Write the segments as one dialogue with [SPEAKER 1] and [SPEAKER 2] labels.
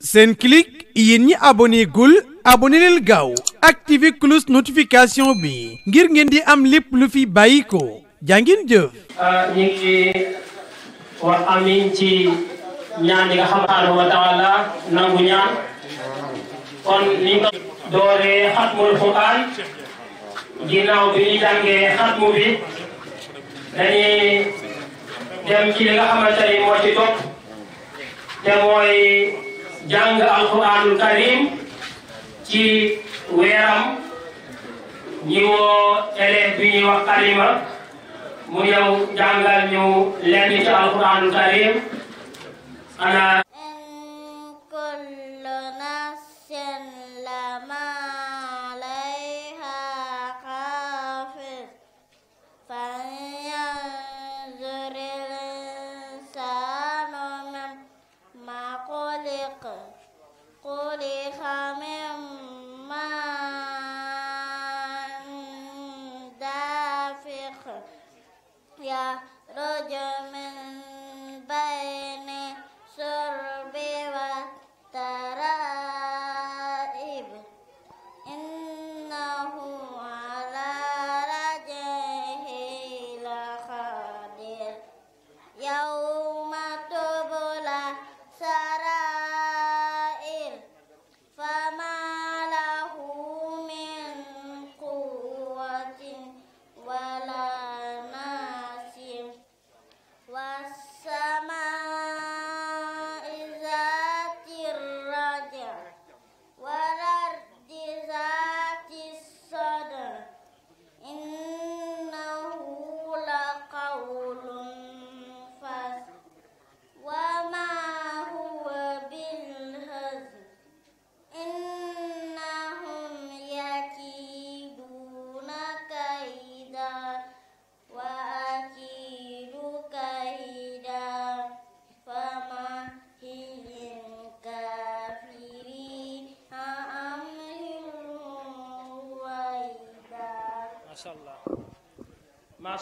[SPEAKER 1] Senclic yéen ñi abonné gul abonné leen gaaw activé cloche notification bi ngir ngeen di am lépp lu fi bàyyi ko jàngin jëf.
[SPEAKER 2] Euh, ñu ngi ci ñaan nga xam subhaanahu nangu ñaan kon liñ ko dooree xatmul Qur'an ginnaaw bi ñu jàngee xatmu bi dañuy dem ci li nga moo ci topp te jàng alquranul karim ci weeram ñi woo élève bi mu yow jàngal ñu lenn ci alquranul karim ana
[SPEAKER 3] أخرج من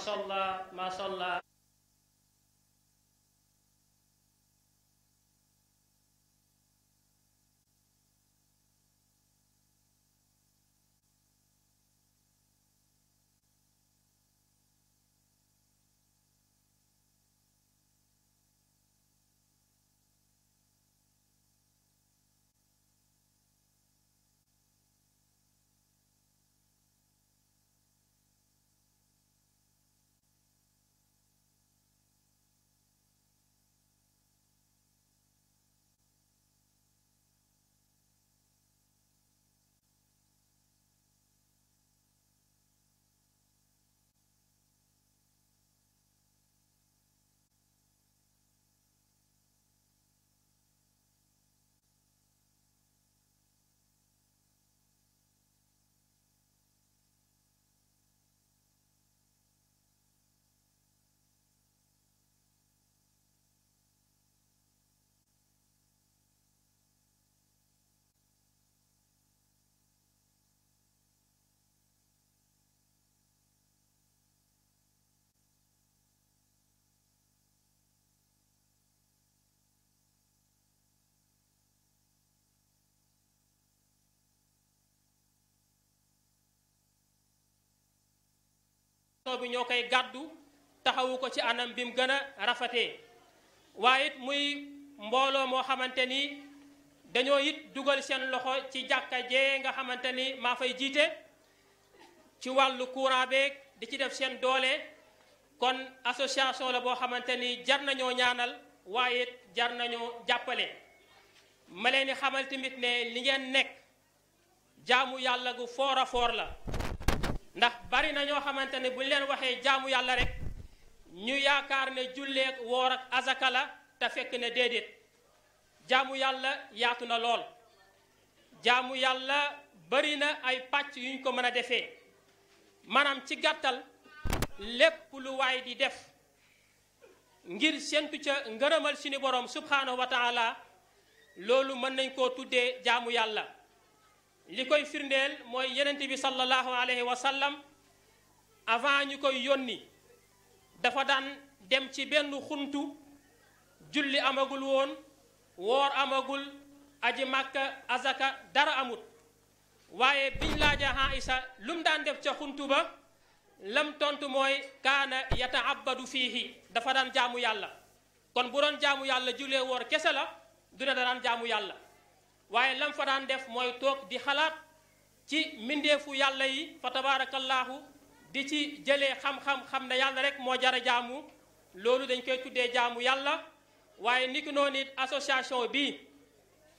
[SPEAKER 2] macha allah macha allah bi ñoo koy gàddu taxawu ko ci anam bi gën a rafetee waaye muy mbooloo moo xamante ni dañoo dugal seen loxo ci jàkka jee nga xamante ni maa fay jiite ci wàllu courant beeg di ci def seen doole kon association la boo xamante ni jar nañoo ñaanal waaye jar nañoo jàppale ma leen di xamal tamit ne li ngeen nekk jaamu yàlla gu foor a foor la ndax bari na ñoo xamante ne bu ñu leen waxee jaamu yàlla rek ñu yaakaar ne julleek woor ak azaka la te fekk ne déedéet jaamu yàlla yaatu na lool jaamu yàlla bari na ay pàcc yuñ ko mën a defee maanaam ci gàttal lépp lu waay di def ngir sentu ca ngërëmal suñu borom subhaanahu wa taala loolu mën nañ ko tuddee jaamu yàlla li koy firndeel mooy yenent bi sallallahu alayhi wa sallam avant ñu koy yónni dafa daan dem ci benn xuntu julli amagul woon woor amagul aji màkka azaka dara amut waaye biñ laaja Aïsa lu mu daan dem ca xuntu ba lam tontu mooy kaana yata yataabadu fiihi dafa daan jaamu yàlla kon bu doon jaamu yàlla julee woor kese la duna daan jaamu yàlla waaye lam fa daan def mooy toog di xalaat ci mbindeefu yàlla yi fa tabaarakallaahu di ci jëlee xam-xam xam ne yàlla rek moo jara jaamu loolu dañ koy tuddee jaamu yàlla waaye niki it association bi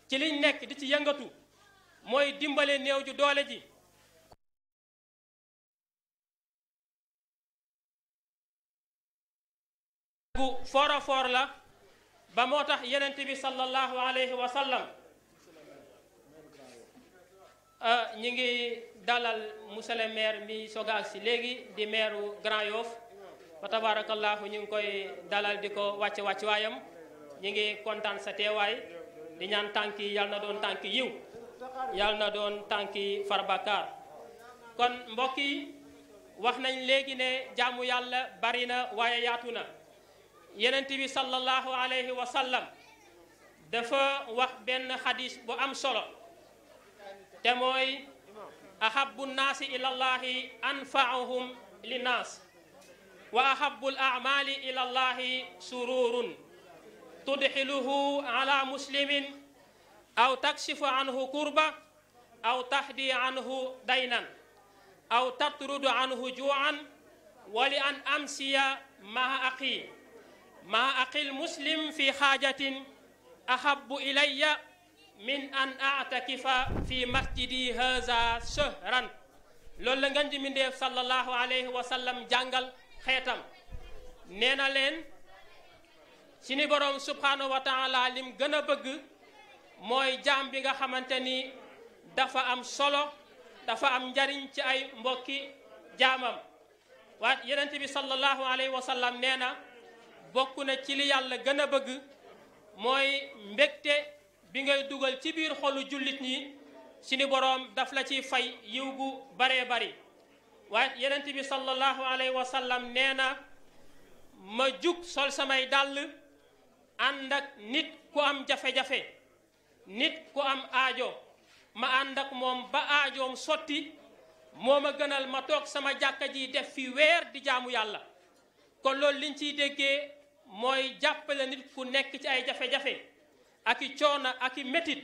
[SPEAKER 2] ci liñ nekk di ci yëngatu mooy dimbale néew ju doole ji bu foora foor la ba moo tax yenent bi sallallahu alayhi wa Euh, ñu ngi dalal monsieur le maire mi soog si léegi di maireu Grand Yoff fa tabaarakallaahu ñu ngi koy dalal di ko wàcc wàcc waayam ñu ngi kontaan sa teewaay di ñaan tànk yi yàlla doon tànk yiw yal na doon tànk yi farbakaar kon mbokk yi wax nañ léegi ne jàmm yàlla bari na waaye yaatu na yenent bi sallallahu alayhi wa sallam dafa wax benn xadis bu am solo te mooy ahabu nnaasi ila llahi anfaahum linnaas wa ahabu l aamali ila llahi sururun tudxiluhu ala muslimin aw takshifu anhu kurba aw tahdi anhu daynan aw tatrudu anhu juan wa li an amsiya maa aqi maa aqi l muslim fi xaajatin ahabu ilaya min an atakifa fi masjidi haza shahran loolu la ngeen ji mindeef sallallahu jàngal xeetam nee na leen ci ni boroom subhanahu wa lim gën a bëgg mooy jaam bi nga xamante ni dafa am solo dafa am njariñ ci ay mbokki jaamam waa yenent bi sallallahu alayhi wa sallam nee na bokk na ci li yàlla gën a bëgg mooy mbégte bi ngay dugal ci biir xolu jullit ñi suñu boroom daf la ci fay yiw gu baree bari waaye yenent bi sallallahu alayhi wa sallam nee na ma jug sol samay dàll ànd ak nit ku am jafe-jafe nit ku am aajo ma ànd ak moom ba aajoom sotti moo ma gënal ma toog sama jàkka ji def fi weer di jaamu yàlla kon loolu liñ ciy déggee mooy jàppale nit ku nekk ci ay jafe-jafe ak i coono ak i métit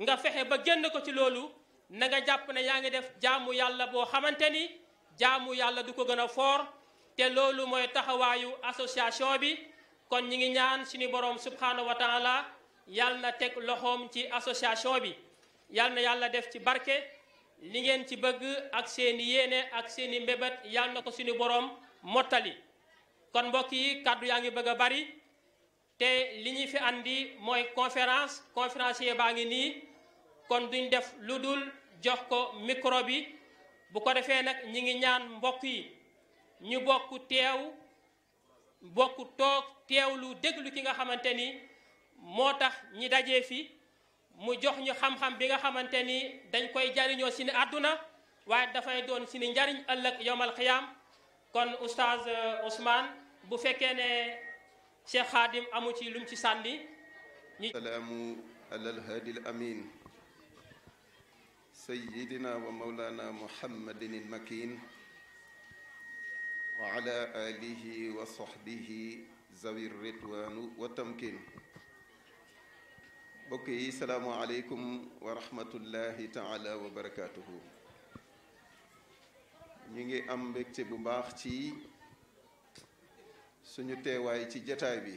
[SPEAKER 2] nga fexe ba génn ko ci loolu na jàpp ne yaa ngi def jaamu yàlla boo xamante ni jaamu yàlla du ko gën a foor te loolu mooy taxawaayu association bi kon ñi ngi ñaan suñu borom subhanahu wa taala yal na teg loxoom ci association bi yal na yàlla def ci barke li ngeen ci bëgg ak seeni yéene ak seeni mbébét yal na ko suñu borom mottali kon mbokk yi kàddu yaa ngi bëgg a bari te li ñu fi andi mooy conférence conférencier baa ngi nii kon duñ def lu dul jox ko micro bi bu ko defee nag ñi ngi ñaan mbokk yi ñu bokk teew bokk toog teewlu déglu ki nga xamante ni moo tax ñi dajee fi mu jox ñu xam-xam bi nga xamante ni dañ koy jariñoo si ni àdduna waaye dafay doon si ni njariñ ëllëg yowmal xiyaam kon oustaz euh, Ousmane bu fekkee ne Cheikh Khadim amu ci lum ci sànni
[SPEAKER 4] ñi salaamu alal haadil amiin sayyidina wa mawlana muhammadin makin wa ala wa sahbihi zawi ridwanu wa tamkin mbokk yi salaamualeykum wa rahmatullahi taala wa barakatuhu ñu ngi am mbégte bu baax ci suñu teewaay ci jataay bi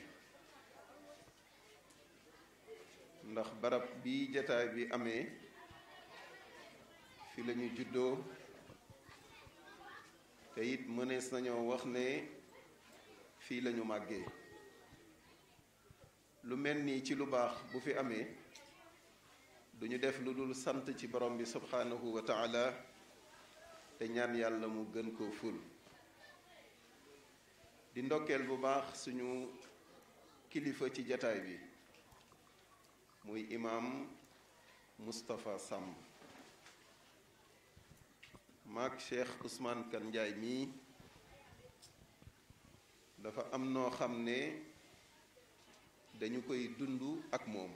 [SPEAKER 4] ndax barab bi jataay bi amee fi la juddoo te mënees nañoo wax ne fii lañu màggee lu mel nii ci lu baax bu fi amee duñu def lu dul sant ci borom bi subhanahu wa te ñan yàlla mu gën koo ful di ndokkeel bu baax suñu kilifa ci jataay bi muy imaam mustafa Samb maak Cheikh Ousmane Kan Njaay mii dafa am noo xam ne dañu koy dund ak moom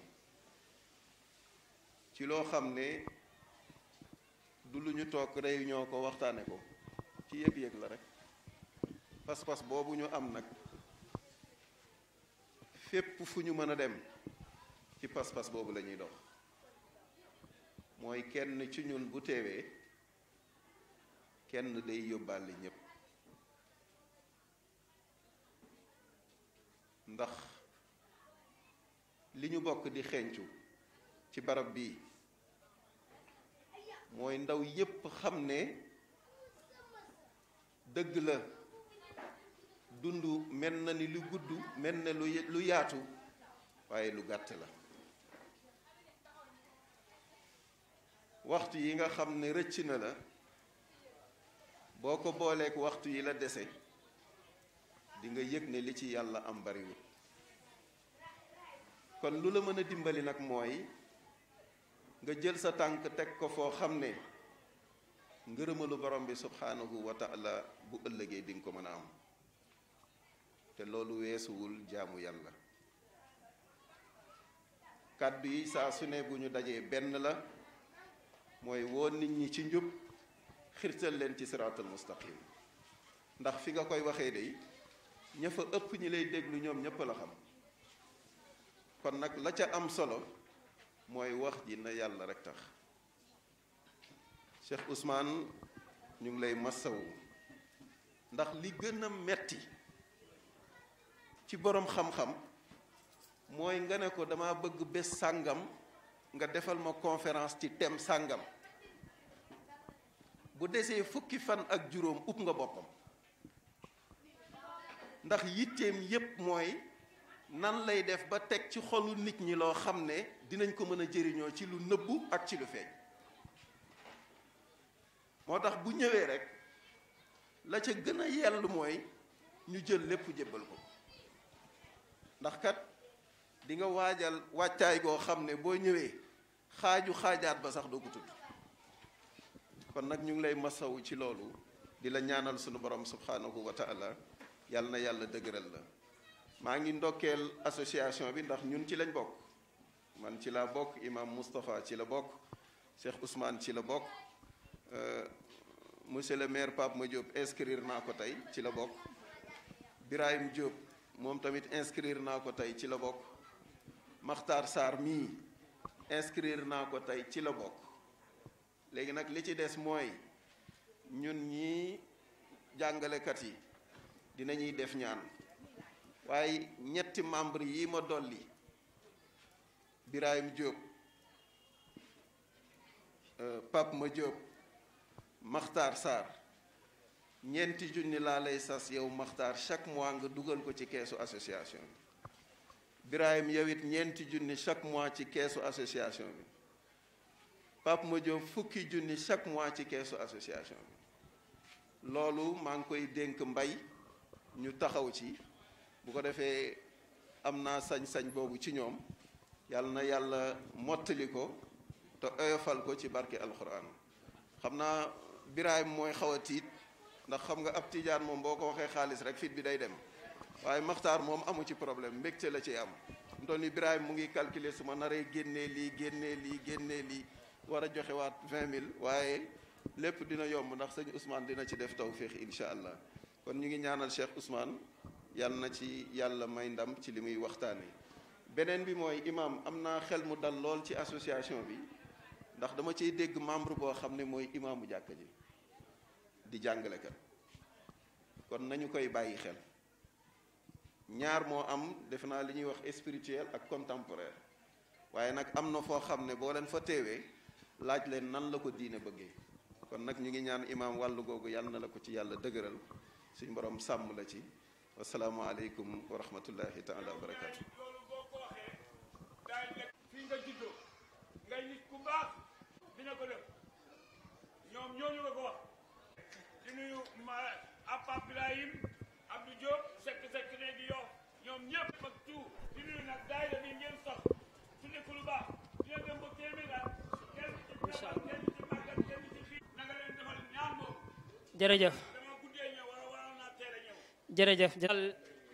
[SPEAKER 4] ci loo xam ne du lu ñu toog réunion ko waxtaane ko ci yëg-yëg la rekk pas-pas boobu ñu am nag fépp fu ñu mën a dem ci pas-pas boobu lañuy dox mooy kenn ci bu teewee kenn day yóbbaale ñépp ndax li ñu bokk di xencu ci barab bi mooy ndaw yépp xam ne dëgg la dund mel na ni lu gudd mel na lu yaatu waaye lu gàtt la waxtu yi nga xam ne rëcc na la boo ko booleek waxtu yi la dese di nga yëg ne li ci yàlla am bariwul kon lu la mën a dimbali nag mooy nga jël sa tànk teg ko foo xam ne ngërëmalu borom bi subhaanahu wa taala bu ëllëgee di nga ko mën a am te loolu weesuwul jaamu yàlla kàddu yi saa su ne bu ñu dajee benn la mooy woo nit ñi ci njub xirtal leen ci siraatul mustaqim ndax fi nga koy waxee day ña fa ëpp ñi lay déglu ñoom ñëpp la xam kon nag la ca am solo mooy wax ji na yàlla rekk tax Cheikh usmaan ñu ngi lay masawu ndax li gën metti ci boroom xam-xam mooy nga ne ko dama bëgg bés sàngam nga defal ma conférence ci thème sàngam bu desee fukki fan ak juróom upp nga boppam ndax yitteem yépp mooy nan lay def ba teg ci xolu nit ñi loo xam ne dinañ ko mën a jëriñoo ci lu nëbbu ak ci lu feeñ moo tax bu ñëwee rek la ca gën a yell mooy ñu jël lépp jébbal ko ndax kat di nga waajal wàccaay goo xam ne boo ñëwee xaaju xaajaat ba sax doo ko kon nag ñu ngi lay masawu ci loolu di la ñaanal sunu borom subhanahu wa taala yàlla na yàlla dëgëral la maa ngi ndokkeel association bi ndax ñun ci lañ bokk man ci laa bokk imam Moustapha ci la bokk Cheikh Ousmane ci la bokk euh, monsieur le maire Pape Madiop inscrire naa ko tey ci la bokk Birahim jóob moom tamit inscrire naa ko tey ci la bokk Makhtar Sarr mii inscrire naa ko tey ci la bokk léegi nag li ci des mooy ñun ñi jàngalekat yi dinañuy def ñaan waaye ñetti membre yi ma dolli Birahim Diop euh, Pape Ma Diop Makhtar Sarr ñeenti junni laa lay sas yow maxtar chaque mois nga dugal ko ci keesu association bi Birahim yow it ñeenti junni chaque mois ci keesu association bi fukki junni chaque mois ci keesu association loolu maa ngi koy dénk mbay ñu taxaw ci bu ko defee am naa sañ-sañ boobu ci ñoom yàlla na yàlla mottali ko te oyofal ko ci barke alxuraan xam naa Birahim mooy xaw a tiit ndax xam nga ab tijaan moom boo ko waxee xaalis rek fit bi day dem waaye maxtaar moom amu ci problème mbégte la ci am ndoon Ibrahima mu ngi calculer su ma naree génnee lii génnee lii génnee lii war a joxe waat vingt mille waaye lépp dina yomb ndax sëñ Ousmane dina ci def taw tawféex incha allah kon ñu ngi ñaanal Cheikh Ousmane yàlla na ci yàlla may ndam ci li muy waxtaan wi beneen bi mooy imam am naa xel mu dal lool ci association bi ndax dama ciy dégg membre boo xam ne mooy imaamu jàkka ji. di jàngalekat kon nañu koy bàyyi xel ñaar moo am defe naa li ñuy wax spirituel ak contemporaire waaye nag am na foo xam ne boo leen fa teewee laaj leen nan la ko diine bëggee kon nag ñu ngi ñaan imaam wàll googu yàlla na la ko ci yàlla dëgëral suñu borom sàmm la ci wasalaamaaleykum wa rahmatullahi taala wa
[SPEAKER 2] nuyu ma Papa Ibrahim Abdou Diop sekk sekk ne di yow ñoom ñëpp ak tout di nuyu nag daayira bi ngeen sox su nekk lu baax dina dem ba téeméer at kenn ci defal kenn ci màggal kenn ci fii na nga leen defal ñaan moom jërëjëf dama guddee ñëw wala wala naa teel a ñëw jërëjëf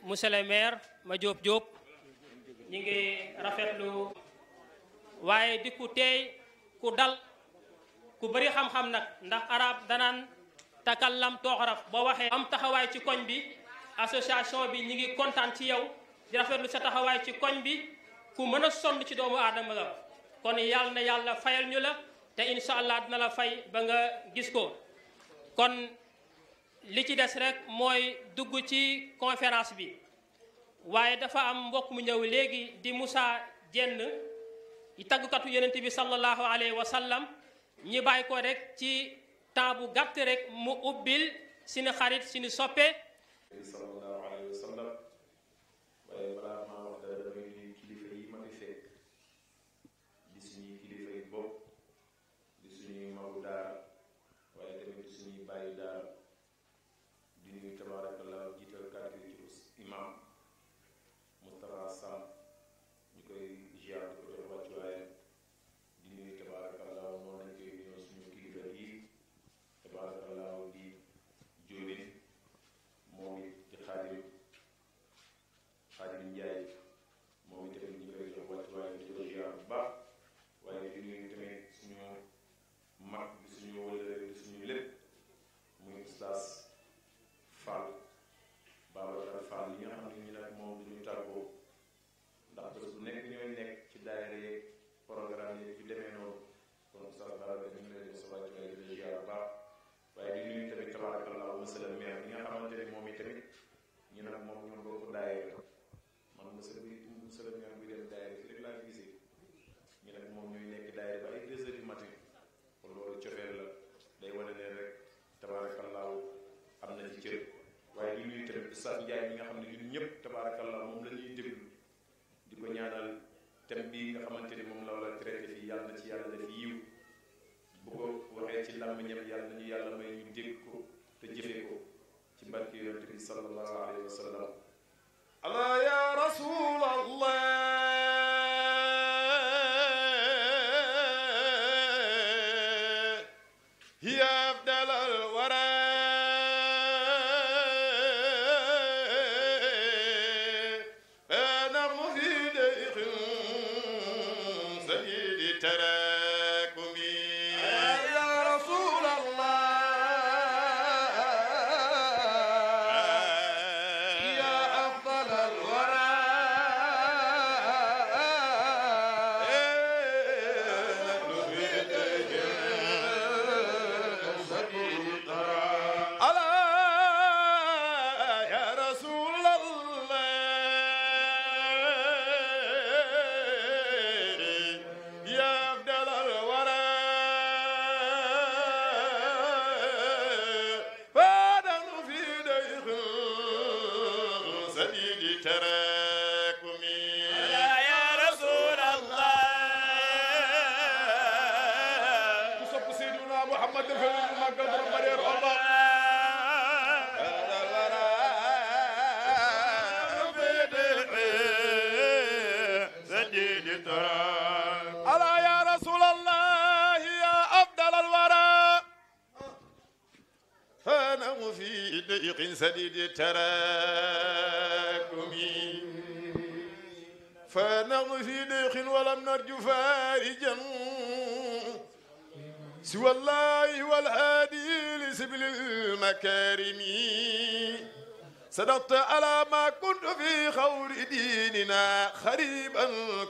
[SPEAKER 2] monsieur le maire ma Diop Diop ñu ngi rafetlu waaye di ku teey ku dal ku bëri xam-xam nag ndax arab danaan lam takallam tooxaraf boo waxee am taxawaay ci koñ bi association bi ñu ngi kontaan ci yow di rafetlu sa taxawaay ci koñ bi ku mën a sonn ci doomu aadama la kon yàlla na yàlla fayal ñu la te incha allah dina la fay ba nga gis ko kon li ci des rek mooy dugg ci conférence bi waaye dafa am mbokk mu ñëw léegi di Moussa Jenn taggukatu yenent bi sallallahu alayhi wa ñi bàyyi ko rek ci temps bu gàtt rekk mu ubbil suñu xarit suñu soppe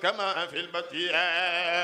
[SPEAKER 5] كما في البتيات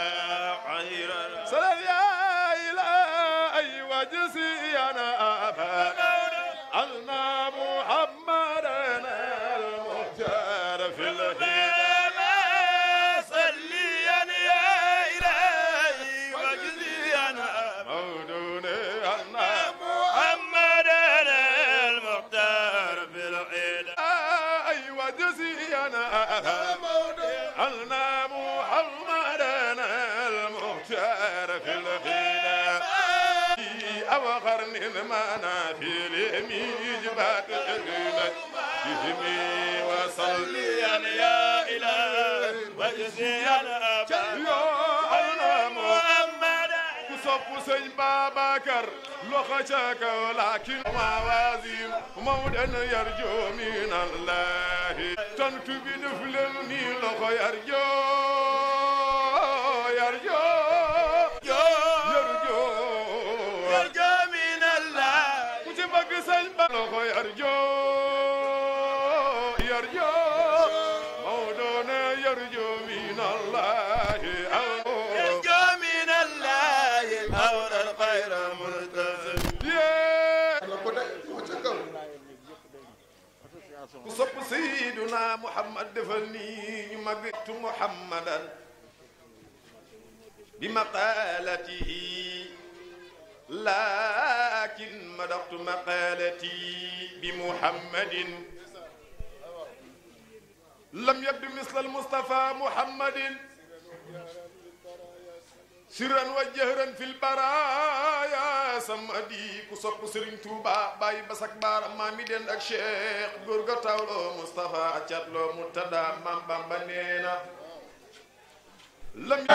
[SPEAKER 5] sëñ Babacar loxo ca kaw laakin ma waazim mawdan yarjo min allahi tantu bi def leen ni loxo yarjo loxo yarjo yarjo mawdo ne yarjo min allah yarjo min allah awr al khayr murtazim ku sopp sayyiduna muhammad defal ni ñu magtu muhammadan bi maqalatihi لكن مدحت مقالتي بمحمد لم يبد مثل المصطفى محمد سرا وجهرا في البرايا سمدي كسوك سرين توبا باي بسك بار مامي دين اك شيخ غورغا تاولو مصطفى اتشاتلو مرتدى مام بامبا نينا lam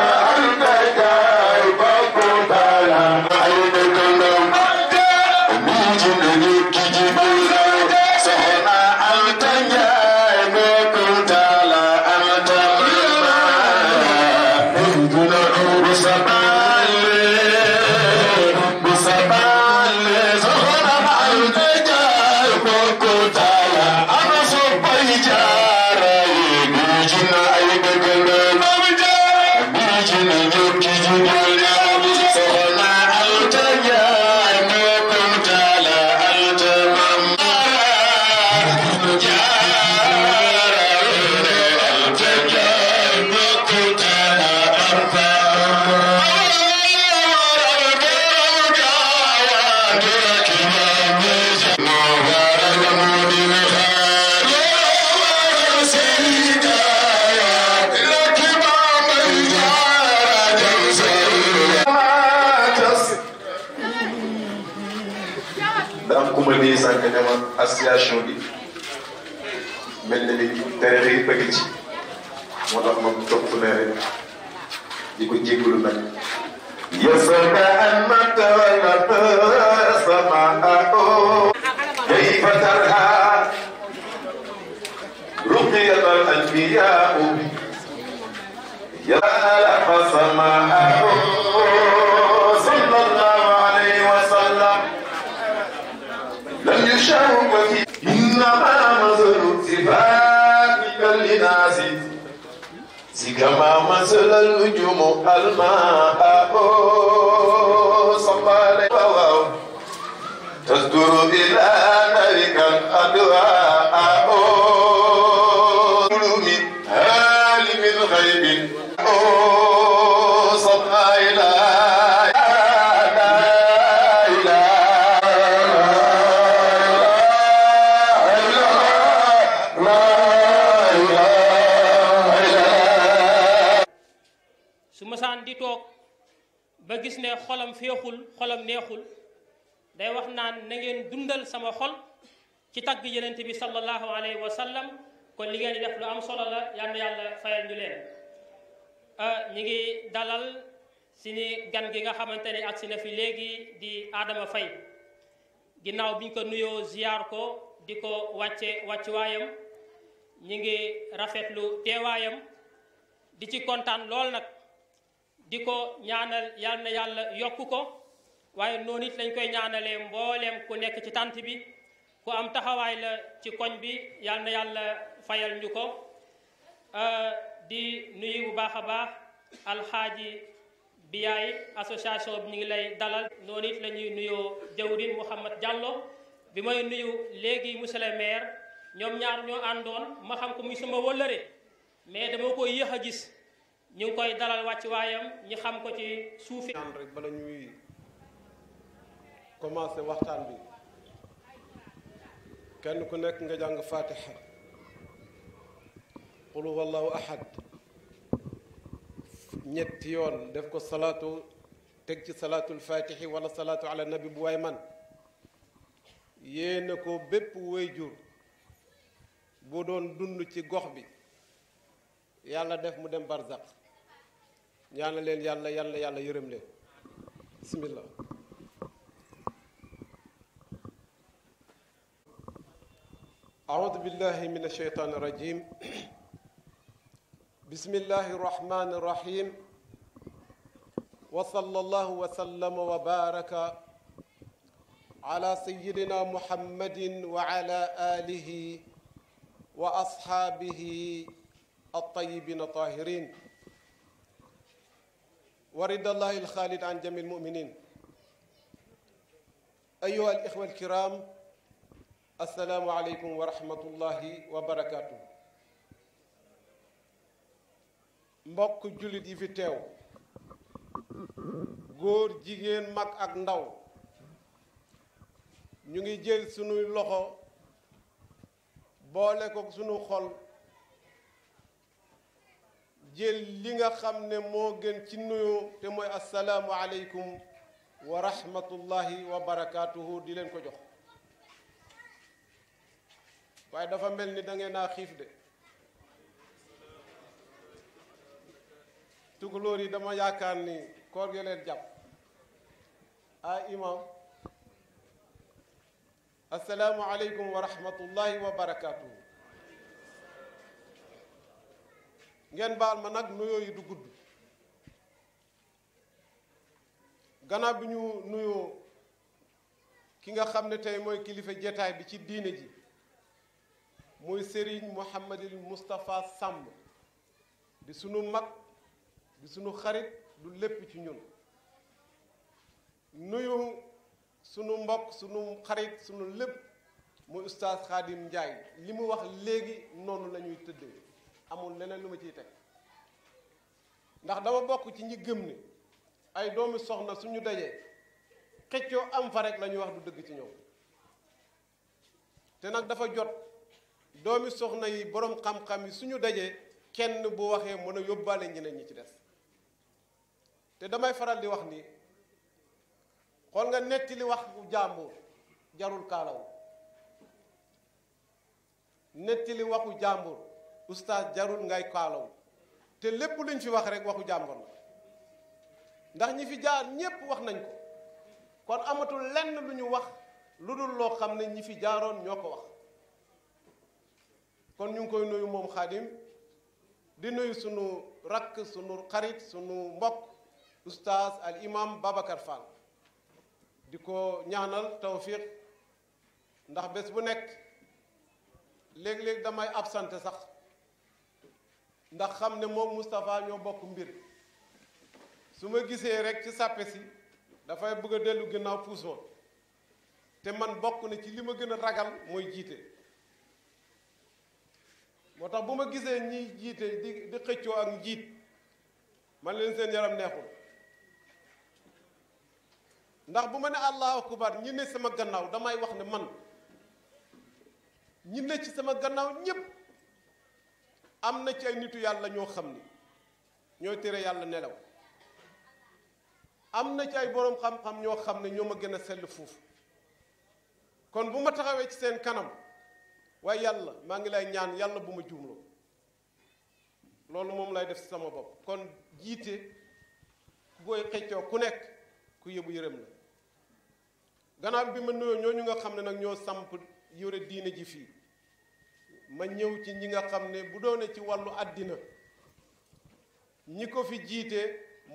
[SPEAKER 5] معه صلى الله عليه وسلم لم يشاء وفي إنما مثل اتفاقك لناس كما مثل النجوم الماء صلى عليه وسلم تصدر إلى نارك الأدواء
[SPEAKER 2] ba gis ne xolam féexul xolam neexul day wax naan na ngeen dundal sama xol ci tagg yenent bi sallallahu alayhi wa sallam kon li ngeen di def lu am solo la yàlla yàlla fayal ñu leen ah, ñi ngi dalal suñu gan gi nga xamante ne agsi na fi léegi di aadama Faye ginnaaw bi ñu ko nuyoo ziyaar ko di ko wàcce wàccuwaayam ñi ngi rafetlu teewaayam di ci kontaan lool nag di ko ñaanal yal na yàlla yokk ko waaye noonu it lañ koy ñaanalee mbooleem ku nekk ci tànt bi ku am taxawaay la ci koñ bi yal na yàlla fayal ñu ko euh, di nuyu bu baax a baax alxaaji biyaay association bi ñu ngi lay dalal noonu it la ñuy nuyoo jawrin Mouhamed Diallo bi may nuyu léegi monsieur le ñoom ñaar ñoo àndoon ma xam ko muy sama wëllëre mais dama ko yéex a gis ñu ngi koy dalal wàcc waayam ñu xam ko ci suufi ñaan rek bala ñuy
[SPEAKER 1] commencé waxtaan bi kenn ku nekk nga jàng fatiha qul wallahu ahad ñetti yoon def ko salaatu teg ci salaatul fatihi wala salaatu ala nabi bu waay man yéena ko bépp jur bu doon dund ci gox bi yàlla def mu dem barzaq ñaana leen yàlla yàlla yàlla yërëm leen bismillah أعوذ بالله من الشيطان الرجيم بسم الله الرحمن الرحيم وصلى الله وسلم وبارك على سيدنا محمد وعلى آله وأصحابه الطيبين الطاهرين wa ridallahi alxaalid an jami almuminin ayuha alixwa alkiram assalaamu aleykum wa rahmatullahi mbokk jullit yi fi teew góor jigéen mag ak ndaw ñu ngi jël sunuy loxo boole ko sunu xol jël li nga xam ne moo gën ci nuyoo te mooy asalaamu aleykum wa rahmatullahi di leen ko jox waaye dafa mel ni da naa xiif de tukulóor yi dama yaakaar ni koor jàpp ah imam asalaamu aleykum wa rahmatullahi ngeen baal ma nag nuyoo yi du gudd gannaaw bi ñu nuyoo ki nga xam ne tey mooy kilifa jataay bi ci diine ji muy Serigne Mouhamadil Moustapha Samb di sunu mag di sunu xarit du lépp ci ñun nuyoo sunu mbokk sunu xarit sunu lépp muy ustaas Xaadim Njaay li mu wax léegi noonu lañuy ñuy tëddee amul leneen lu ma ciy teg ndax dama bokk ci ñi gëm ni ay doomi soxna suñu dajee xëccoo am fa rek la wax du dëgg ci ñëw te nag dafa jot doomi soxna yi boroom xam-xam yi suñu dajee kenn bu waxee mën a yóbbaale ñeneen ñi ci des te damay faral di wax ni xool nga netti li wax jàmbur jarul kaalaw netti li waxu jàmbur oustaz jarul ngay kaalaw te lépp luñ fi wax rek waxu jàmbur la ndax ñi fi jaar ñépp wax nañ ko kon amatul lenn lu ñu wax lu dul loo xam ne ñi fi jaaroon ñoo ko wax kon ñu ngi koy nuyu moom xaadim di nuyu suñu rakk suñu xarit suñu mbokk oustaz al imam Babacar Fall di ko ñaanal tawfiq ndax bés bu nekk léeg-léeg damay absenté sax ndax xam ne moom Moustapha ñoo bokk mbir su ma gisee rek ci sàppe si dafay bëgg a dellu ginnaaw puus ma te man bokk na ci li ma gën a ragal mooy jiite moo tax bu ma gisee ñiy jiite di di xëccoo ak njiit man leen seen yaram neexul ndax bu ma ne allahu akbar ñi ne sama gannaaw damay wax ne man ñi ne ci sama gannaaw ñépp am na ci ay nitu yàlla ñoo xam ne ñoo tere yàlla nelaw am na ci ay boroom xam-xam ñoo xam ne ñoo ma gën a sell foofu kon bu ma taxawee ci seen kanam waaye yàlla maa ngi lay ñaan yàlla bu ma juumloo loolu moom lay def si sama bopp kon jiite booy xëccoo ku nekk ku yebu yërëm la gannaaw bi ma nuyoo ñu nga xam ne nag ñoo samp yore diine ji fii ma ñëw ci ñi nga xam ne bu doonee ci wàllu àddina ñi ko fi jiite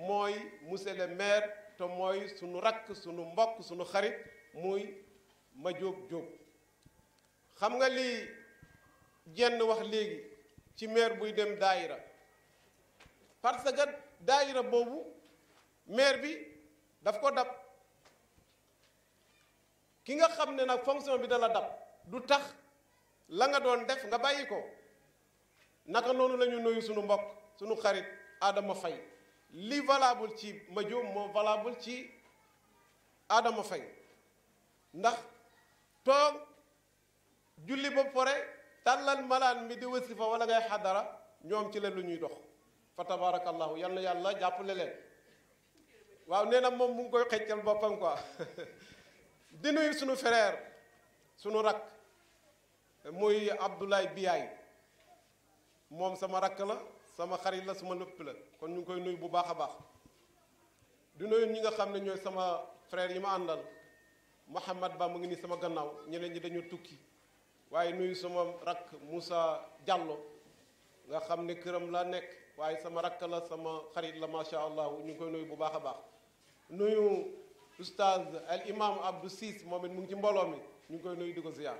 [SPEAKER 1] mooy monsieur le maire te mooy sunu rakk sunu mbokk sunu xarit muy ma jóob jóob xam nga li jenn wax léegi ci maire buy dem daayira parce que daayira boobu maire bi daf ko dab ki nga xam ne nag fonction bi dala dab du tax la nga doon def nga bàyyi ko naka noonu la nuyu suñu mbokk suñu xarit Adama Faye li valable ci ma jóom moo valable ci Adama Faye ndax toog julli ba pare tàllal malaan mi di wasifa wala ngay xadara ñoom ci la lu ñuy dox fa tabarakallahu yal na yàlla jàppale leen waaw nee na moom mu ngi koy xëccal boppam quoi di nuyu suñu frère sunu rakk muy Abdoulaye biyaay moom sama rakk la sama xarit la sama nëpp la kon ñu ngi koy nuyu bu baax a baax du nuyu ñi nga xam ne ñooy sama frère yi ma àndal Mouhamad Ba mu ngi nii sama gannaaw ñeneen ñi dañu tukki waaye nuyu sama rakk Moussa Diallo nga xam ne këram laa nekk waaye sama rakk la sama xarit la macha allah ñu ngi koy nuyu bu baax a baax nuyu oustaz al imam Abdou Ciss moom it mu ngi ci mbooloo mi ñu ngi koy nuyu di ko ziar.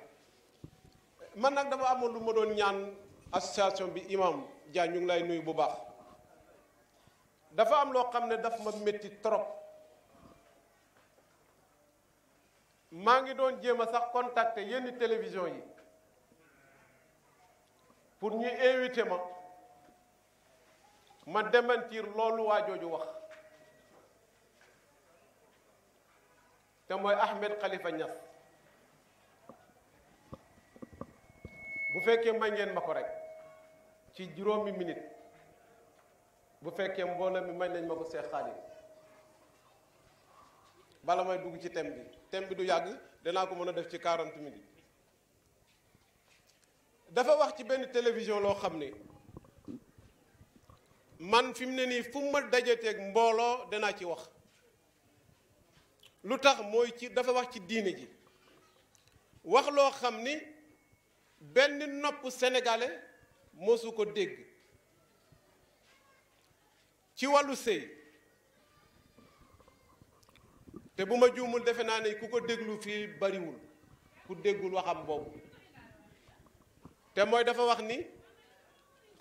[SPEAKER 1] man nag dama amoon lu ma doon ñaan association bi imam Dia ñu ngi lay nuyu bu baax dafa am loo xam ne daf ma métti trop maa ngi doon jéem a sax contacter yenn télévision yi pour ñu invité ma ma demantiir loolu waa jooju wax te mooy Ahmed Khalifa Niass bu fekkee may ngeen ma ko rek ci juróomi minute bu fekkee mbooloo mi may nañ ma ko Seex Xaadim bala may dugg ci thème bi thème bi du yàgg danaa ko mën a def ci 40 minutes dafa wax ci benn télévision loo xam ni man fi mu ne nii fu ma dajateeg mbooloo danaa ci wax lu tax mooy ci dafa wax ci diine ji wax loo xam ni benn nopp sénégalais mosu ko dégg ci wàllu sëy te bu ma juumul defe naa ne ku ko déglu fii bariwul ku déggul waxam boobu te mooy dafa wax ni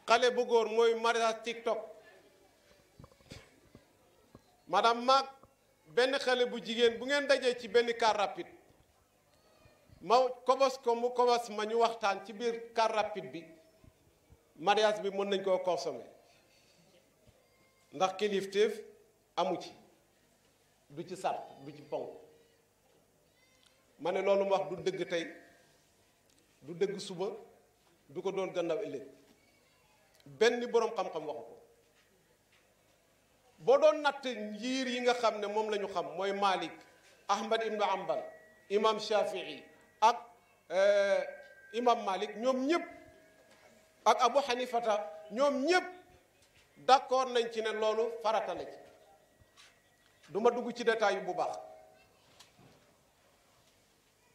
[SPEAKER 1] xale bu góor mooy mariage TikTok maanaam mag benn xale bu jigéen bu ngeen dajee ci benn car rapide ma kobos ko mu kobos ma ñu waxtaan ci biir car rapide bi mariage bi mën nañ koo consommer ndax kilifteef amu ci du ci sart du ci ponk ma ne loolu mu wax du dëgg tey du dëgg suba du ko doon gannaaw ëllëg benn boroom xam-xam waxu boo doon natt njiir yi nga xam ne moom lañu xam mooy Malik Ahmad ibnu Ambal imam Shafii Eh, imam malik ñoom ñëpp ak abu xanifata ñoom ñëpp d'accord nañ ci ne loolu farata la ci du dugg ci détail yu bu baax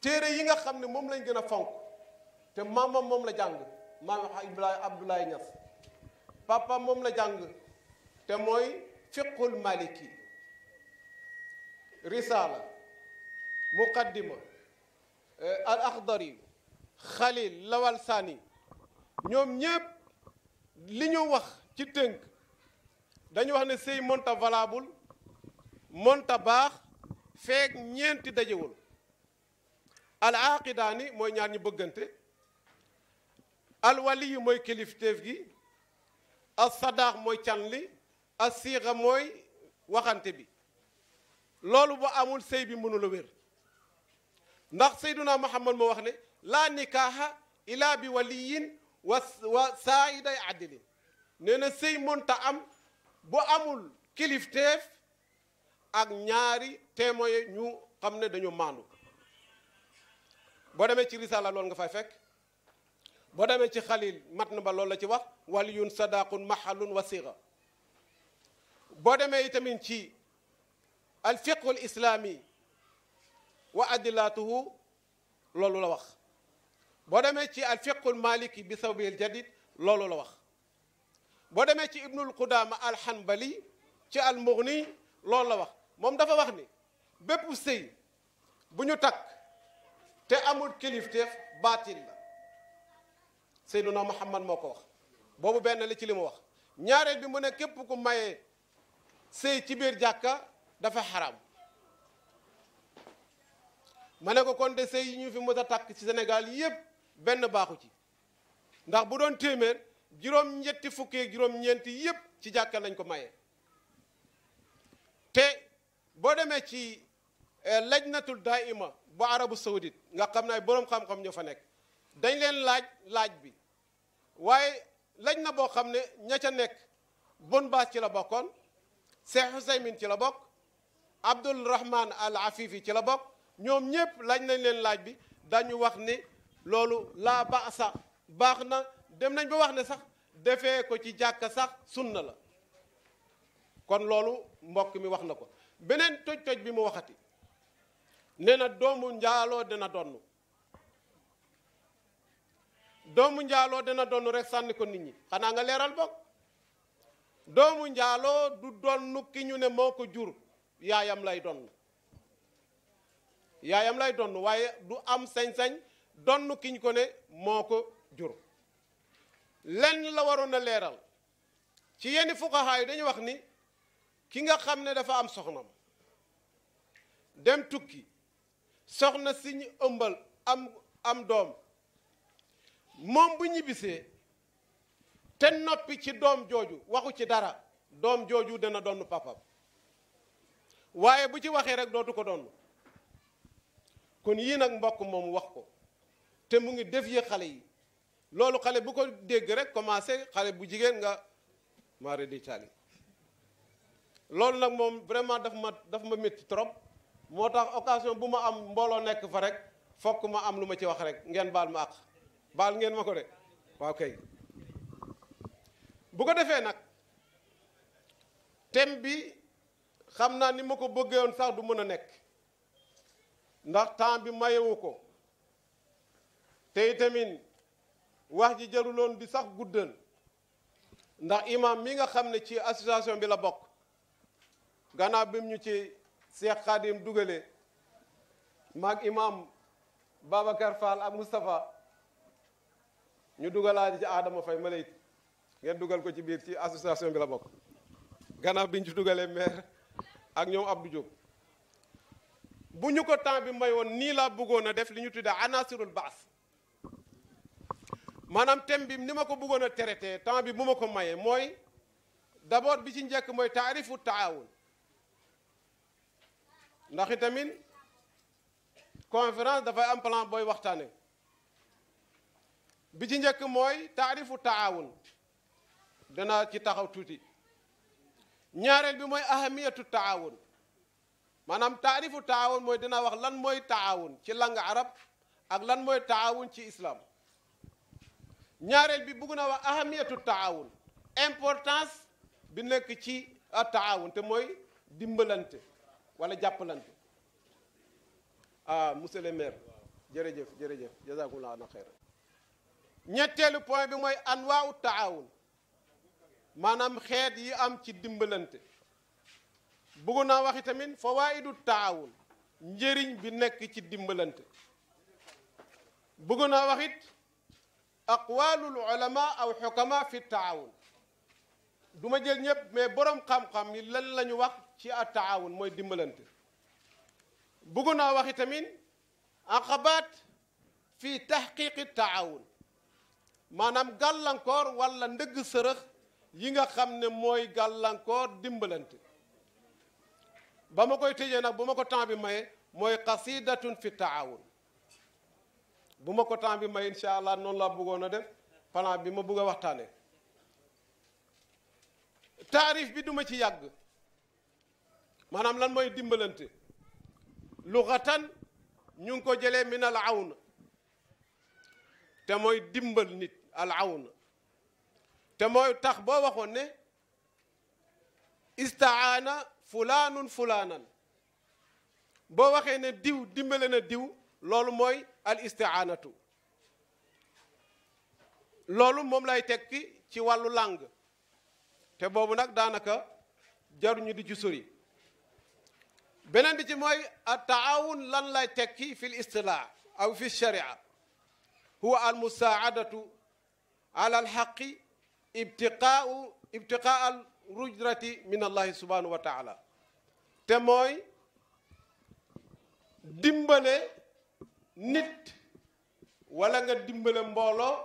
[SPEAKER 1] téere yi nga xam ne moom lañ gën a fonk te maamam moom la jàng maam Ibrahima Abdoulaye Niass papa moom la jàng te mooy fiqul maliki risala muqaddima Euh, al akhdari xalil lawal ñoom ñépp li ñu wax ci tënk dañu wax ne sëy monta valable monta baax feek ñeenti dajewul al aqidaani mooy ñaar ñu bëggante al wali yi mooy kilifteef gi al sadaax mooy can li al siixa mooy waxante bi loolu ba amul sëy bi mënula wér ndax ma muhammad moo wax ne laa nikaaha ila bi waliyin wa wa saaiday addilin nee na sëy am bu amul kilifteef ak ñaari témoin ñu xam ne dañu maandu boo demee ci risala loolu nga fay fekk boo demee ci xalil matn ba lool la ci wax waliyun sadaqun mahalun wasiqa boo demee tamit ci alfiqul islami wa adillaatuhu loolu la wax boo demee ci al fiqul maliki bi sawbil jadid loolu la wax boo demee ci ibnul qudaama al hanbali ci al mughni loolu la wax moom dafa wax ni bépp sëy bu ñu takk te amul kilifteef baatil la seyduna muhammad moo ko wax boobu benn la ci li mu wax ñaareel bi mu ne képp ku maye sëy ci biir jàkka dafa xaraam ma ne ko kon de yi ñu fi mës a takk ci Sénégal yëpp benn baaxu ci ndax bu doon téeméer juróom-ñetti fukki juróom-ñeenti yëpp ci jàkka lañ ko maye. te boo demee ci eh, lajnatul daaima bu arabu saoudite nga xam ne boroom xam-xam ñoo fa nekk dañ leen laaj laaj bi waaye laj na boo xam ne ña ca nekk bon baas ci la bokkoon Cheikh Ousaymin ci la bokk Abdul Rahman al Afifi ci la bokk ñoom ñëpp laaj nañ leen laaj bi dañu wax ni loolu laa baax sax baax na dem nañ ba wax ne sax defee ko ci jàkka sax sunna la kon loolu mbokk mi wax na ko beneen toj-toj bi mu waxati nee na doomu njaaloo dana donn doomu njaaloo dana donn rek sànni ko nit ñi xanaa nga leeral bokk doomu njaaloo du donn ki ñu ne moo ko jur yaayam lay donn yaayam lay donn waaye du am sañsañ donn ki ñu ko ne moo ko jur lenn la waroon a leeral ci yenn fuqahaa yi dañu wax ni ki nga xam ne dafa am soxnam dem tukki soxna si ñu ëmbal am am doom moom bu ñibbisee te noppi ci doom jooju waxu ci dara doom jooju dana donn papam waaye bu ci waxee rek dootu ko donn kon yii nag mbokk moom wax ko te mu ngi def yee xale yi loolu xale bu ko dégg rek commencé xale bu jigéen nga mari di tali loolu nag moom vraiment daf ma daf ma métti trop moo tax occasion bu ma am mbooloo nekk fa rek fokk ma am lu ma ci wax rek ngeen baal ma àq baal ngeen ma ko de waaw kay bu ko defee nag thème bi xam naa ni ma ko bëggee woon sax du mën a nekk ndax temps bi mayewu ko tey tamit wax ji jaruloon di sax guddal ndax imam mi nga xam ne ci association bi la bokk gannaaw bi ñu ci Cheikh Khadim dugale maag imam Babacar Fall ak Moustapha ñu dugalaat ci Adama Faye Malay ngeen dugal ko ci biir ci association bi la bokk gannaaw bi ñu ci dugalee maire ak ñoom Abdou Diop bu ñu ko temps bi mayoon nii laa bëggoon a def li ñu tuddee anasirul baas maanaam thème bi ni ma ko bëggoon a traité temps bi bu ma ko mayee mooy d'abord bi ci njëkk mooy taarifu taawun ndax itamit conférence dafay am booy waxtaane bi ci njëkk mooy taarifu danaa ci taxaw tuuti ñaareel bi mooy ahamiyatu taawun maanaam taarifu taawun mooy dinaa wax lan mooy taawun ci lang arab ak lan mooy taawun ci islam ñaareel bi bugg na wax ahamiyatu taawun importance bi nekk ci taawun te mooy dimbalante wala jàppalante ah monsieur le maire jërëjëf jërëjëf jazakumullahu na xeer ñetteelu point bi mooy anwaawu taawun maanaam xeet yi am ci dimbalante bëggoon naa wax tamit fawaayidu taawul njëriñ bi nekk ci dimbalante bëggoon naa waxit aqwalul ulama aw xukama ma jël ñëpp mais borom xam-xam yi lan lañu ñu wax ci a taawun mooy dimbalante bëggoon naa wax tamit aqabaat fi taxqiqi taawun maanaam gàllankoor wala ndëgg sërëx yi nga xam ne mooy gàllankoor dimbalante ba ma koy tëjee nag bu ma ko temps bi maye mooy xasidatun fi taawun bu ma ko temps bi may incha allah noon laa bëggoon a def plan bi ma bëgg a waxtaane taarif bi duma ci yàgg maanaam lan mooy dimbalante luxatan ñu ngi ko jëlee min al awn te mooy dimbal nit al awn te mooy tax boo waxoon ne istaana fulaanun fulaanan boo waxee ne diw dimbale na diw loolu mooy al istiaanatu loolu moom lay tekki ci wàllu làng te boobu nag daanaka jaruñu di ci beneen bi ci mooy a taawun lan lay tekki fi l istilaa aw fi sharia huwa al musaadatu ala al xaqi ibtiqaau ibtiqaa rujrati min allahi subhanahu wa te mooy dimbale nit wala nga dimbale mbooloo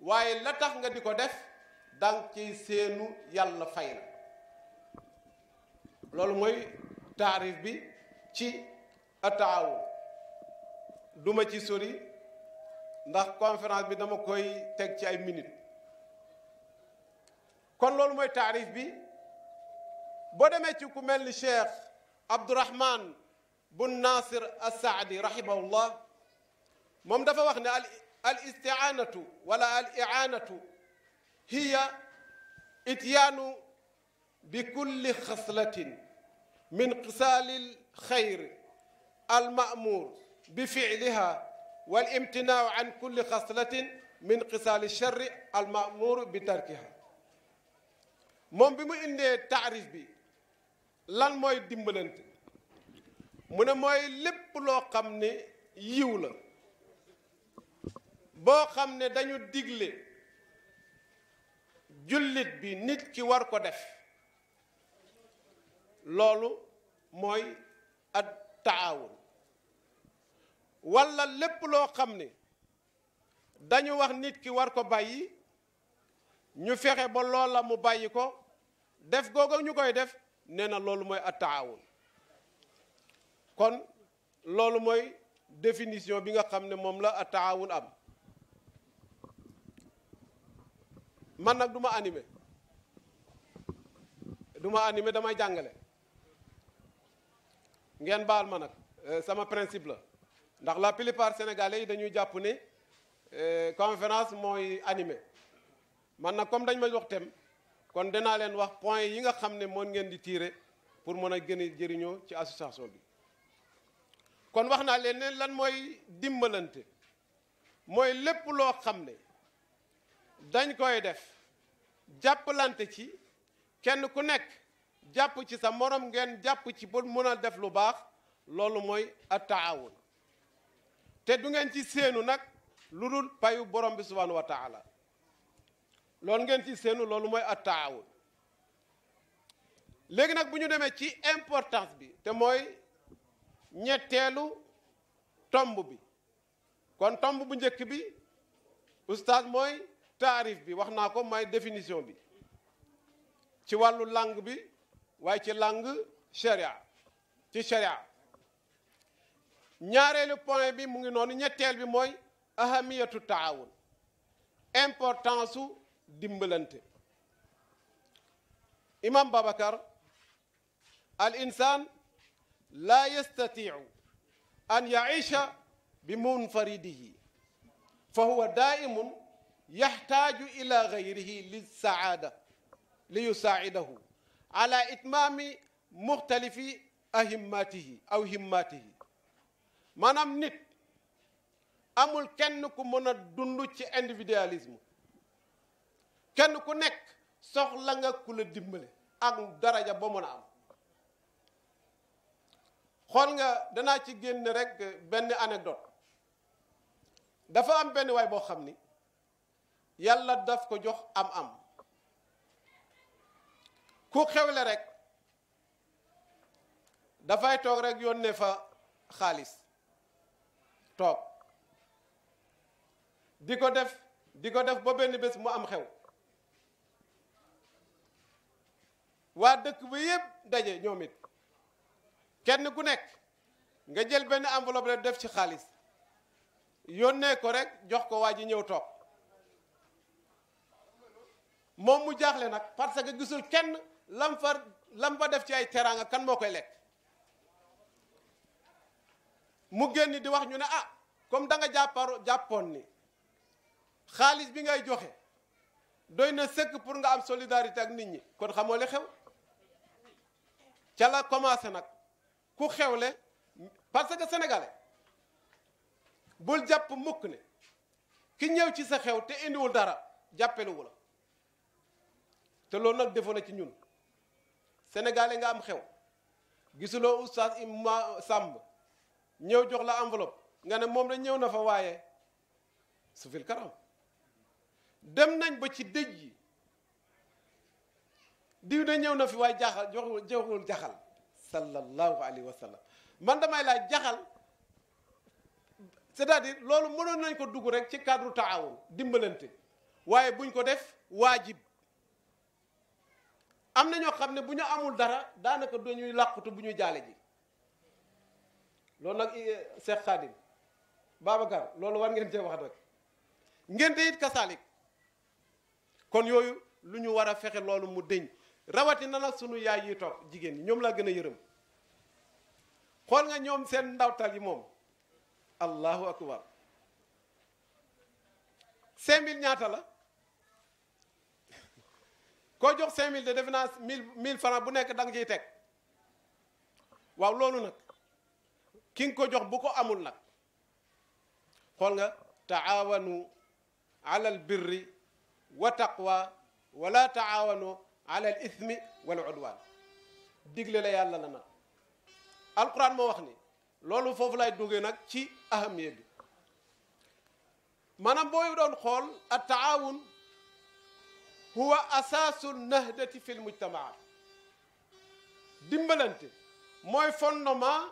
[SPEAKER 1] waaye la tax nga di ko def dang ciy seenu yàlla fay la loolu mooy taarif bi ci ataawu duma ci sori ndax conférence bi dama koy teg ci ay minit kon loolu mooy taarif bi boo demee ci ku mel ni cheikh abdourahman bun nasir assaadi rahimahullah moom dafa wax ne al istiaanatu wala al iaanatu hiya ityaanu bi kulli xaslatin min xisaali lxayr almamuur bi ficliha wal imtinaaw an kulli xaslatin min xisaali lcharri almamuur bi tarkiha moom bi mu indee taarif bi lan mooy dimbalante mu ne mooy lépp loo xam ne yiw la boo xam ne dañu digle jullit bi nit ki war ko def loolu mooy at taawun walla lépp loo xam ne dañu wax nit ki war ko bàyyi ñu fexe ba loola mu bàyyi ko def googu ñu koy def nee na loolu mooy at taawun kon loolu mooy définition bi nga xam ne moom la at taawun am man nag duma ma duma du damay jàngale ngeen baal ma nag euh, sama principe la ndax la plupart sénégalais yi dañuy jàpp ne euh, conférence mooy animé man nag comme dañ ma jox thème kon danaa leen wax point yi nga xam ne moom ngeen di tiire pour mën a gën a jëriñoo ci association bi kon wax naa leen ne lan mooy dimbalante mooy lépp loo xam ne dañ koy def jàppalante ci kenn ku nekk jàpp ci sa morom ngeen jàpp ci ba mën a def lu baax loolu mooy attaawun te du ngeen ci seenu nag lu dul payu borom bi subhanahu wa taala loolu ngeen ci seenu loolu mooy at taawun léegi nag bu ñu demee ci importance bi te mooy ñetteelu tomb bi kon tomb bu njëkk bi oustaz mooy taarif bi wax naa ko mooy définition bi ci wàllu langue bi waaye ci langue sharia ci sharia ñaareelu point bi mu ngi noonu ñetteel bi mooy ahamiyatu taawul importance su dimbalante imam babacar al insan laa yastatiu an yaisha bi munfaridihi fa huwa daimun yaxtaaju ila gayrihi lisaada li yusaacidahu ala itmaami muxtalifi ahimmatihi aw himmatihi maanaam nit amul kenn ku mën a dund ci individualisme kenn ku nekk soxla nga ku la dimbale ak daraja ba mën a am xool nga danaa ci génn rek benn anecdote dafa am benn waay boo xam ni yàlla daf ko jox am-am ku xewle rekk dafay toog rek yónnee fa xaalis toog di ko def di ko def ba benn bés mu am xew waa dëkk ba yëpp daje ñoom it kenn ku nekk nga jël benn enveloppe def ci xaalis yónnee ko rek jox ko waa ji ñëw toog moom mu jaaxle nag parce que gisul kenn lam fa def ci ay teraanga kan moo koy lekk mu génn di wax ñu ne ah comme da nga jàppar jàppoon ni xaalis bi ngay joxe doy na sëkk pour nga am solidarité ak nit ñi kon xamoo li xew ca la commencé nag ku xew le parce que sénégalais bul jàpp mukk ne ki ñëw ci sa xew te indiwul dara jàppalewu la te loolu nag defoon na ci ñun sénégalais nga am xew gisuloo oustaz Ima Samb ñëw jox la enveloppe nga ne moom la ñëw na fa waaye su fil karam dem nañ ba ci dëj yi diw de ñëw na fi waaye jaaxal joxul joxul jaxal sallallahu alayhi wa sallam man damay laaj jaxal cest à loolu mënoon nañ ko dugg rek ci cadre taawun dimbalante waaye buñ ko def waajib am na ñoo xam ne bu ñu amul dara daanaka dañuy làqutu bu ñu jaale ji loolu nag eh, Cheikh Khadim Babacar loolu war ngeen cee wax nag ngeen te it kon yooyu lu ñu war a fexe loolu mu deñ rawatina nag sunu yaay yi toog jigéen ñi ñoom laa gën a yërëm xool nga ñoom seen ndawtal yi moom allahu akbar cinq mille ñaata la koo jox cinq mille de defe naa mille mille francs bu nekk da nga ciy teg waaw loolu nag ki ko jox bu ko amul nag xool nga taawanu ala albirri wa taqwa wala taawanu alal ismi wal udwaan digle la yàlla la nag alquran moo wax ni loolu foofu lay duggee nag ci ahamiya bi maanaam booy doon xool at taawun huwa asaasu nahdati fi lmujtamaat dimbalante mooy fondement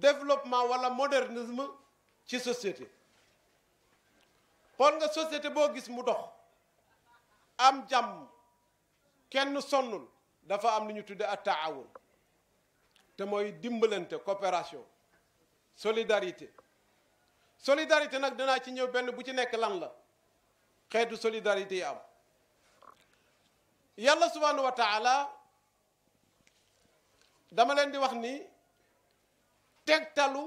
[SPEAKER 1] développement wala modernisme ci société xool nga société boo gis mu dox am jàmm kenn sonnul dafa am lu ñu tudde ak taawun te mooy dimbalante coopération solidarité solidarité nag danaa ci ñëw benn bu ci nekk lan la xeetu solidarité yi am yàlla subhanahu wa dama leen di wax ni tegtalu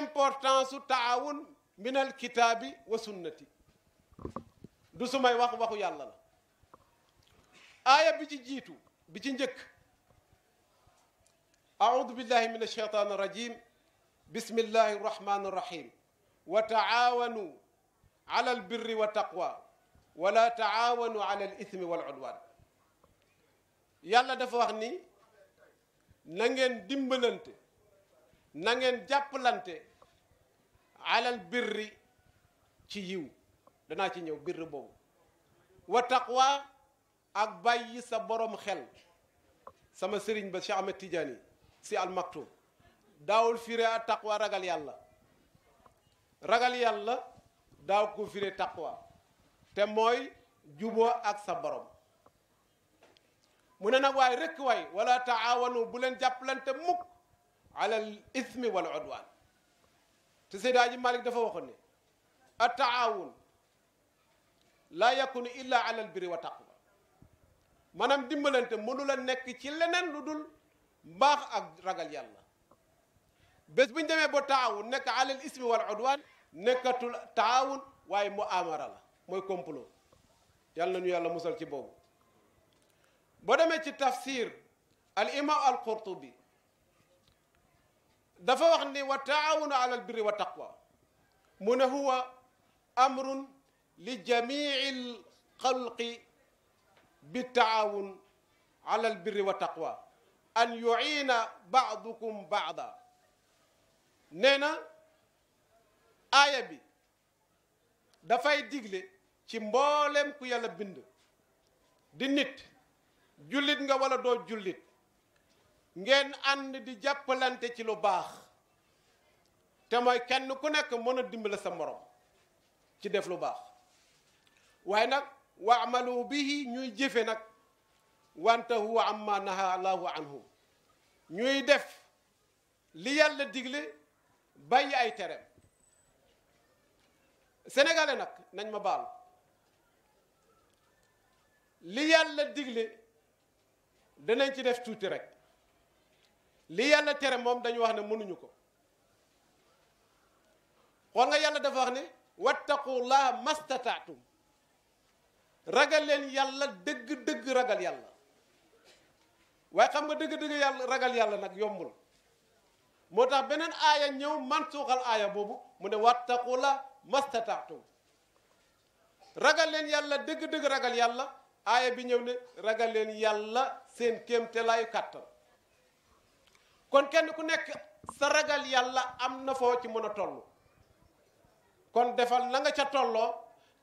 [SPEAKER 1] importance su taawun minal kitaabi wa sunnati du may wax waxu yàlla la aaya bi ci jiitu bi ci njëkk audu billahi min alsheytaan arrajim bismillahi arrahmani arrahim wa taawanu ala albirri wa taqwa wala taawanu ala alithmi wal udwan yàlla dafa wax ni na ngeen dimbalante na ngeen jàppalante alal birri ci yiw danaa ci ñëw birri boobu wa taqwa ak bàyyi sa borom xel sama sëriñ ba Cheikh Ahmed Tidiane si almaktum daawul firé a taqwa ragal yàlla ragal yàlla daaw ko firé taqwa te mooy juboo ak sa borom mu ne na waay rekk waay wala taawanu bu leen jàppalante mukk alal ismi wal udwaan te Seydi Malik dafa waxoon ne a taawun laa yakunu illa alal birri wa taqwa maanaam dimbalante mënu la nekk ci leneen lu dul mbaax ak ragal yàlla bés bu ñu demee ba taawun nekk alal ismi wal udwan nekkatul taawun waaye mu amara la mooy complot yàlla nañu yàlla musal ci boobu boo demee ci tafsir al imam al qurtubi dafa wax ni wa taawunu alal birri wa taqwa mu ne huwa amrun li jamii al xalqi bi taawun ala al birri wa taqwa an yuina baadukum baada nee na aaya bi dafay digle ci mboolem ku yàlla bind di nit jullit nga wala doo jullit ngeen ànd di jàppalante ci lu baax te mooy kenn ku nekk mëna a dimbale sa morom ci def lu baax waaye nag waa wa amalu bihi ñuy jëfe nag wante huwa amma naha allahu ñuy def li yàlla digle bàyyi ay tereem sénégalais nag nañ ma baal li yàlla digle danañ ci def tuuti rek li yàlla tere moom dañu wax ne mënuñu ko xool nga yàlla dafa wax ne wattaqullaha mastataatum ragal leen yàlla dëgg-dëgg ragal yàlla waaye xam nga dëgg-dëgg yàlla ragal yàlla nag yombul moo tax beneen aaya ñëw man suuxal aaya boobu mu ne wattaqu la mastataatum ragal leen yàlla dëgg-dëgg ragal yàlla aaya bi ñëw ne ragal leen yàlla seen kéemtelaayu kàttan kon kenn ku nekk sa ragal yàlla am na foo ci mën a toll kon defal na nga ca tolloo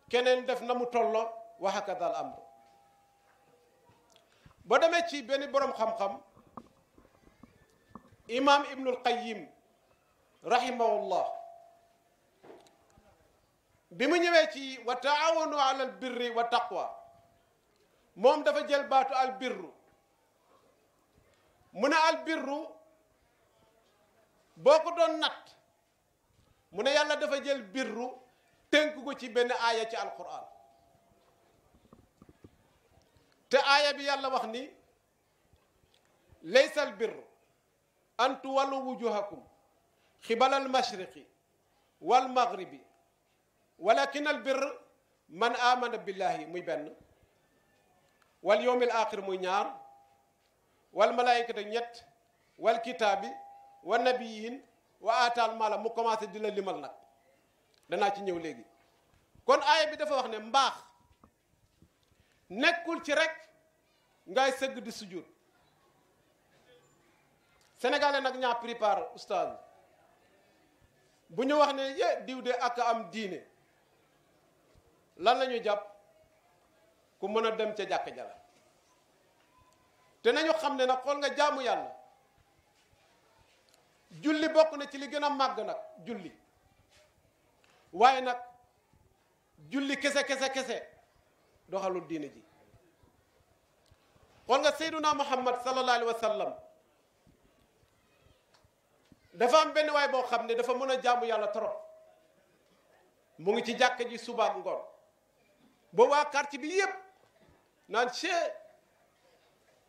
[SPEAKER 1] keneen def na mu tolloo wa hakada al boo demee ci benn boroom xam-xam imaam ibnul qayyim rahimahullah bi mu ñëwee ci wa taawanu ala al birri wa taqwa moom dafa jël baatu al birru mu ne al birru boo ko doon natt mu ne yàlla dafa jël birru tënk ko ci benn aaya ci alquran te aaya bi yàlla wax ni laysal birru an tuwallu wujuhakum xibala almashriqi walmaghribi walakin albirr man amana billahi muy benn wal yawmil axir muy ñaar wal malaayikata ñett wal kitaabi wa nabiyin wa aataal maala mu commencé di la limal nag danaa ci ñëw léegi kon aaya bi dafa wax ne mbaax nekkul ci rek ngay sëgg di sujud sénégalais nag ñaa préparé oustaz bu ñu wax ne ye diw de ak am diine lan la ñuy jàpp ku mën a dem ca jàkk jala te nañu xam ne na xool nga jaamu yàlla julli bokk na ci li gën a màgg nag julli waaye nag julli kese kese kese doxalul diine ji xool nga seyduna muhammad sallallahu alayhi wa sallam dafa am benn waay boo xam ne dafa mën a jàmm yàlla trop mu ngi ci jàkk ji suba ak ngoon ba waa quartier bi yépp naan che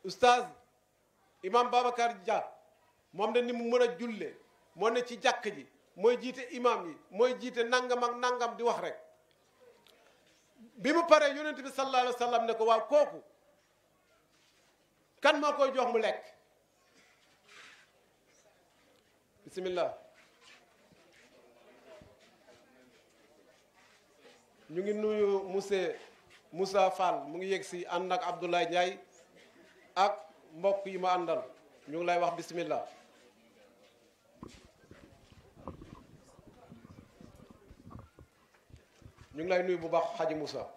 [SPEAKER 1] oustaz imam Babacar Dia moom de ni mu mën a julle moo ne ci jàkk ji mooy jiite imam yi mooy jiite nangam ak nangam di wax rek bi mu paree yonent bi sallallahu alayhi wa ne ko waaw kooku kan moo koy jox mu lekk bismillah ñu ngi nuyu monsieur Moussa Fall mu ngi yegg si ànd ak Abdoulaye Ndiaye ak mbokk yi ma àndal ñu ngi lay wax bismillah ñu ngi lay nuyu bu baax xaji Moussa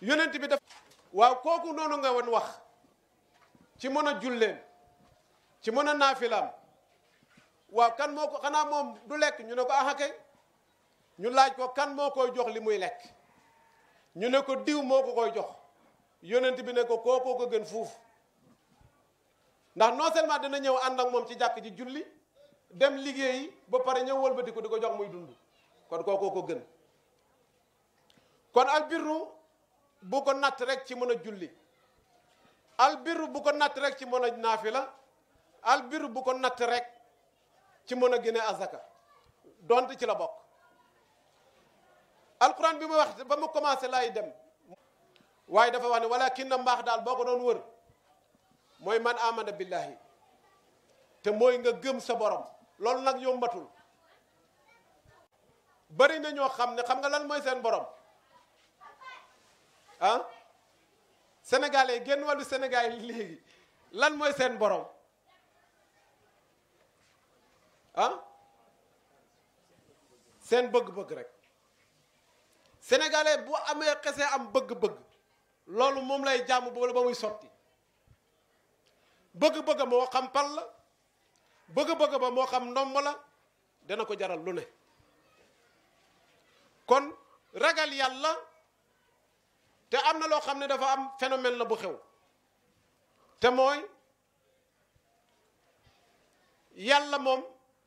[SPEAKER 1] yonent bi def waaw kooku noonu nga woon wax ci mën a julleem ci mën a naafilaam waaw kan moo ko xanaa moom du lekk ñu ne ko ah kay ñu laaj ko kan moo koy jox li muy lekk ñu ne ko diw moo ko koy jox yonent bi ne ko kookoo ko gën fuufu ndax non seulement dana ñëw ànd ak moom ci jàkk ci julli dem liggéeyi ba pare ñëw wëlbati ko di ko jox muy dund kon kookoo ko gën kon albirru bu ko natt rek ci mën a julli albirru bu ko natt rek ci mën a naafila albirru bu ko natt rek ci mën a génne azaka donte ci la bokk alquran bi mu wax ba mu commencé lay dem waaye dafa wax ne kin na mbaax daal boo ko doon wër mooy man amana billahi te mooy nga gëm sa borom loolu nag yombatul bari na ñoo xam ne xam nga lan mooy seen borom ah sénégalais génn wàllu sénégal yi léegi lan mooy seen borom seen bëgg-bëgg rek sénégalais bu amee xese am bëgg-bëgg loolu moom lay jàmm ba ba muy sotti bëgg-bëgg moo xam pal la bëgg-bëgg ba moo xam ndomb la dana ko jaral lu ne kon ragal yàlla te am na loo xam ne dafa am phénomène la bu xew te mooy yàlla moom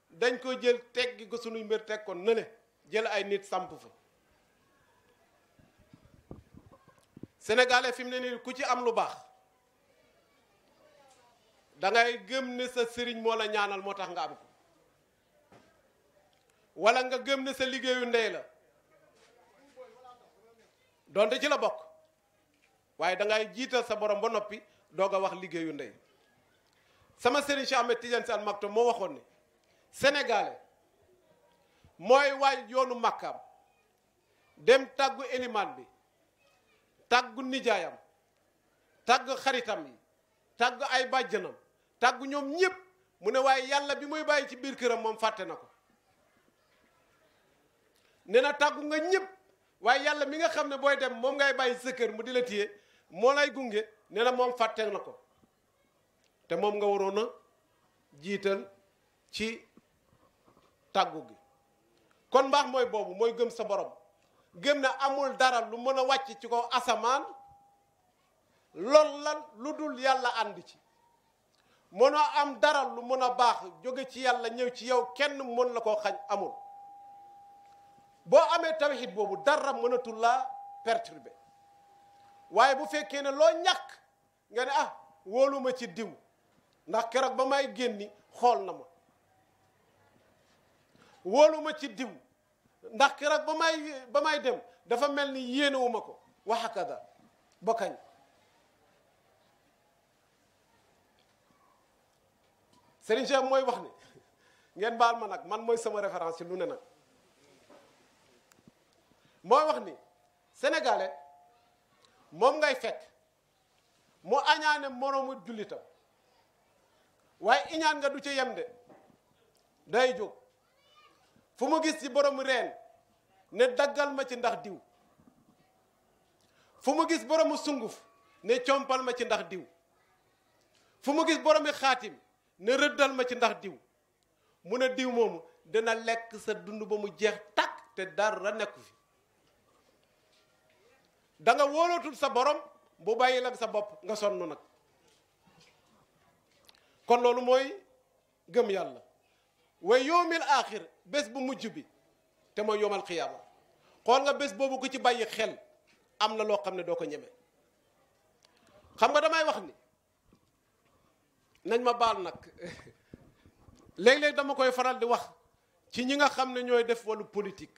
[SPEAKER 1] dañ ko jël teggi ko sunuy mbir teg ko ne jël ay nit samp fa sénégalais fi mu ne nii ku ci am lu baax dangay ngay gëm ne sa sëriñ moo la ñaanal moo tax nga am ko wala nga gëm ne sa liggéeyu ndey la donte ci la bokk waaye da jiital sa borom ba noppi doog a wax liggéeyu ndey sama sëriñ Cheikh Ahmed Tidiane Sy moo waxoon ne sénégalais mooy waaj yoonu màkkaam dem tàggu élimaan bi tàggu nijaayam tàgg xaritam yi tàgg ay bàjjanam tàggu ñoom ñépp mu ne waaye yàlla bi muy bàyyi ci biir këram moom fàtte na ko ne na tàggu nga ñépp waaye yàlla mi nga xam ne booy dem moom ngay bàyyi sa kër mu di la téye moo lay gunge nee na moom fàtte na ko te moom nga waroon a jiital ci tàggu gi kon mbaax mooy boobu mooy gëm sa borom gëm ne amul dara lu mën a wàcc ci kaw asamaan lool la lu dul yàlla ànd ci mënoo am dara lu mën a baax jóge ci yàlla ñëw ci yow kenn mën la koo xañ amul boo amee tawhid boobu dara mënatul laa perturber waaye bu fekkee ne loo ñàkk nga ne ah wóoluma ci diw ndax keroog ba may génni xool na ma wóoluma ci diw ndax keroog ba may ba may dem dafa mel ni yéenewuma ko wax akada Serigne Cheikh mooy wax ni ngeen baal ma nag man mooy sama référence ci lu ne nag mooy wax ni sénégalais moom ngay fekk mu añaane moroomu jullitam waaye iñaan nga du ci yem de day jóg fu mu gis ci boroomu reen ne daggal ma ci ndax diw fu mu gis boroomu sunguf ne compal ma ci ndax diw fu mu gis boroomi xaatim ne rëddal ma ci ndax diw mu ne diw moomu dina lekk sa dund ba mu jeex tàkk te dara nekku fi danga woolatul sa borom bu bàyyi la sa bopp nga sonn nag kon loolu mooy gëm yàlla wa yoomil aaxir bés bu mujj bi te mooy yoomal xiyaama xool nga bés boobu ku ci bàyyi xel am na loo xam ne doo ko ñeme xam nga damay wax ni nañ ma baal nag léeg-léeg dama koy faral di wax ci ñi nga xam ne ñooy def walu politik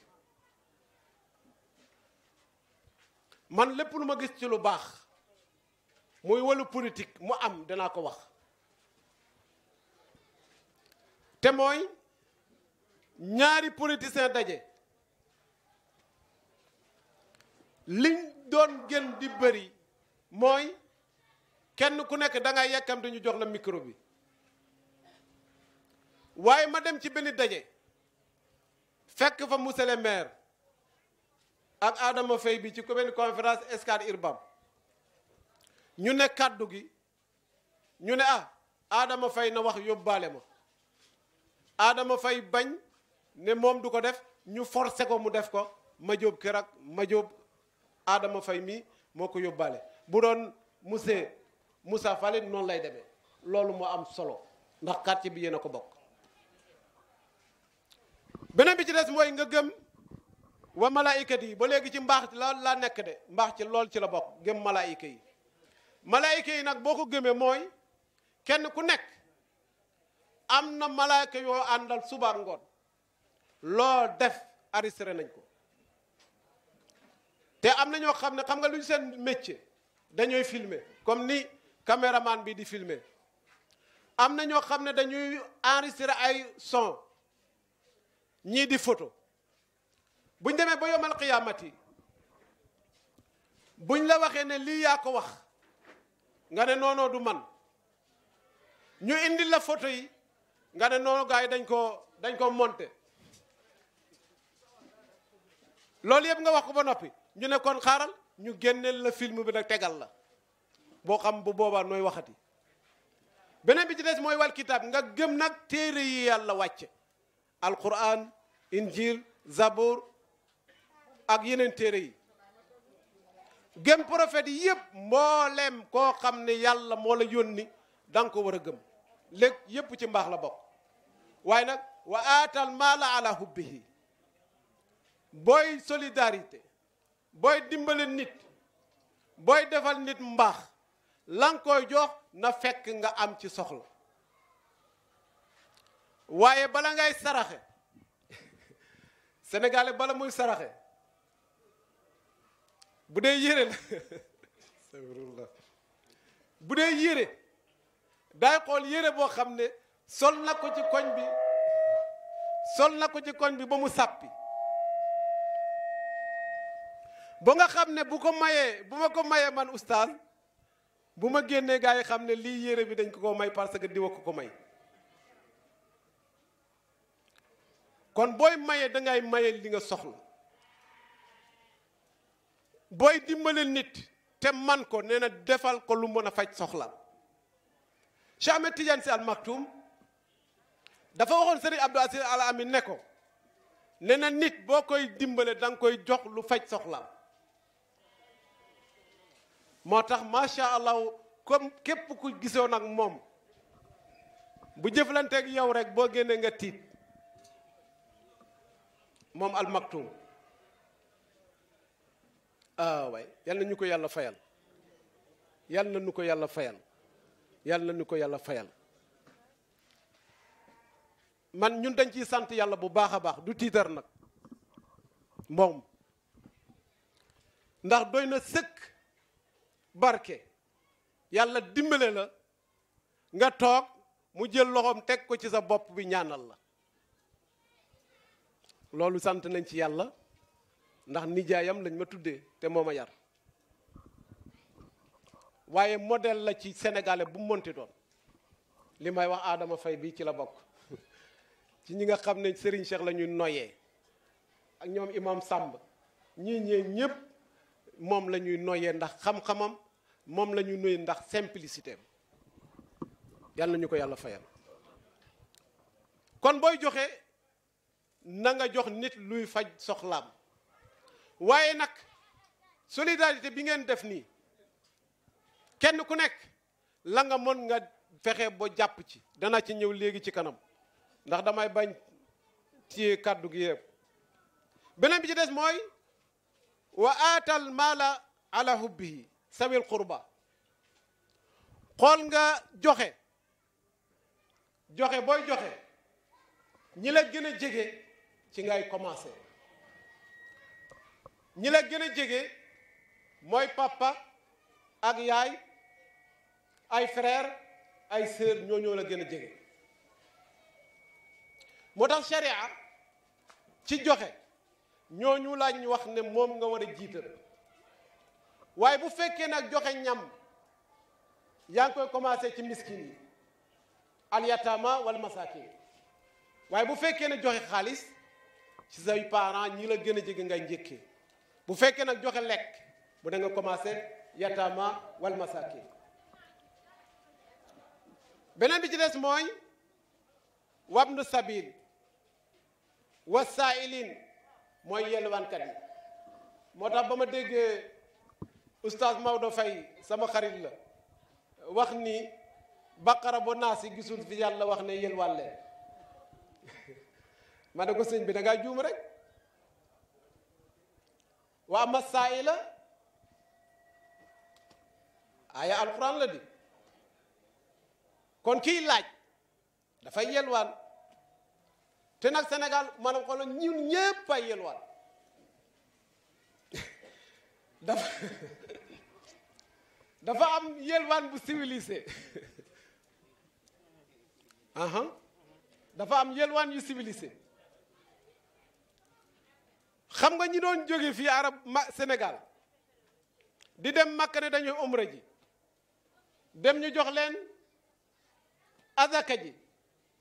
[SPEAKER 1] man lépp lu ma gis ci lu baax muy wàllu politik mu am danaa ko wax te mooy ñaari politiciens daje liñ doon gën di bari mooy kenn ku nekk da nga yàkkamte ñu jox la micro bi waaye ma dem ci benn daje fekk fa monsieur le maire ak Adama fay bi ci commune conférence Escale Urbam ñu ne kàddu gi ñu ne ah aadama fay na wax yóbbaale ma aadama fay bañ ne moom du ko def ñu forcé ko mu def ko ma jóob kër ak aadama fay mii moo ko yóbbaale bu doon monsieur Moussa Fall noonu lay deme loolu moo am solo ndax quartier bi yéen ko bokk beneen bi ci des mooy nga gëm wa malaaykat yi ba léegi ci mbaax la laa nekk de mbaax ci lool ci la bokk gëm malaayka yi malaayka yi nag boo ko gëmee mooy kenn ku nekk am na malaayka yoo àndal suba ak ngoon loo def arrêté nañ ko te am na ñoo xam ne xam nga lu ñu seen métier dañooy filmer comme ni caméraman bii di filmer am na ñoo xam ne dañuy enregistrer ay son ñii di photo buñ demee ba yomal qiyaamati buñ la waxee ne lii yaa ko wax nga ne noonoo du man ñu indi la photo yi nga ne noonu gars yi dañ ko dañ ko monter loolu yëpp nga wax ko ba noppi ñu ne kon xaaral ñu génneel la film bi nag tegal la boo xam bu boobaa nooy waxati beneen bi ci des mooy wal kitaab nga gëm nag téere yi yàlla wàcce alquran injil zabur ak yeneen téere yi gëm prophète yi yëpp mboolem koo xam ne yàlla moo la yónni da nga ko war a gëm léeg yépp ci mbaax la bokk waaye nag wa aatal maala ala hubbihi booy solidarité booy dimbale nit booy defal nit mbaax la nga jox na fekk nga am ci soxla waaye bala ngay saraxe sénégalais bala muy saraxe bu dee yére la bu dee yére day xool yére boo xam ne sol na ko ci koñ bi sol na ko ci koñ bi ba mu sàppi ba nga xam ne bu ko mayee bu ma ko mayee man oustaz bu ma génnee gaa yi xam ne lii yére bi dañ ko ko may parce que diwa ko ko may kon booy maye dangay maye li nga soxla booy dimbale nit te man ko nee na defal ko lu mën a faj soxla Cheikh Ahmed Tidiane Sy Al dafa waxoon Serigne Abdou Aziz Al Amine ne ko ne na nit boo koy dimbale danga koy jox lu faj soxla moo tax macha allah comme képp ku gisoon ak moom bu jëflanteeg yow rek boo génnee nga tiit moom almaktum ah waay yal na ñu ko yàlla fayal yal na ñu ko yàlla fayal yal na ñu ko yàlla fayal man ñun dañ ciy sant yàlla bu baax a baax du tiitar nag moom ndax doy na sëkk. barke yàlla dimbale la nga toog mu jël loxoom teg ko ci sa bopp bi ñaanal la loolu sant nañ ci yàlla ndax nijaayam lañ ma tuddee te moo ma yar waaye modèle la ci sénégalais bu monti doon li may wax aadama fay bii ci la bokk ci ñi nga xam ne sëriñ Cheikh la ñuy noyee ak ñoom imam Samb ñii ñee ñëpp moom la ñuy noyee ndax xam-xamam moom lañuy ñuy noyee ndax simplicité am yàlla nañu ko yàlla fayal kon booy joxe na nga jox nit luy faj soxlaam waaye nag solidarité bi ngeen def nii kenn ku nekk la nga mën nga fexe ba jàpp ci danaa ci ñëw léegi ci kanam ndax damay bañ ci kàddu gi yëpp beneen bi ci des mooy wa aatal maala ala hubbihi sawil qurba xool nga joxe joxe booy joxe ñi la gën a jege ci ngay commencé ñi la gën a jege mooy papa ak yaay ay frère ay sœur ñoo ñoo la gën a jege moo tax sharia ci joxe ñooñu laaj ñu wax ne moom nga war a jiital waaye bu fekkee nag joxe ñam yaa ngi koy commencé ci miskin yi alyatama wal masakin waaye bu fekkee ne joxe xaalis ci say ñi la gën a jege ngay njëkkee bu fekkee nag joxe lekk bu da nga commencé yatama wal masakin beneen bi ci des mooy wabnu sabil wasailin mooy yelwaankat yi moo tax ba ma déggee oustaz Maodo Faye sama xarit la wax ni baqara ba naa si gisul fi yàlla wax ne yelwaan leen ma ne ko sëñ bi da ngaa juum rek waa masaa yi la aaya alquran la di kon kiy laaj dafay yelwaan te nag Sénégal man xoolal ñun ñëpp ay yelwaan dafa am yelwaan bu civilisé dafa am yelwaan yu civilisé xam nga ñi doon jóge fii arab Sénégal di dem Makka dañuy umra ji dem ñu jox leen azaka ji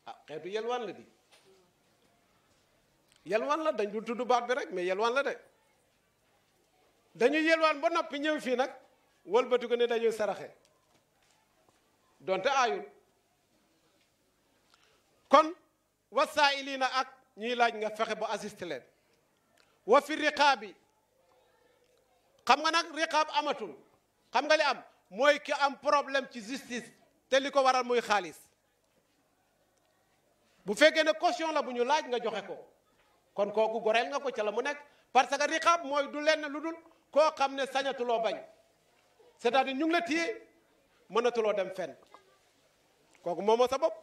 [SPEAKER 1] ah xeetu yelwaan la di yelwaan la dañ du tudd baat bi rek mais yelwaan la de dañuy yelwaan ba noppi ñëw fii nag wëlbati ko ne dañuy saraxe donte aayul kon wa saa wasaa'iliina ak ñuy laaj nga fexe ba assisté leen wa fi riqaabi xam nga nag riqaab amatul xam nga li am mooy ki am problème ci justice te li ko waral muy xaalis bu fekkee ne caution la bu ñu laaj nga joxe ko kon kooku goreel nga ko ca la mu nekk parce que riqaab mooy du lenn lu dul koo xam ne sañatuloo bañ c'est-à-dire ñu ngi la téye mënatuloo dem fen kooku moom sa bopp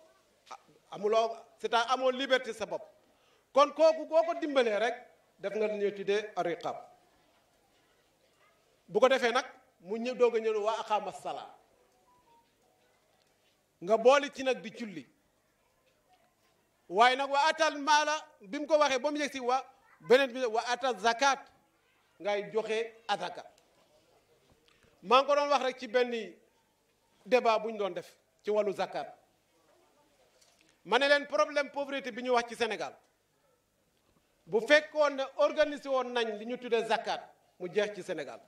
[SPEAKER 1] amuloo c'est-à-dire amoo liberté sa bopp kon kooku boo ko dimbalee rek def nga ñuy tuddee riqaab bu ko defee nag mu ñëw doog a ñëw waa aqaama nga boole ci nag di julli waaye nag wa atal maala bi mu ko waxee ba mu yegsi wa beneen bi wa atal zakat ngay joxe azaka maa ngi ko doon wax rek ci benn débat buñ doon def ci wàllu zakat ma ne leen problème pauvreté bi ñu wax ci Sénégal bu fekkoon ne organisé woon nañ li ñu tuddee zakat mu jeex ci Sénégal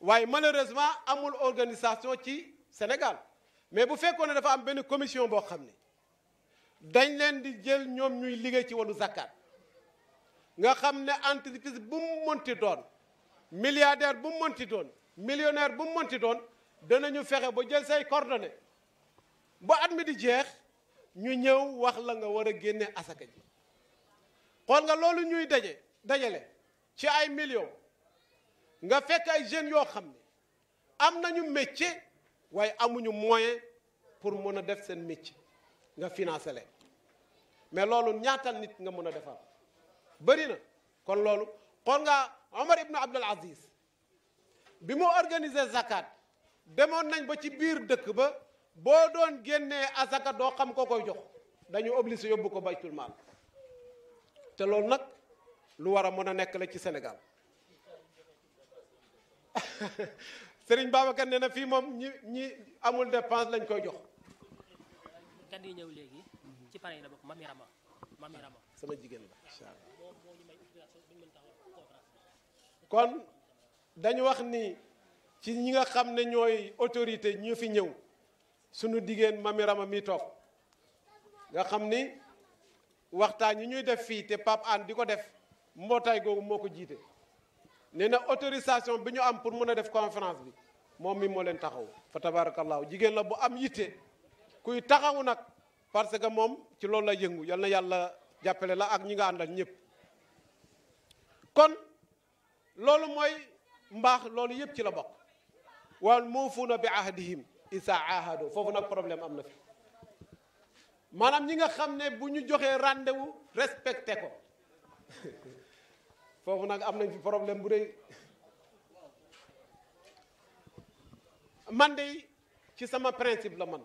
[SPEAKER 1] waaye malheureusement amul organisation ci Sénégal mais bu fekkoon ne dafa am benn commission boo xam ne dañ leen di jël ñoom ñuy liggéey ci wàllu zakat nga xam ne entreprise bu mu mënti doon milliardaire bu mu mënti doon millionnaire bu mu mënti doon danañu fexe ba jël say coordonnées ba at mi di jeex ñu ñëw wax la nga war a génne asaka ji xool nga loolu ñuy daje dajale ci ay millions nga fekk ay jeunes yoo xam ne am nañu métier. waaye amuñu moyen pour mun a def seen métier nga financé leen mais loolu ñaata nit nga mën a defar bëri na kon loolu xool nga Omar ibn Abdul Aziz bi mu organisé zakat demoon nañ ba ci biir dëkk ba boo doon génnee asaka doo xam ko koy jox dañu obligé yóbbu ko baytul maal te loolu nag lu war a mën a nekk la ci Sénégal Serigne Babacar nee na fii moom ñi ñi amul dépense lañ koy jox.
[SPEAKER 2] kan yi ñëw léegi ci pare yi la bokk Mami sama jigéen
[SPEAKER 1] kon dañu wax ni ci ñi nga xam ne ñooy autorité ñu fi ñëw sunu diggéen Mami Rama mi toog nga xam ni waxtaan yu ñuy def fii te Pape Hann di ko def mbootaay googu moo ko jiite. nee na autorisation bi ñu am pour mun a def conférence bi moom mii moo leen taxaw fa tabaarakallaahu jigéen la bu am yitte kuy taxaw nag parce que moom ci loolu la yëngu yal na yàlla jàppale la ak ñi nga àndal ñëpp kon loolu mooy mbaax loolu yëpp ci la bokk wal muufuuna bi ahdihim isa ahado foofu nag problème am na fi maanaam ñi nga xam ne bu ñu joxee rendez-vous respecté ko foofu nag am nañ fi problème bu rëy man de ci sama principe la man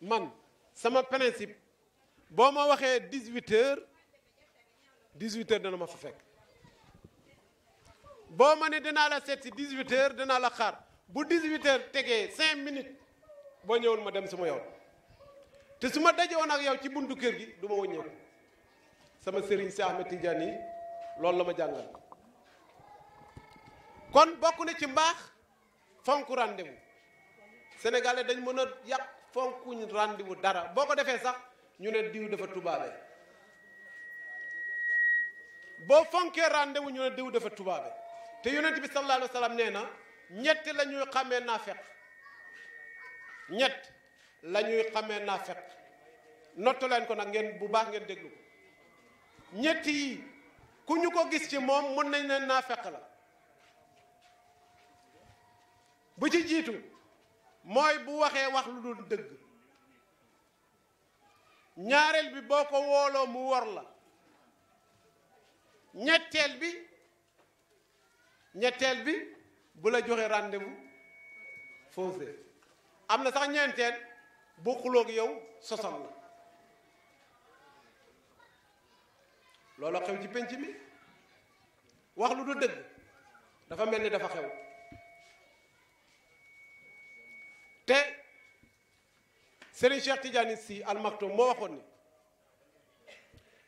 [SPEAKER 1] man sama principe boo ma waxee dix-huit heures dix-huit ma fa fekk boo ma ne dinaa la seet si dix-huit dinaa la xaar bu dix-huit tegee cinq minutes boo ñëwul ma dem sama yoon te su ma dajewoon ak yow ci buntu kër gi du ma wëññeeku sama sëriñ see Ahmed Tidiane yi loolu la ma jàngal kon bokk na ci mbaax fonk rendez-vous dañ mën a yàq fonkuñ rendez-vous dara boo ko defee sax ñu ne diw dafa tubaabe boo fonkee rendez-vous ñu ne diw dafa tubaabe te yonent bi sallallahu alayhi wa nee na ñett la ñuy xamee naafeq ñett la ñuy xamee naafeq nottu leen ko nag ngeen bu baax ngeen déglu ñett yi ku ñu ko gis ci moom mën nañ naa naafeq la bu ci jiitu mooy bu waxee wax lu dul dëgg ñaareel bi boo ko wooloo mu wor la ñetteel bi ñetteel bi bu la joxe rendez am na sax ñeenteel bu xuloog yow sosal la loolu xew ci pénc mi wax lu du dëgg dafa mel ni dafa xew te Serigne Cheikh Tidiane Sy Al Maktoum moo waxoon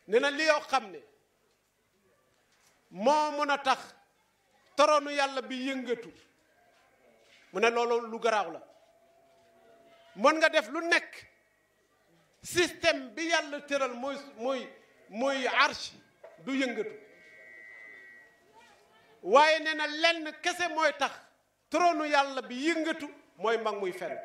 [SPEAKER 1] ni ne na xam ne moo mën a tax toroonu yàlla bi yëngatu mu ne loolu lu garaaw la mën nga def lu nekk système bi yàlla tëral mooy mooy mooy arche du yëngatu waaye nee na lenn kese mooy tax tronu yàlla bi yëngatu mooy mag muy fen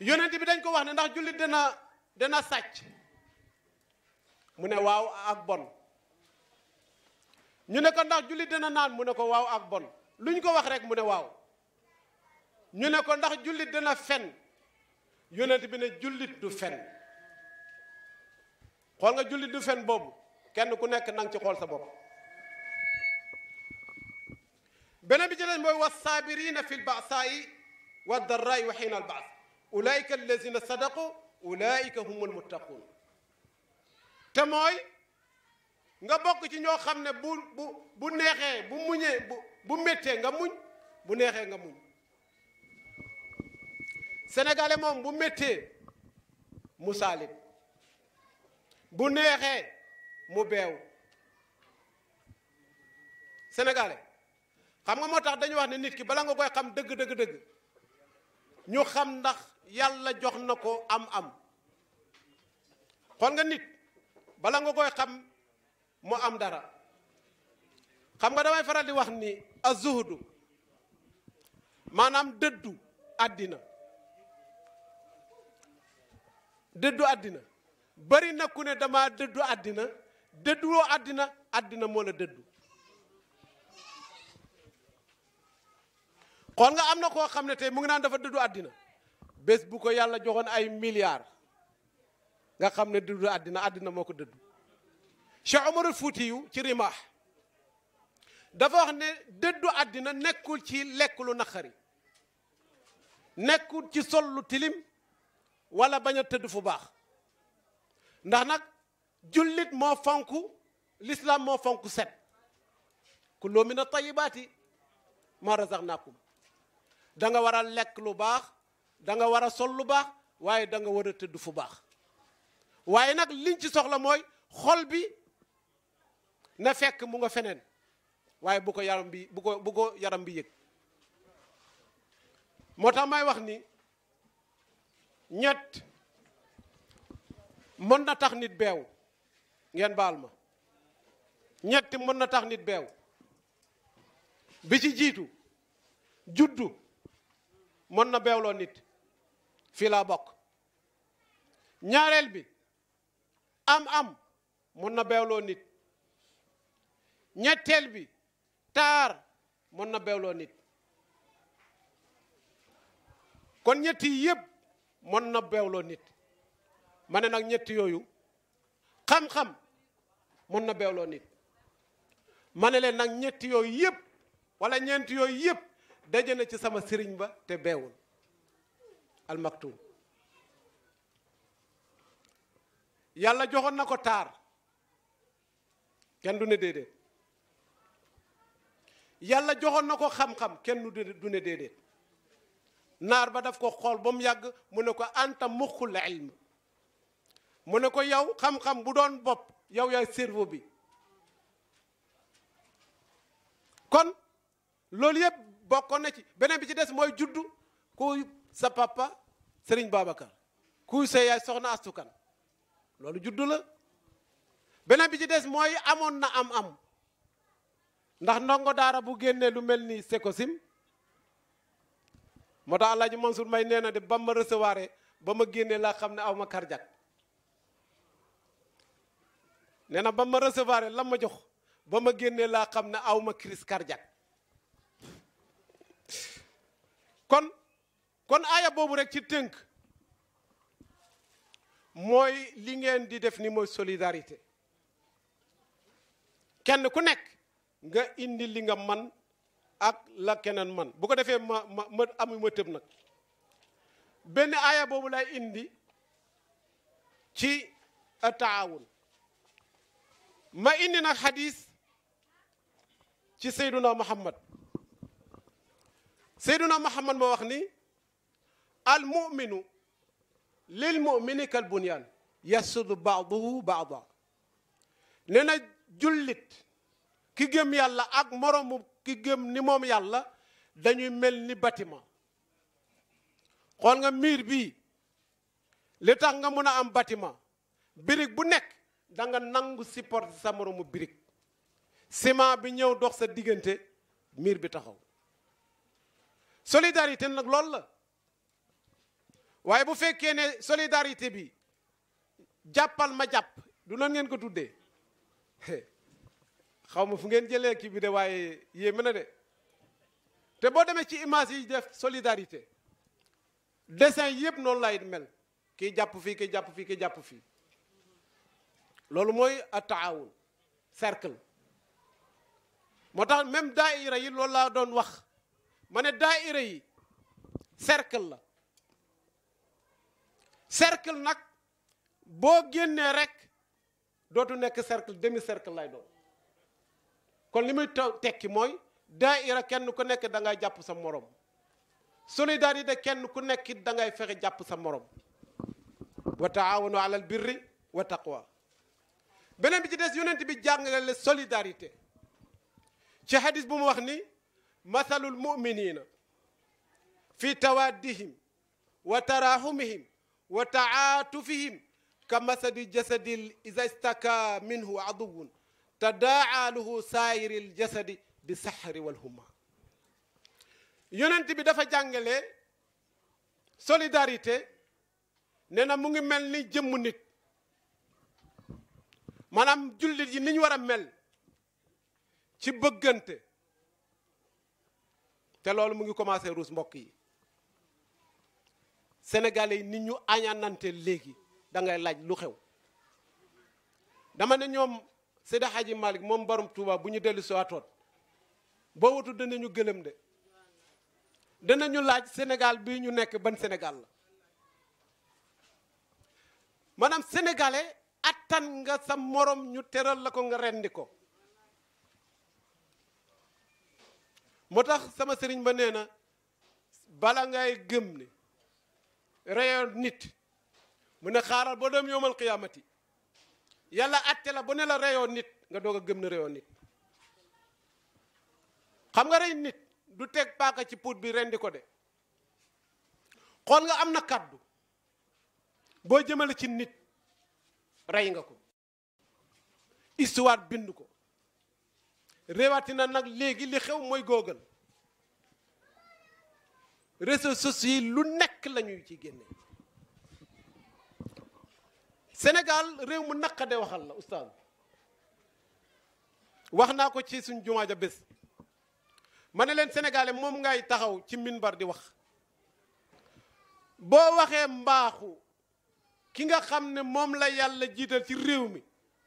[SPEAKER 1] yonent bi dañ ko wax ne ndax jullit dana dana sàcc mu ne waaw ak bon ñu ne ko ndax jullit dana naan mu ne ko waaw ak bon lu ñu ko wax rek mu ne waaw ñu ne ko ndax jullit dana fen yonent bi ne jullit du fen xool nga jullit du fen boobu kenn ku nekk nang ci xool sa bopp beneen bi ci des mooy wassaabirina fi lbasaayi wa darraayi wa xiina albaas ulaika allazina sadaqu ulaika hum almuttaquun te mooy nga bokk ci ñoo xam ne bu bu bu neexee bu muñee bu bu nga muñ bu neexee nga muñ sénégalais moom bu mettee mu saalit bu neexee mu beew sénégalais xam nga moo tax dañu wax ne nit ki bala nga koy xam dëgg dëgg dëgg ñu xam ndax yàlla jox na ko am-am xool nga nit bala nga koy xam mu am dara xam nga damay faral di wax ni azuhdu maanaam dëddu àddina dëddu àddina bari na ku ne dama dëddu àddina dëdduwoo àddina àddina moo la dëddu xool nga am na koo xam ne tey mu ngi naan dafa dëddu àddina bés bu ko yàlla joxoon ay milliar nga xam ne dëddu àddina àddina moo ko dëddu Cheikh Omarul Fuuti ci rimaax dafa wax ne dëddu àddina nekkul ci lekk lu naqari nekkul ci sol lu tilim wala bañ a tëdd fu baax ndax nag jullit moo fonk lislaam moo fonk set ku kullu min at-tayyibaati ma naa da danga war a lekk lu baax danga war a sol lu baax waaye da nga war a tëdd fu baax waaye nag liñ ci soxla mooy xol bi na fekk mu nga feneen waaye bu ko yaram bi bu ko bu ko yaram bi yëg moo tax may wax nii ñett mën na tax nit beew ngeen baal ma ñetti mën na tax nit beew bi ci jiitu juddu mën na beewloo nit fii laa bokk ñaareel bi am-am mën na beewloo nit ñetteel bi taar mën na beewloo nit kon ñetti yépp mën na bewloo nit ma ne nag ñett yooyu xam-xam mën na beewloo nit ma ne leen nag ñetti yooyu yëpp wala ñeenti yooyu yëpp daje na ci sama sëriñ ba te bewul almaktum yàlla joxoon na ko taar kenn du ne déedéet yàlla joxoon na ko xam-xam kenn du ne déedéet naar ba daf ko xool ba mu yàgg mu ne ko anta muxul ilm mu ne ko yow xam-xam bu doon bopp yow yaay cerveau bi kon loolu yëpp bokkoon na ci beneen bi ci des mooy juddu kuy sa papa Serigne Babacar kuy sa yaay soxna astukan loolu juddu la beneen bi ci des mooy amoon na am-am ndax ndongo daara bu génnee lu mel ni Sekosim moo tax Alaaji Mansour may nee na de ba ma recevoir ba ma génnee laa xam ne aw ma cardiaque nee na ba ma la ma jox ba ma génnee laa xam ne awma ma crise kon kon aaya boobu rek ci tënk mooy li ngeen di def ni mooy solidarité kenn ku nekk nga indi li nga man ak la keneen man bu defee ma ma ma amu nag benn aaya boobu lay indi ci taawun ma indi nag xadis ci seyduna muhammad seyduna muhammad moo wax ni al muminu lil mumini kal bunyan yasudu baaduhu baada nee jullit ki gëm yàlla ak moromu ki gëm ni moom yàlla dañuy mel ni bâtiment xool nga miir bii li tax nga mën a am bâtiment birig bu nekk da nangu support sa moromu birig ciment bi ñëw dox sa diggante miir bi taxaw solidarité nag loolu la waaye bu fekkee ne solidarité bi jàppal ma jàpp du nan ngeen ko tuddee xaw ma fu ngeen jëlee kii bi de waaye yéeme na de te boo demee ci image yi def solidarité dessin yëpp noonu lay mel ki jàpp fii kii jàpp fii jàpp fii loolu mooy ataawun cercle moo tax même daaira yi loolu laa doon wax ma ne daa daaira yi cercle la cercle nag boo génnee rek dootu nekk cercle demi cercle lay doon kon li muy tekki mooy daaira kenn ku nekk dangay jàpp sa morom solidarité kenn ku nekk dangay fexe jàpp sa morom wa taawanu alal birri wa taqwa beneen bi ci des yonent bi jàngale solidarité ci hadis bu mu wax ni mathalul muminina fi tawaddihim wa tarahumihim wa taatufihim ka masadi jasadil iza istaka minhu aduwun daa lahu saayiril jasadi bi saxari wal humma yonent bi dafa jàngale solidarité nee na mu ngi mel ni jëmm nit maanaam jullit yi ni war a mel ci bëggante te loolu mu ngi commencé ruus mbokk yi sénégalais yi nit ñu añaanante léegi dangay laaj lu xew dama ne ñoom Seydi Hadji Malick moom barum Touba bu ñu dellu si waatoon boo watu ñu gëlëm de ñu laaj Sénégal bi ñu nekk ban senegal la maanaam sénégalais attan nga sa morom ñu teral la ko nga rendi ko moo tax sama sëriñ ba nee na bala ngay gëm ne reyoon nit mu ne xaaral boo doom yowmal qiyaamati yàlla atte la bu ne la reyoon nit nga doog a gëm na reyoon nit xam nga rey nit du teg paaka ci puut bi rendi ko de xool nga am na kàddu boo jëmale ci nit rey nga ko histoire bind ko na nag léegi li xew mooy googal réseaux sociaux lu nekk lañuy ci génne Sénégal réew mu naq naqade waxal la oustaz wax naa ko ci suñ jumaa ja bés ma ne leen sénégalais moom ngay taxaw ci minbar di wax boo waxee mbaaxu ki nga xam ne moom la yàlla jiital ci réew mi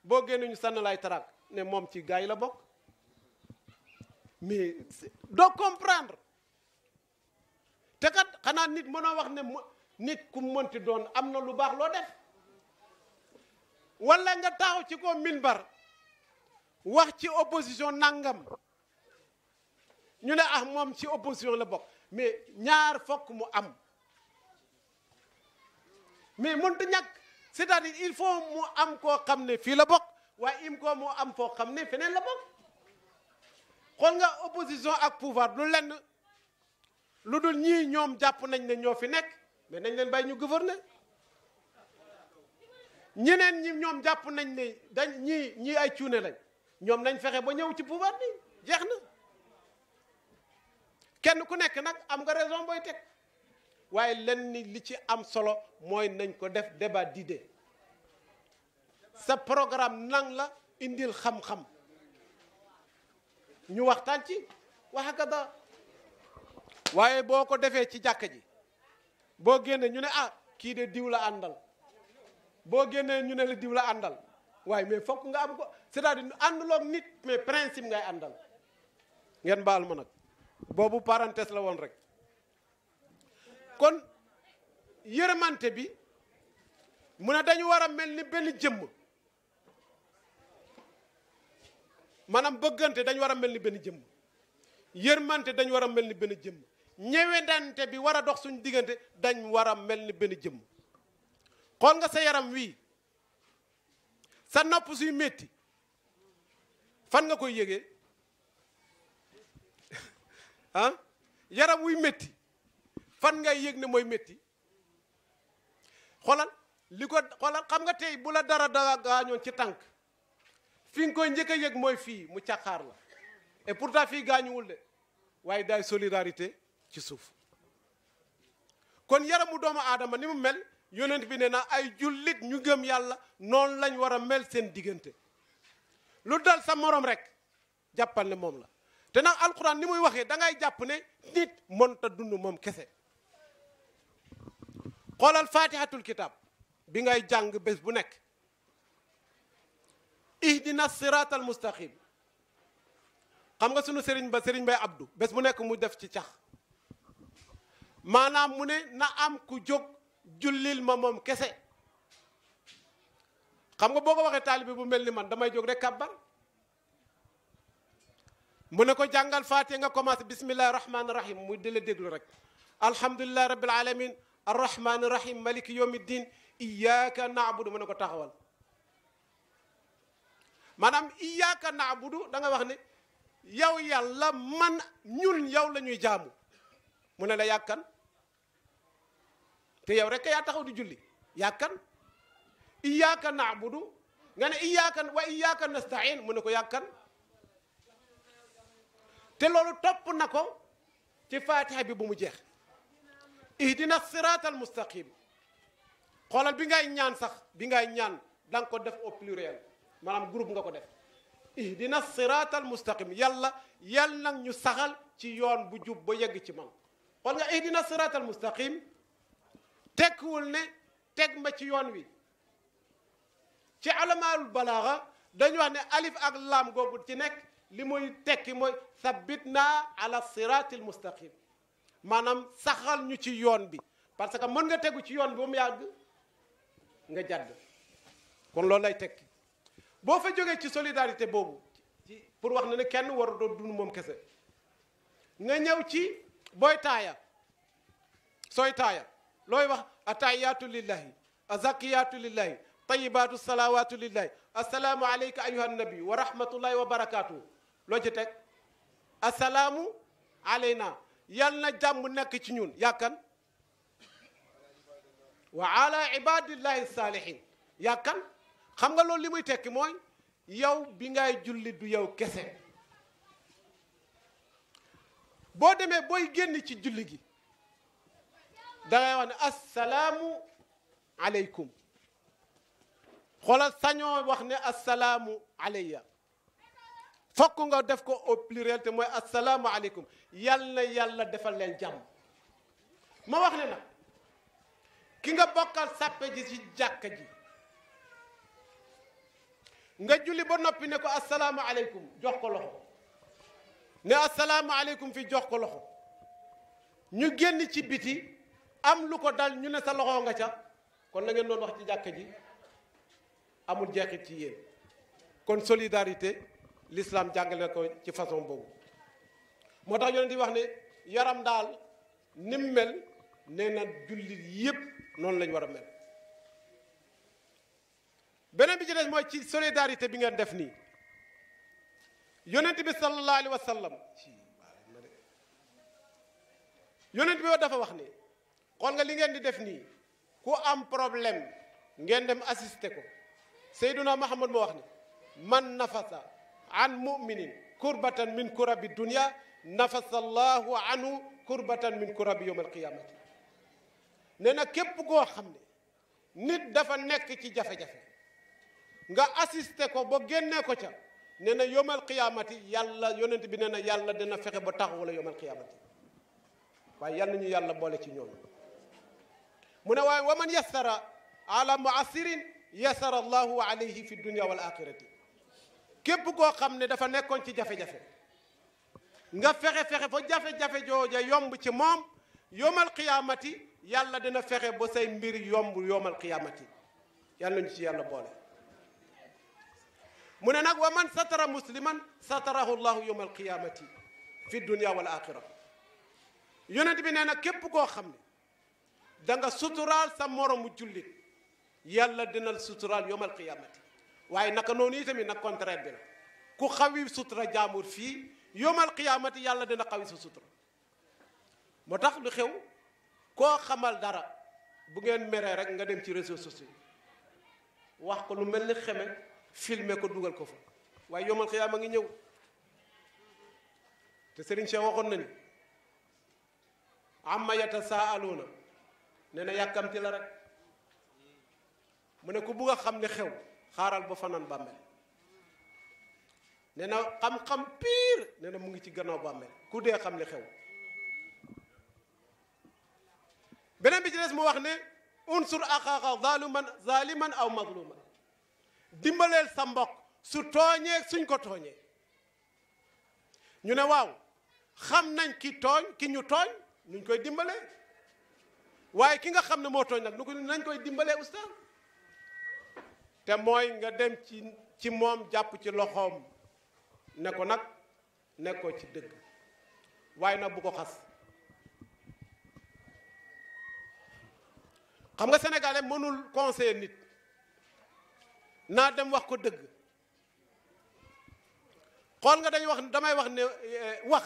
[SPEAKER 1] boo génne ñu sànn laay taraag ne moom ci gaa yi la bokk mais doo comprendre te kat xanaa nit mënoo wax ne nit ku mënti doon am na lu baax loo def wala nga taaxu ci ko minbar wax ci opposition nangam ñu ne ah moom ci opposition la bokk mais ñaar fokk mu am mais mënut a ñàkk c'est-à-dire il faut mu am koo xam ne fii la bokk waaye im ko mu am foo xam ne feneen la bokk xool nga opposition ak pouvoir lu lenn lu dul ñii ñoom jàpp nañ ne ñoo fi nekk mais nañ leen bàyyi ñu gouverner. ñeneen ñi ñoom jàpp nañ ne dañ ñii ñii ay cuune lañ ñoom nañ fexe ba ñëw ci pouvoir bi jeex na kenn ku nekk nag am nga raison booy teg waaye lenn li ci am solo mooy nañ ko def débat d'idée sa programme nan la indil xam-xam ñu waxtaan ci wax akada waaye boo ko defee ci jàkka ji boo génne ñu ne ah kii de diw la àndal boo génnee ñu ne la diw àndal waaye mais fokk nga am ko c'est-à-dire àndaloog nit mais principe ngay àndal ngeen baal ma nag boobu parenthèse la woon rek kon yërëmante bi mu ne dañu war a mel ni benn jëmm maanaam bëggante dañu war a mel ni benn jëmm yërmante dañu war a mel ni benn jëmm ñewendante bi war a dox suñu diggante dañ war a mel ni benn jëmm xool nga sa yaram wii sa nopp suy metti fan nga koy yëgee ah, yaram wuy métti fan ngay yëg ne mooy metti xoolal li ko xoolal xam nga tey bu la dara dara gaañoon ci tànk fi nga koy njëkk a yëg mooy fii mu càqaar la et pourtant fii gaañuwul de waaye daay solidarité ci suuf kon yaramu doomu aadama ni mu mel yonent bi ne na ay jullit ñu gëm yàlla noonu lañ war a mel seen diggante lu dal sa morom rek jàppal ne moom la te nag alxuraan ni muy waxee dangay jàpp ne nit mënta dund moom kese xoolal faatihatul kitab bi ngay jàng bés bu nekk dina siraatal mustaqim xam nga sunu sëriñ ba sëriñ bay abdu bés bu nekk mu def ci cax maanaam mu ne na am ku jóg jullil ma moom kese xam nga boo ko waxee taalibe bu mel ni man damay jóg rek kàbbar mu ne ko jàngal faatiha nga commencé bismillahi rahmaani rahim muy di la rek alhamdulilahi rabbil alamin arrahmaani rahim maliki yawmi din iyyaka na'budu mu ne ko taxawal maanaam iyyaka na'budu da nga wax ne yow yàlla man ñun yow la ñuy jaamu mu ne la yàkkan te yow rek yaa taxaw di julli yaa kan iyyaka na'budu nga ne iyyaka wa iyyaka nasta'in mu ne ko yaa te loolu topp na ko ci fatiha bi bu mu jeex ihdina siratal mustaqim xoolal bi ngay ñaan sax bi ngay ñaan da ko def au pluriel maanaam groupe nga ko def ihdina siratal mustaqim yàlla yàlla nag ñu saxal ci yoon bu jub ba yegg ci man xool nga ihdina siratal mustaqim tekkiwul ne teg ma ci yoon wi ci alamaarul balaaxa dañu wax ne alif ak laam googu ci nekk li muy tekki mooy sabbit naa ala siraatil mustaqim maanaam saxal ñu ci yoon bi parce que mën nga tegu ci yoon bi ba mu yàgg nga jàdd kon loolu lay tekki boo fa jógee ci solidarité boobu ci pour wax ne ne kenn waru doon dund moom kese nga ñëw ci booy taaya sooy taaya looy wax atayaatu lillahi azakiyaatu lillahi tayibaatu salawaatu lillahi assalaamu aleyka ayuha nabi wa wa barakaatu loo ci teg assalaamu aleyna yal na jàmm nekk ci ñun yàkkan wa ala ibadillahi saalihin yàkkan xam nga lool li muy tekki mooy yow bi ngay julli du yow kese boo demee booy génn ci julli gi dangay wax ne assalaamu aleykum xoolal sañoo wax ne assalaamu aleyya fokk nga def ko au pluriel te mooy assalaamu aleykum yal na yàlla defal leen jàmm ma wax ne na ki nga bokkal sàppe ji ci jàkka ji nga julli ba noppi ne ko assalaamu aleykum jox ko loxo ne assalaamu aleykum fi jox ko loxo ñu génn ci biti am lu ko dal ñu ne sa loxo nga ca kon la ngeen doon wax ci jàkke ji amul jeexit ci yéen kon solidarité lislaam jàngale na ko ci façon boobu moo tax yonent yi wax ne yaram daal nim mel nee na jullit yépp noonu lañ war a beneen bi ci des mooy ci solidarité bi ngeen def nii yonent bi sallallahu alayhi wa sallam yonent bi dafa wax ne xool nga li ngeen di def nii ku am problème ngeen dem assister ko Seyduna Muhammad moo wax ne man nafasa an muminin kurbatan min kurabi dunia nafasa allahu anhu kurbatan min kurabi yowm alqiyamati nee na képp koo xam ne nit dafa nekk ci jafe-jafe nga assister ko ba génnee ko ca nee na yowmal qiyaamati yàlla yonent bi nee na yàlla dina fexe ba taxawu la yowmal qiyaamati waaye yal na ñu yàlla boole ci ñoom mu ne waaye wa man yassara ala muassirin yassara allahu alayhi fi dunia wal axirati képp koo xam ne dafa nekkoon ci jafe-jafe nga fexe-fexe fa jafe-jafe jooja yomb ci moom yoomal qiyaamati yàlla dina fexe ba sey mbir yomb yoomal qiyaamati yàlla ñu ci boole mu ne nag wa man satara musliman satarahu llahu yowmal qiyaamati fi dunia wal axira yonent bi nee na képp koo xam ne da nga suturaal sa moromu jullit yàlla dinal suturaal yomal qiyamati waaye naka noonu tamit nag contraire bi la ku xawi sutura jaamur fii yomal qiyamati yàlla dina xawi sa sutura moo tax lu xew koo xamal dara bu ngeen meree rek nga dem ci réseaux sociaux wax ko lu mel ni xeme filme ko dugal ko fa waaye yomal xiyaama ngi ñëw te Serigne Cheikh waxoon nañu amma yatasaaluuna nee na yàkkamti la rek mu ne ko bugg a xam ne xew xaaral ba fanaan bàmmeel nee na xam-xam piir nee mu ngi ci gannaaw bàmmeel ku dee xam li xew beneen bi ci des mu wax ne unsur axaaxa zaliman zaliman aw mazluman dimbaleel sa mbokk su tooñee suñ ko tooñee ñu ne waaw xam nañ ki tooñ ki ñu tooñ nuñ koy dimbalee waaye ki nga xam ne moo tooñ nag nu ko nañ koy dimbalee ustaas te mooy nga dem ci ci moom jàpp ci loxoom ne ko nag nekkoo ci dëgg waaye nag bu ko xas xam nga sénégalais mënul conseiller nit naa dem wax ko dëgg xool nga dañ wax damay wax ne eh, wax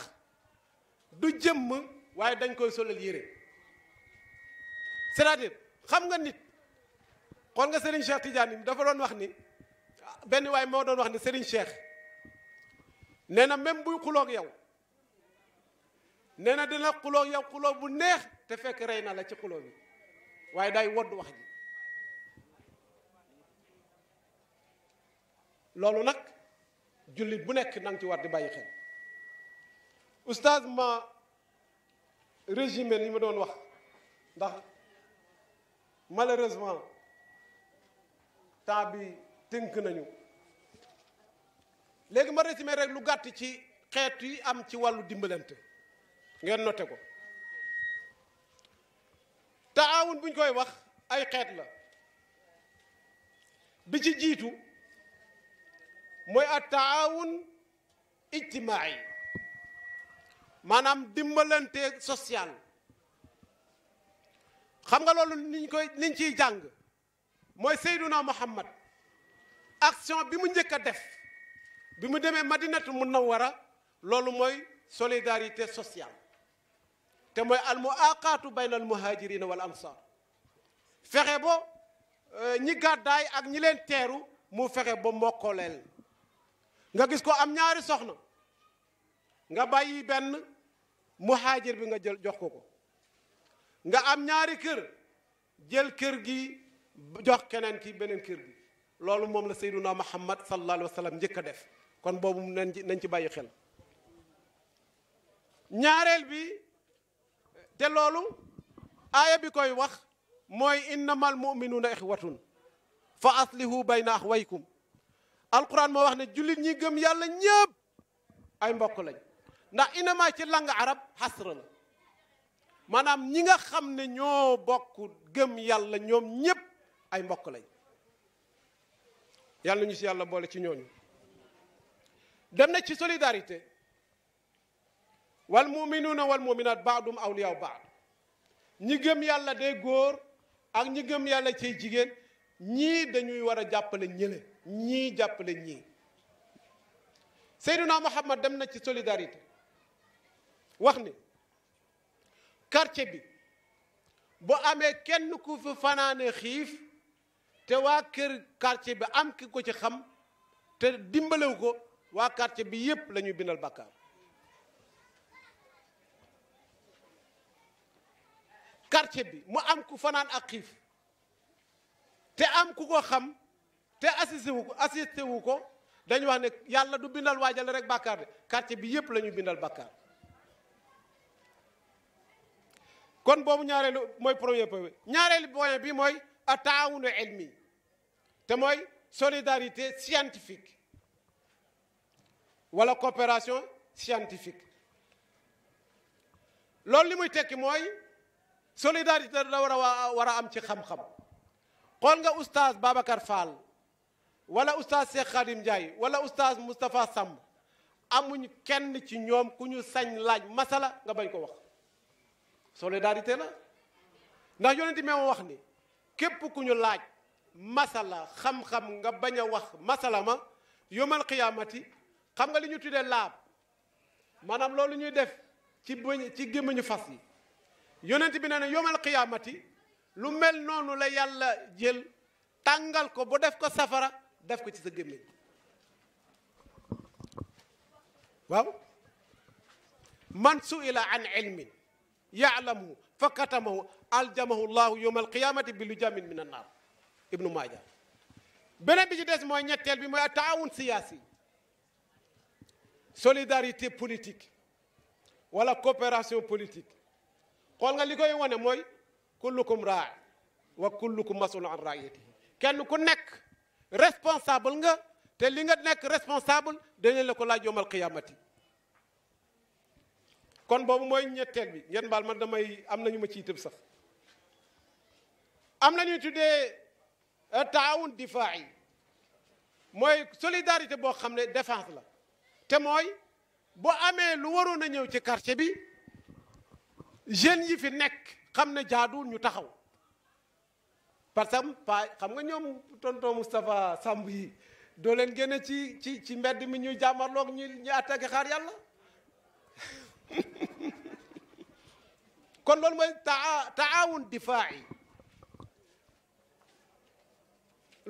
[SPEAKER 1] du jëmm waaye dañ koy solal yére c'est-à-dire xam nga nit xool nga Serigne Cheikh Tidiane dafa doon wax ni benn waay moo doon wax ni Serigne Cheikh nee na même buy xuloog yow nee na dina xuloog yow xuloo bu neex te fekk rey na la ci xuloo bi waaye day wodd wax ji loolu nag jullit bu nekk na ci war di bàyyi xel oustaz ma régime ma doon wax ndax malheureusement temps bi tënk nañu léegi ma résumé rek lu gàtt ci xeet yi am ci wàllu dimbalante ngeen noté ko taawun buñ koy wax ay xeet la bi ci jiitu mooy at taawun ijtimaay maanaam dimbalantee social xam nga loolu niñ koy niñ ciy jàng mooy Seyduna Muhammad action bi mu njëkk a def bi mu demee Madinatu Munawwara loolu mooy solidarité sociale te mooy al muaqaatu bayna al muhajirina am ansar fexe bo euh, ñi gàddaay ak ñi leen teeru mu fexe ba mokkoleel nga gis ko am ñaari soxna nga bàyyi benn mu muhajir bi nga jël jox ko ko nga am ñaari kër jël kër gi jox keneen ki beneen kër gi loolu moom la sayduna muhammad sallallahu alayhi wa sallam njëkk a def kon boobu nañ ci nañ ci bàyyi xel ñaareel bi te loolu aaya bi koy wax mooy innamal muminuuna ixwatun fa aslihu bayna axwaykum alquran moo wax ne jullit ñi gëm yàlla ñëpp ay mbokk lañ ndax innama ci lang arab xasra la maanaam ñi nga xam ne ñoo bokk gëm yàlla ñoom ñépp ay mbokk lañ yàlla ñu ci yàlla boole ci ñooñu dem na ci solidarité wal muminuuna wal muminaat aw awliyaaw baad ñi gëm yàlla day góor ak ñi gëm yàlla ciy jigéen ñii dañuy war a jàppale ñële ñii jàppale ñii Seyduna Muhammad dem na ci solidarité wax ni quartier bi bu amee kenn ku fi fanaane xiif te waa kër quartier bi am ki ko ci xam te dimbalewu ko waa quartier bi yépp lañuy bindal bàkkaar karce bi mu am ku fanaan ak xiif te am ku ko xam te assisté wu ko assisté wu ko dañu wax ne yàlla du bindal waajal rek bàkkaar de quartier bi yépp la ñuy bindal bàkkaar kon boobu ñaareelu mooy premier point ñaareelu point bii mooy a taawunu ilmi te mooy solidarité scientifique wala coopération scientifique loolu li muy tekki mooy solidarité da war a war a am ci xam-xam xool nga oustaz Babacar Fall walla oustaz Cheikh Khadim Ndiaye wala oustaz Moustapha Samb amuñ kenn ci ñoom ku ñu sañ laaj masala nga bañ ko wax solidarité la ndax yonent moo wax ni képp ku ñu laaj masala xam-xam nga bañ a wax masala ma yomal xiyaamati xam nga li ñu tuddee laab maanaam loolu ñuy def ci bëñ ci gémmiñu fas yi yonent bi ne ne yomal xiyaamati lu mel noonu la yàlla jël tàngal ko bu def ko safara def ko ci sa gémmiñ waaw man suila an ilmin yaalamuhu fa katamahu aljamahu llahu yowma alqiyamati bi lu jamin min annaar ibnu maaja beneen bi ci des mooy ñetteel bi mooy taawun siyaasi solidarité politique wala coopération politique xool nga li koy wane mooy kullukum raa wa kullukum masul an raayatihi kenn ku nekk responsable nga te li nga nekk responsable danañ la ko laaj yowmal qiyamati kon boobu mooy ñetteel bi yan baal ma damay am na ñu ma ciy tëb sax am nañu tuddee euh, taawun difaa yi mooy solidarité boo xam ne défense la te mooy boo amee lu waroon a ñëw ci quartier bi jeunes yi fi nekk xam ne jaaduwul ñu taxaw parce que pa xam nga ñoom tonton Moustapha Samb yi doo leen génne ci ci ci mbedd mi ñuy jàmmarloog ñu ñu xaar yàlla kon loolu mooy taa taawun difaa'i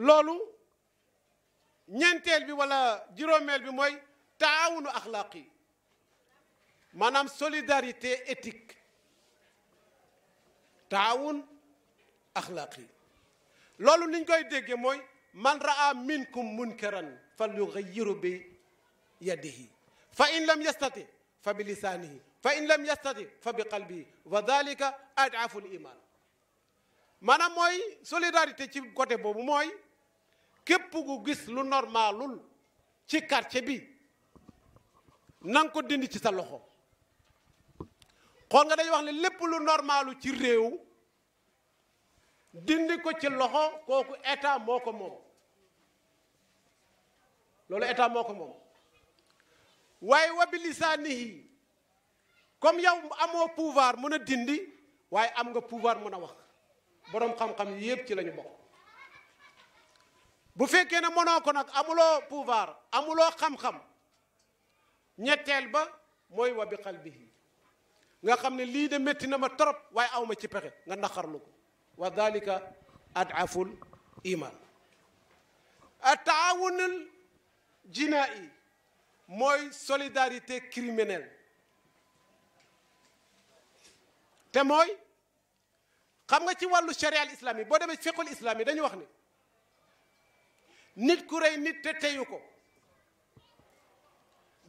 [SPEAKER 1] loolu ñenteel bi walla juróomeel bi mooy taawunu axlaaqi maanaam solidarité éthique taawun axlaaqi loolu niñ koy dégge mooy man raa minkum munkaran fal yugayiru bi yadihi fa in lam yastati fa bi lisaanihi fa in lam yastati fa bi qalbihi wa dalika adafu l iman maanaam mooy solidarité ci côté boobu mooy képp gu gis lu normalul ci quartier bi na ko dindi ci sa loxo xool nga dañuy wax ne lépp lu normalu ci réew dindi ko ci loxo kooku état moo ko moom loolu état moo ko moom waaye wa bi lisaanihi comme yow amoo pouvoir mën a dindi waaye am nga pouvoir mën a wax boroom xam-xam yépp ci lañu bokk bu fekkee ne mënoo ko nag amuloo pouvoir amuloo xam-xam ñetteel ba mooy wa bi qalbihi nga xam ne lii de metti na ma trop waaye aw ma ci pexe nga naqarlu ko wa dalika adaful iman a taawunul jinaa yi mooy solidarité criminelle te mooy xam nga ci wàllu charia islam yi boo demee fiqul islam yi dañu wax ni nit ku rey nit te teyu ko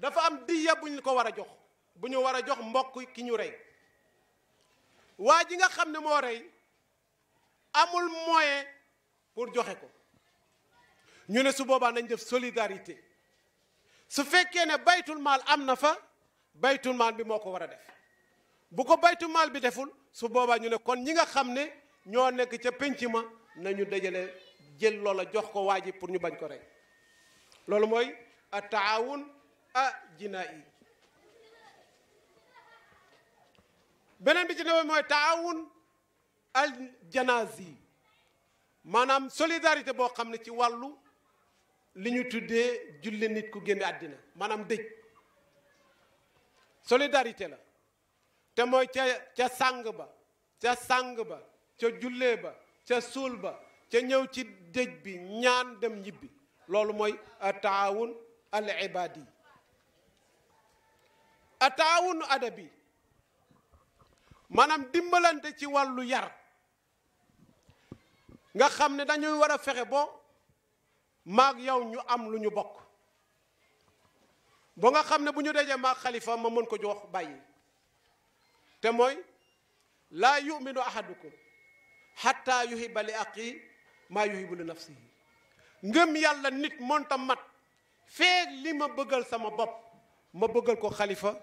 [SPEAKER 1] dafa am diya bu ñu ko war a jox bu ñu war a jox mbokk ki ñu rey waa ji nga xam ne moo rey amul moyen pour joxe ko ñu ne su boobaa nañ def solidarité su fekkee ne baytul maal am na fa baytul maal bi moo ko war a def bu ko baytul mal bi deful su boobaa ñu ne kon ñi nga xam ne ñoo nekk ca pénc ma na ñu dajale jël loola jox ko waa ji pour ñu bañ ko rek loolu mooy a taawun a jinaa yi beneen bi ci ne mooy taawun maanaam solidarité boo xam ne ci wàllu li ñu tuddee julle nit ku génn àddina maanaam dëj solidarité la te mooy ca ca sàng ba ca sàng ba ca jullee ba ca suul ba ca ñëw ci dëj bi ñaan dem ñibbi loolu mooy ataawun al ibaadi ataawun adabi maanaam dimbalante ci wàllu yar nga xam ne dañuy war a fexe bo maag yow ñu am lu ñu bokk ba nga xam ne bu ñu dajee maag xalifa ma mën ko jox bàyyi te mooy laa yuminu ahadukum xatta yuhiba li aqi maa bu li nafsihi ngëm yàlla nit monta mat feeg li ma bëggal sama bopp ma bëggal ko xalifa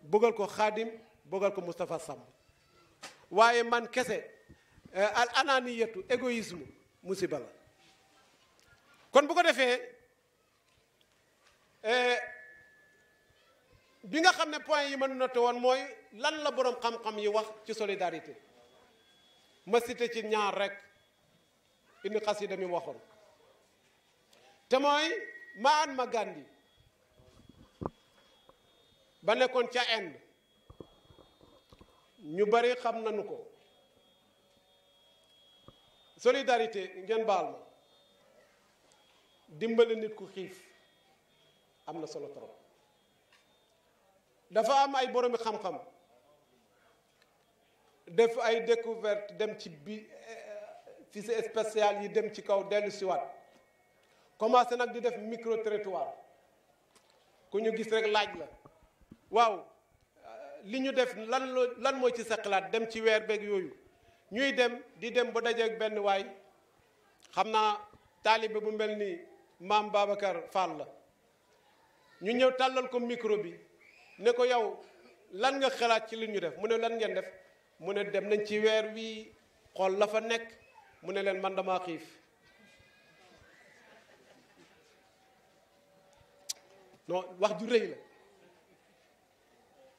[SPEAKER 1] bëggal ko xaadim bëggal ko mustafa Samb waaye man kese eh, al ananiyatu égoïsme musiba la kon bu ko defee eh, bi nga xam ne point yi ma noté woon mooy lan la boroom xam-xam yi wax ci solidarité ma cité ci ñaar rek indi yi mi waxoon te mooy Mahatma Gandhi ba nekkoon ca Inde ñu bari xam nañu ko solidarité ngeen baal ma dimbali nit ku xiif am na solo trop dafa am ay boroomi xam-xam def ay découverte dem ci bi ci eh, sa spécial yi dem ci kaw dellu siwaat commencé nag di def micro territoire ku ñu gis rek laaj la waaw li ñu def lan lan mooy ci sa xalaat dem ci weer beeg yooyu ñuy dem di dem ba dajeeg benn waay xam naa taalibe bu mel nii maam Babacar Fall la ñu ñëw tàllal ko micro bi ne ko yow lan nga xalaat ci li ñu def mu ne lan ngeen def mu ne dem nañ ci weer wi xool la fa nekk mu ne leen man dama xiif non wax ju rëy la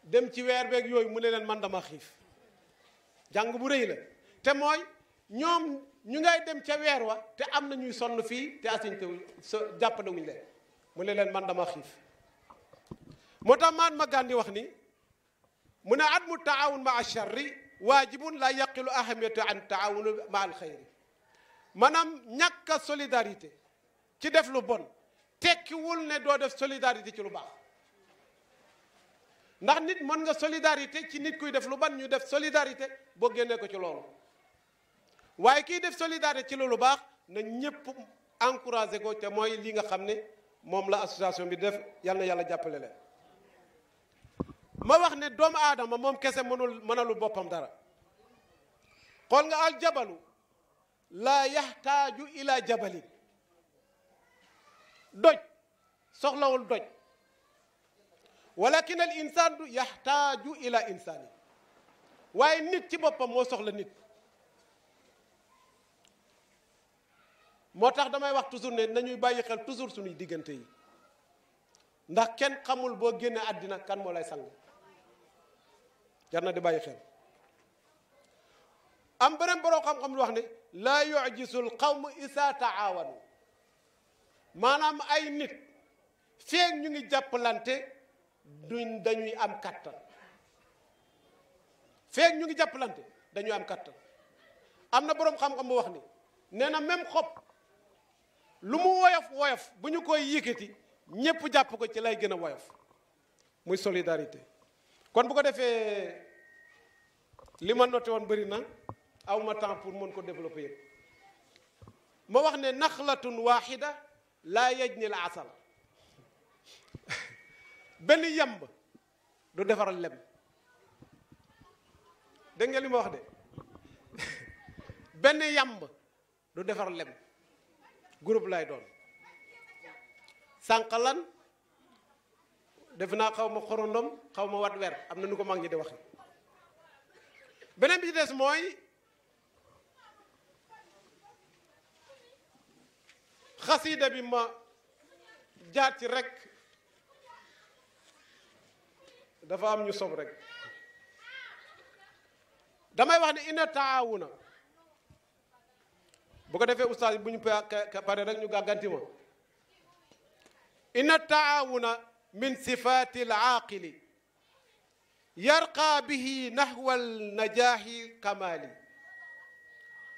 [SPEAKER 1] dem ci weer beeg yooyu mu ne leen man dama xiif jàng bu rëy la te mooy ñoom ñu ngay dem ca weer wa te am na ñuy sonn fii te assiñte wuñ jàppale wuñ leen mu ne leen man dama xiif moo tax maan ma gàndi wax ni mu ne admu taawun ma acharri waajibun la yaqilu ahamiyatu an taawunu ma al xayri maanaam ñàkk solidarité ci def lu bon tekkiwul ne doo def solidarité ci lu baax ndax nit mën nga solidarité ci nit kuy def lu ban ñu def solidarité boo génnee ko ci loolu waaye kii def solidarité ci loolu baax na ñëpp encouragé ko te mooy li nga xam ne moom la association bi def yàlla na yàlla jàppale la ma wax ne doomu aadama moom kese mënul mënalu boppam dara xool nga jabalu laa yaxtaaju ila jabalin doj soxlawul doj walakin al insaan du yaxtaaju ila insaani waaye nit ci boppam moo soxla nit moo tax damay wax toujours ne nañuy bàyyi xel toujours suñuy diggante yi ndax kenn xamul boo génnee àddina kan moo lay sang jar na di bàyyi xel am beneen borom xam-xam lu wax ne laa xaw qawm isa awanu maanaam ay nit feeg ñu ngi jàppalante duñ dañuy am kattan feeg ñu ngi jàppalante dañuy am kattan am na boroom xam-xam bu wax ni nee na même xob lu mu woyof woyof bu ñu koy yëkkati ñépp jàpp ko ci lay gën a woyof muy solidarité kon bu ko defee li ma noté woon bëri na awma temps pour mën ko développer yëpp ma wax ne nax naxlatun waaxida laa yej ni la asal benn yamb du defar lem dégg nga de benn yamb du defaral lem groupe lay doon sànqalan def naa xaw ma xorondom xaw ma wat wer am na nu ko mag ñi di wax beneen bi ci des mooy xasiide bi ma jaar ci rek dafa am ñu sob rek damay wax ne ina na bu ko defee ustaas bu ñu pare rek ñu gàgganti ma inna taawuna min sifaati alaaqili yarqaa bihi nahwa alnajaahi kamaali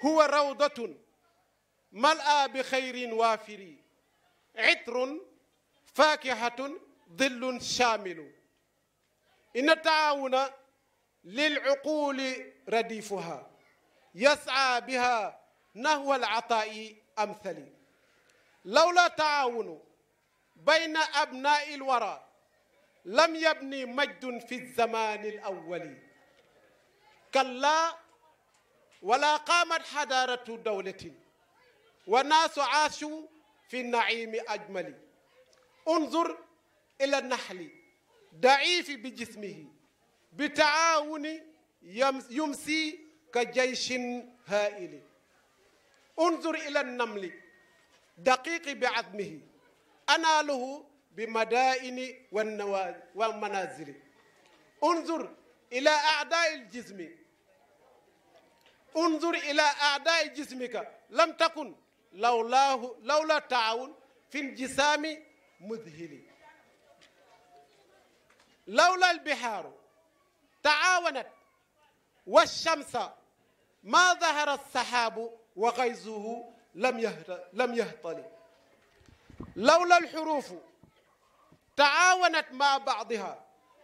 [SPEAKER 1] huwa rawdatun mal'a bi xayrin waafiri itrun faakihatun dillun shaamilu inna taawuna lilcuquuli radifuha yas'aa biha نحو العطاء أمثل لولا تعاون بين أبناء الورى لم يبني مجد في الزمان الأول كلا ولا قامت حضارة دولة والناس عاشوا في النعيم أجمل انظر إلى النحل ضعيف بجسمه بتعاون يمسي كجيش هائل انظر إلى النمل دقيق بعظمه أناله بمدائن والمنازل انظر إلى أعداء الجسم انظر إلى أعداء جسمك لم تكن لولاه لولا تعاون في انجسام مذهل لولا البحار تعاونت والشمس ما ظهر السحاب wa xayzuhu lam yahta lam yahtali lawla alxurufu taawanat maa baadiha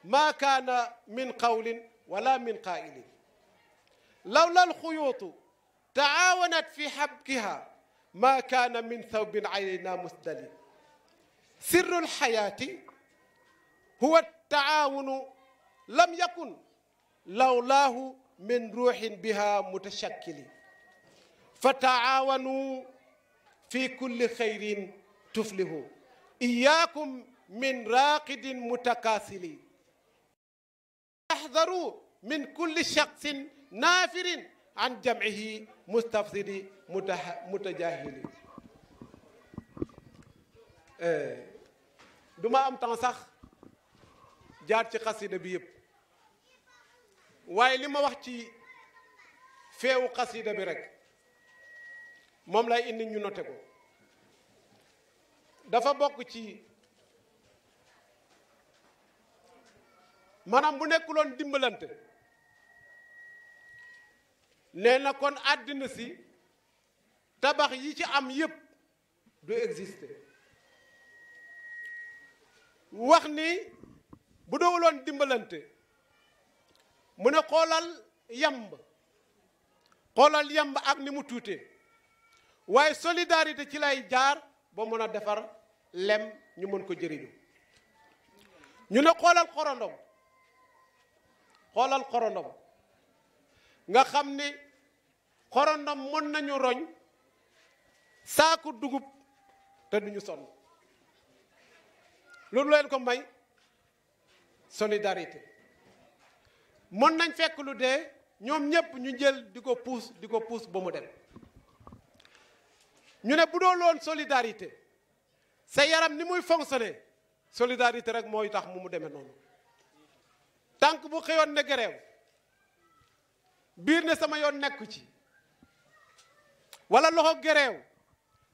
[SPEAKER 1] maa kaana min qawlin wala min qaa'ilin lawla alxuyuutu taawanat fi xabkiha maa kaana min thawbin alaynaa musdalin sirru alxayaati huwa altaawunu lam yakun lawlaahu min ruuxin biha mutashakkilin fa taawanu fi kulli xayrin tuflihu iyaakum min raaqidin mutakaasili taxdaru min kulli shaxsin naafirin an jamcihi mustafsidi mutajahili duma am temps sax jaar ci xasida bi yëpp waaye li ma wax ci feewu xasida bi rek moom lay indi ñu noté ko dafa bokk ci maanaam bu nekkuloon dimbalante nee na kon àddina si tabax yi ci am yépp du exister wax ni bu dowuloon dimbalante mu ne xoolal yamb xoolal yamb ak ni mu tuutee waaye solidarité ci lay jaar ba mën a defar lem ñu mën ko jëriñu ñu ne xoolal xorondom xoolal xorondom nga xam ni xorondom mën nañu roñ saaku dugub te duñu sonn loolu leen ko may solidarité mën nañ fekk lu dee ñoom ñépp ñu jël di ko puus di ko puus ba mu dem ñu ne bu doon loon solidarité sa yaram ni muy fonctionner solidarité rek mooy tax mu mu demee noonu tànk bu xëyoon ne grève biir ne sama yoon nekku ci wala loxo grève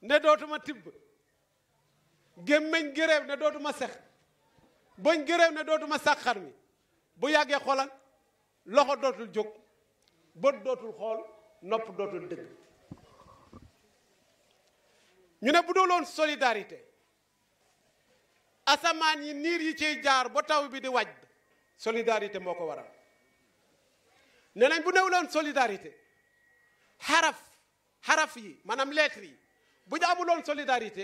[SPEAKER 1] ne dootuma tibb gémmiñ grève ne dootuma sex bañ grève ne dootuma sàqar mi bu yàggee xoolal loxo dootul jóg bët dootul xool nopp dootul dëgg ñu ne bu doonoon solidarité asamaan yi niir yi ciy jaar ba taw bi di wàjj solidarité moo ko waral ne nañ bu newuloon solidarité xaraf xaraf yi maanaam lettre yi bu ñu amuloon solidarité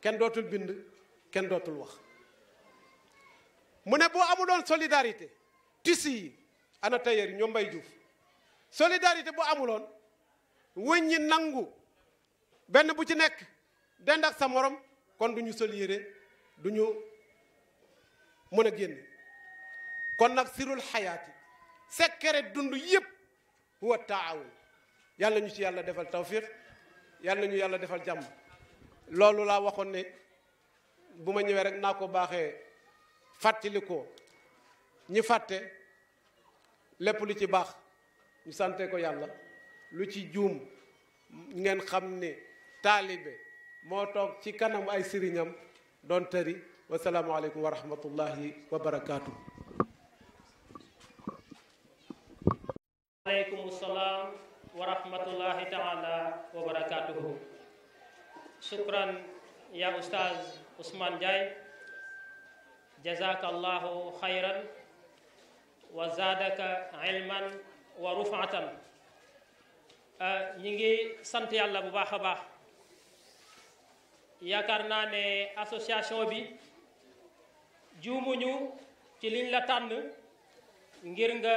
[SPEAKER 1] kenn dootul bind kenn dootul wax mu ne boo amuloon solidarité tissu yi ana tailleur yi ñoom Mbay Juuf solidarité bu amuloon wëñ ñi nangu benn bu ci nekk dend ak sa morom kon du ñu sol yére du ñu mën a génn kon nag sirul xayaati sekkere dund yëpp huwa awul yàlla ñu ci yàlla defal tawfiq yàlla ñu yàlla defal jàmm loolu laa waxoon ne bu ma ñëwee rek naa ko baaxee fàttali ko ñi fàtte lépp lu ci baax ñu sante ko yàlla lu ci juum ngeen xam ne taalibe moo toog ci kanam ay sëriñam doon tëri wasalaamualeykum wa rahmatullahi wa barakaatu.
[SPEAKER 2] aleykum salaam wa rahmatullahi taala wa barakaatuhu. shukran ya ustaz Ousmane Ndiaye. jazaka allahu xayran wa zaadaka ilman wa rufaatan ah, ñi ngi sant yàlla bu baax a baax yaakaar naa ne association bi juumuñu ci liñ la tànn ngir nga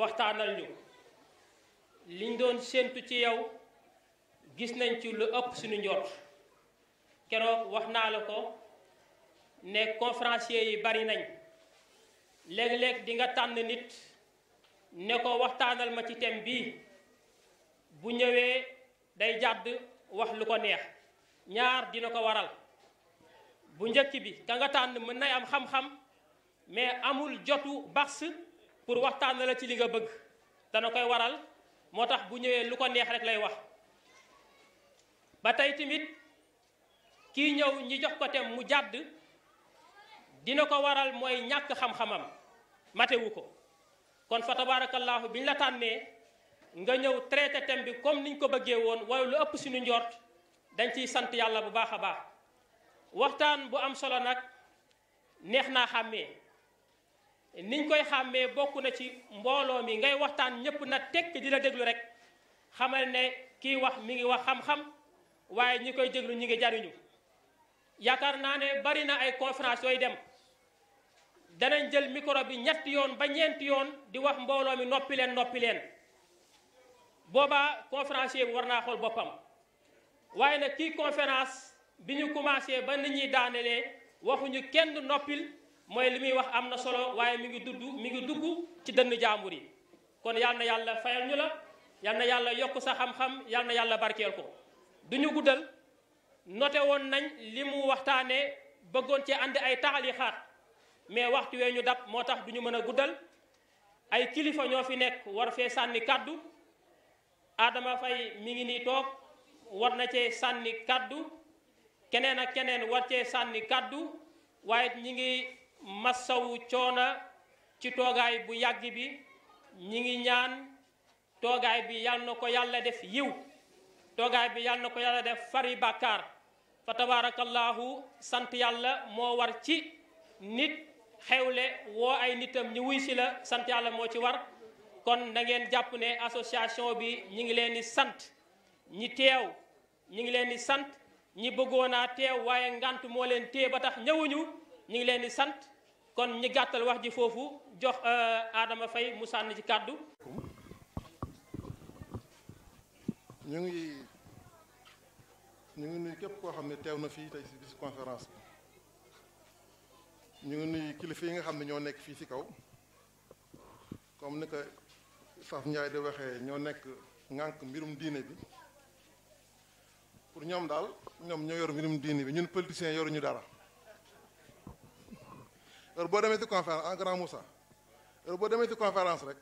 [SPEAKER 2] waxtaanal ñu liñ doon séentu ci yow gis nañ ci lu ëpp suñu njort keroog wax naa la ko ne conférenciers yi bari nañ léeg-léeg di nga tànn nit ne ko waxtaanal ma ci thème bii bu ñëwee day jàdd wax lu ko neex ñaar dina ko waral bu njëkk bi ka nga tànn mën nay am xam-xam mais amul jotu bars pour waxtaan la ci li nga bëgg dana koy waral moo tax bu ñëwee lu ko neex rek lay wax ba tey tamit kii ñëw ñi jox ko tem mu jàdd dina ko waral mooy ñàkk xam-xamam matewu ko kon fa tabaarakallaahu bi ñu la tànnee nga ñëw traité thème bi comme niñ ko bëggee woon wala lu ëpp suñu njort dañ ciy sant yàlla bu baax a baax waxtaan bu am solo nag neex naa xàmmee niñ koy xàmmee bokk na ci mbooloo mi ngay waxtaan ñépp na tekk di la déglu rek xamal ne kiy wax mi ngi wax xam-xam waaye ñi koy déglu ñi ngi jariñu yaakaar naa ne bari na ay conférence yooyu dem danañ jël micro bi ñetti yoon ba ñeenti yoon di wax mbooloo mi noppi leen noppi leen boobaa conférencier bi war naa xool boppam waaye nag kii conférence bi ñu commencé ba nit ñuy daanelee waxuñu kenn noppil mooy li muy wax am na solo waaye mi ngi dudd mi ngi dugg ci dënn jaambur yi kon yal yàlla fayal ñu la yal na yàlla yokk sa xam-xam yal na yàlla barkeel ko duñu ñu guddal noté woon nañ li mu waxtaanee bëggoon ci andi ay taxali xaat mais waxtu wee ñu dab moo tax duñu ñu mën a guddal ay kilifa ñoo fi nekk war fee sànni kàddu aadama Faye mi ngi nii toog war na cee sànni kàddu keneen ak keneen war cee sànni kàddu waaye ñi ngi massawu coona ci toogaay bu yàgg bi ñi ngi ñaan toogaay bi yal na ko yàlla def yiw toogaay bi yal na ko yàlla def fari bàkkaar fa tabaarakallaahu sant yàlla moo war ci nit xewle woo ay nitam ñu wuy si la sant yàlla moo ci war kon na ngeen jàpp ne association bi ñi ngi leen di sant ñi teew ñu ngi leen di sant ñi bëggoonaa teew waaye ngànt moo leen téye ba tax ñëwuñu ñu ngi leen di sant kon ñi gàttal wax ji foofu jox aadama euh, Faye mu sànni ci kàddu
[SPEAKER 6] ñu ngi ñu ngi képp koo xam ne teew na fii tey si bis conférence bi ñu ngi nuyu kilifa yi nga xam ne ñoo nekk fii si kaw comme ni ko Saf Ndiaye di waxee ñoo nekk ŋànk mbirum diine bi pour ñoom daal ñoom ñoo yor mbirum diini bi ñun politiciens ñu dara heure boo demee ci conférence en grand Moussa heure boo demee ci conférence rek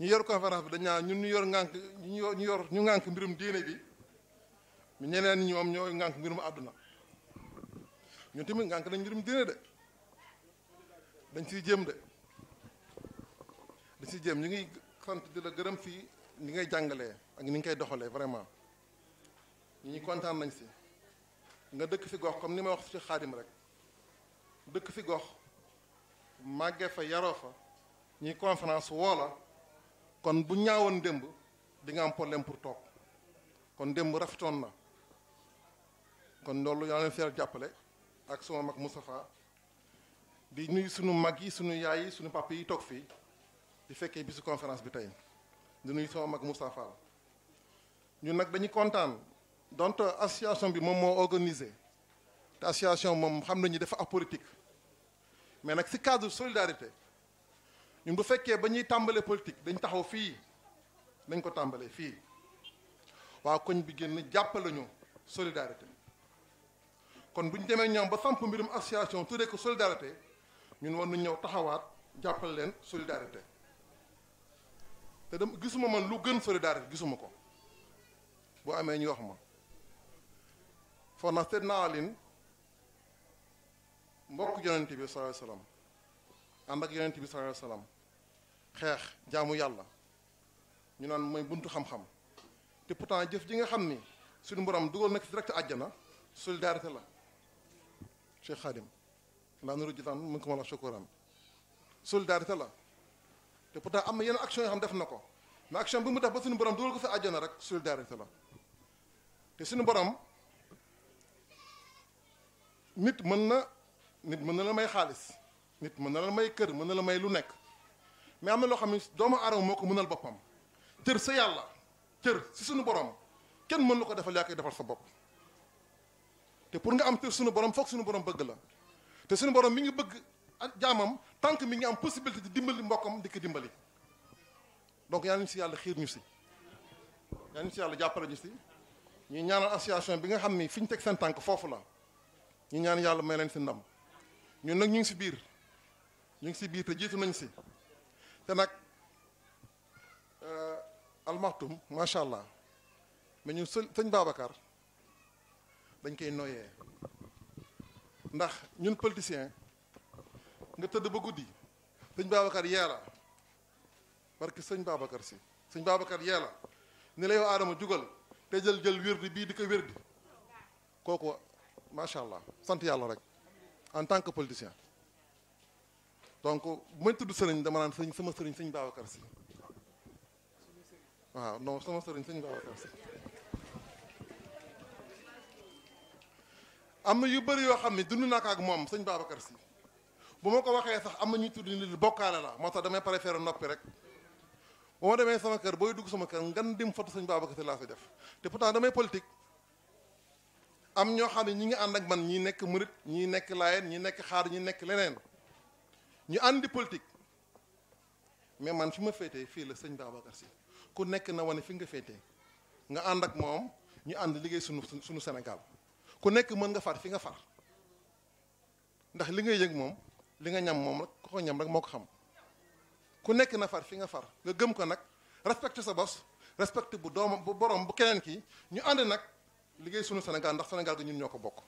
[SPEAKER 6] ñu yor conférence bi dañ naan ñun ñu yor ngànk ñu yor ñu yor ñu ngànk mbirum diini bi ñeneen ñi ñoom ñooy ngànk mbirum àdduna ñun tamit ngànk nañ mbirum diine de dañ si jëm de dañ si jéem ñu ngi sant di la gërëm fii ni ngay jàngalee ak ni nga koy doxalee vraiment. ñi ñu kontaan nañ si nga dëkk fi gox comme ni ma wax ci xaadim rek dëkk fi gox màggee fa yaroo fa conférence woo la kon bu ñaawoon démb di nga am problème pour toog kon démb rafetoon na kon loolu yaa leen fi jàppale ak suma mag Moustapha di nuyu sunu mag yi suñu yaay yi suñu pàpp yi toog fii di fekkee bisu conférence bi tey di nuyu sama mag Moustapha ñun nag dañu kontaan. donc association bi moom moo organisé te association moom xam nañu dafa apolitique mais nag si cadre solidarité ñun bu fekkee ba ñuy tàmbalee politique dañ taxaw fii dañ ko tàmbalee fii waa koñ bi génn jàppale ñu solidarité kon bu ñu demee ñoom ba samp mbirum association tuddee ko solidarité ñun war nañu ñëw taxawaat jàppale leen solidarité te dem gisuma man lu gën solidarité gisuma ko boo amee ñu wax ma. foog na Seydina Alin mbokk yonent bi sallallahu alayhi wasallam ànd ak yonent bi sallallahu alayhi wasallam xeex jaamu yàlla ñu naan mooy buntu xam-xam te pourtant jëf ji nga xam ni suñu borom dugal na ci direct àjjana solidarité la Cheikh Khadim laa nuru jitaan mu ngi ko ma la sukkuran solidarité la te pourtant am na yenn action yoo xam def na ko mais action bi mu def ba suñu borom dugal ko fi àjjana rek solidarité la te suñu borom nit mën na nit mën na la may xaalis nit mën na la may kër mën na la may lu nekk mais am na loo xam ne doomu aadama moo ko mënal boppam cër sa yàlla cër si suñu borom kenn mën na ko defal yaa koy defal sa bopp te pour nga am cër suñu borom foog suñu borom bëgg la te suñu borom mi ngi bëgg jaamam tant que mi ngi am possibilité di dimbali mbokkam di ko dimbali donc yaa ñu si yàlla xiir ñu si yaa ñu si yàlla jàppale ñu si ñuy ñaanal association bi nga xam ni fi ñu teg seen tànk foofu la ñu ñaan yàlla may leen si ndam ñun nag ñu ngi si biir ñu ngi si biir te jiitu nañ si te nag euh, almaxtum macha allah mais ñun sëñ Babacar dañ koy noyee ndax ñun politicien nga tëdd ba guddi sëñ Babacar yee la parce que sëñ Babacar si sëñ Babacar yee la ni la yow aadama jugal te jël jël wérdi bii di ko wérdi kooku macha allah sant yàlla rek en tant que politicien donc bu may tudd sëriñ dama naan sëriñ sama sëriñ sëñ Babacar si waaw non sama sëriñ sëñ Babacar si am na yu bëri yoo xam ne dund naa ko ak moom sëñ Babacar si bu ma ko waxee sax am na ñuy tudd ni bokkaale la moo tax damay préféré noppi rek bu ma demee sama kër booy dugg sama kër ngan dim foto sëñ Babacar si laa fi def te pourtant damay politique. am ñoo xam ne ñi ngi ànd ak man ñi nekk murit ñi nekk laayeen ñi nekk xaar ñi nekk leneen ñu ànd di politique mais man fi ma féetee fii la sëñ Babacar Si ku nekk na wane fi nga féetee nga ànd ak moom ñu ànd liggéey sunu sunu senegal ku nekk mën nga far fi nga far ndax li nga yëg moom li nga ñam moom rek ku ñam rek moo ko xam ku nekk na far fi nga far nga gëm ko nag respecté sa bos respecté bu doomam bu borom bu keneen kii ñu ànd nag. liggéey suñu Sénégal ndax Sénégal gi ñun ñoo ko bokk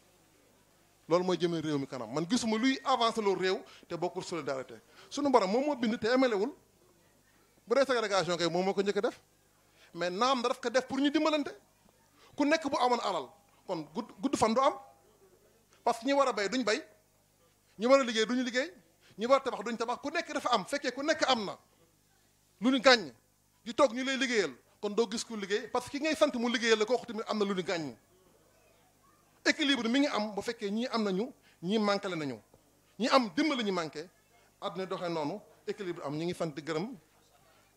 [SPEAKER 6] loolu mooy jëmee réew mi kanam man gisuma luy avancé loolu réew te bokkul solidarité suñu borom moom moo bind te emelewul bu dee ségrégation kay moom moo ko njëkk def mais naam da daf ko def pour ñu dimbalante ku nekk bu amoon alal kon gudd gudd fan du am parce que ñi war a bay duñ bay ñi war a liggéey duñu liggéey ñi war a tabax duñ tabax ku nekk dafa am fekkee ku nekk am na lu ñu gàññ di toog ñu lay liggéeyal kon doo gis ku liggéey parce que ngay sant mu liggéeyal la kooku mi am na lu ñu gàññ équilibre mi ngi am bu fekkee ñii am nañu ñii manqué le nañu ñi am dimbali ñu manqué àdduna doxe noonu équilibre am ñu ngi sant gërëm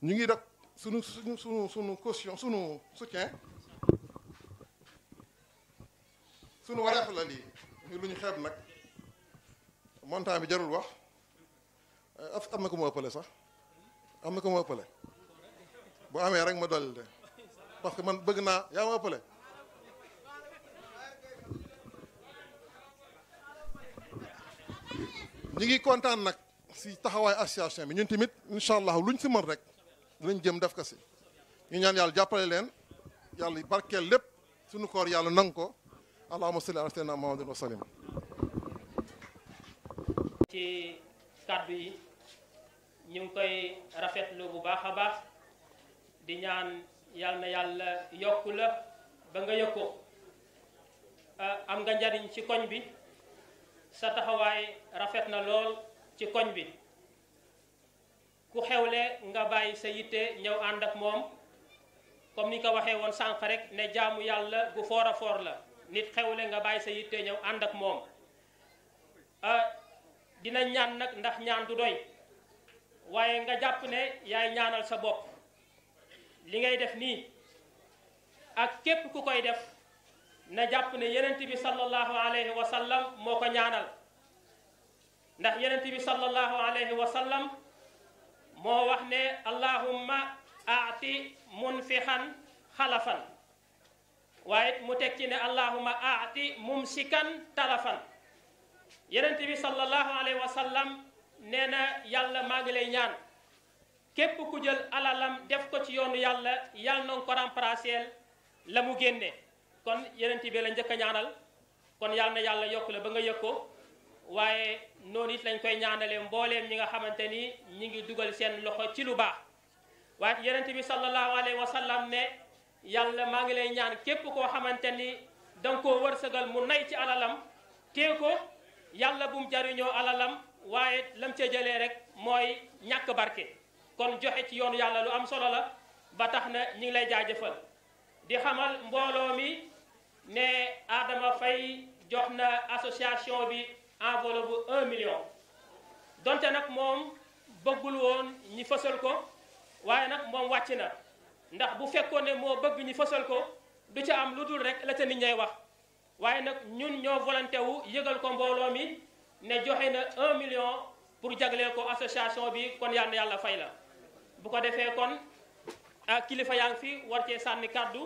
[SPEAKER 6] ñu ngi def suñu suñu suñu suñu caution suñu soutien suñu wareef lu ñu xeet nag montant bi jarul wax am na ko mu ëppale sax am na ko mu ëppale boo amee rek ma dolli de parce que man bëgg naa yaa ma ëppale ñi ngi kontaan nag si taxawaay association bi ñun tamit incha allah luñ si mën rek dinañ jëm def ko si ñu ñaan yàlla jàppale leen yàlla barkeel lépp sunu koor yàlla nang ko allahuma salli ala sayyidina muhammadin wa salim
[SPEAKER 2] ci di ñaan yal na yàlla yokku la ba nga ko ah, am nga njariñ ci koñ bi sa taxawaay rafet na lool ci koñ bi ku xewle nga bàyyi sa yitte ñëw ànd ak moom comme ni ko waxee woon sànq rek ne jaamu yàlla bu foor a foor la nit xewle nga bàyyi sa yitte ñëw ànd ak moom ah, dina ñaan nag ndax ñaan du doy waaye nga jàpp ne yaay ñaanal sa bopp li ngay def nii ak képp ku koy def na jàpp ne yonent bi sallallahu alayhi moo ko ñaanal ndax yonent bi sallallahu alayhi moo wax ne allahumma aati munfixan xalafan waaye mu teg ci ne allahumma aati mumsikan talafan yonent bi sallallahu alayhi wa sallam nee na yàlla maa ngi lay ñaan képp ku jël alalam def ko ci yoonu yàlla yàlla na nga ko remplacer la mu génne kon yeneen bi la njëkk a ñaanal kon yàlla na yàlla yokk la ba nga yëg ko waaye noonu it lañ koy ñaanale mbooleem ñi nga xamante ni ñi ngi dugal seen loxo ci lu baax waaye yeneen bi sallallahu alayhi wa sallam ne yàlla maa ngi lay ñaan képp koo xamante ni danga koo wërsëgal mu nay ci alalam tée ko yàlla bum jariñoo alalam waaye lam ci jëlee rek mooy ñàkk barke kon joxe ci yoonu yàlla lu am solo la ba tax na ñi ngi lay jaajëfal di xamal mbooloo mi ne aadama Faye jox na association bi enveloppe bu un million donte nag moom bëggul woon ñi fësal ko waaye nag moom wàcc na ndax bu fekkoo ne moo bëgg ñi fësal ko du ca am lu dul rek la ca nit ñay wax waaye nag ñun ñoo volonté yëgal ko mbooloo mi ne joxe na 1 million pour jagleel ko association bi kon yàlla yàlla fay la. bu ko defee kon ah, kilifa yaa fi war cee sànni kàddu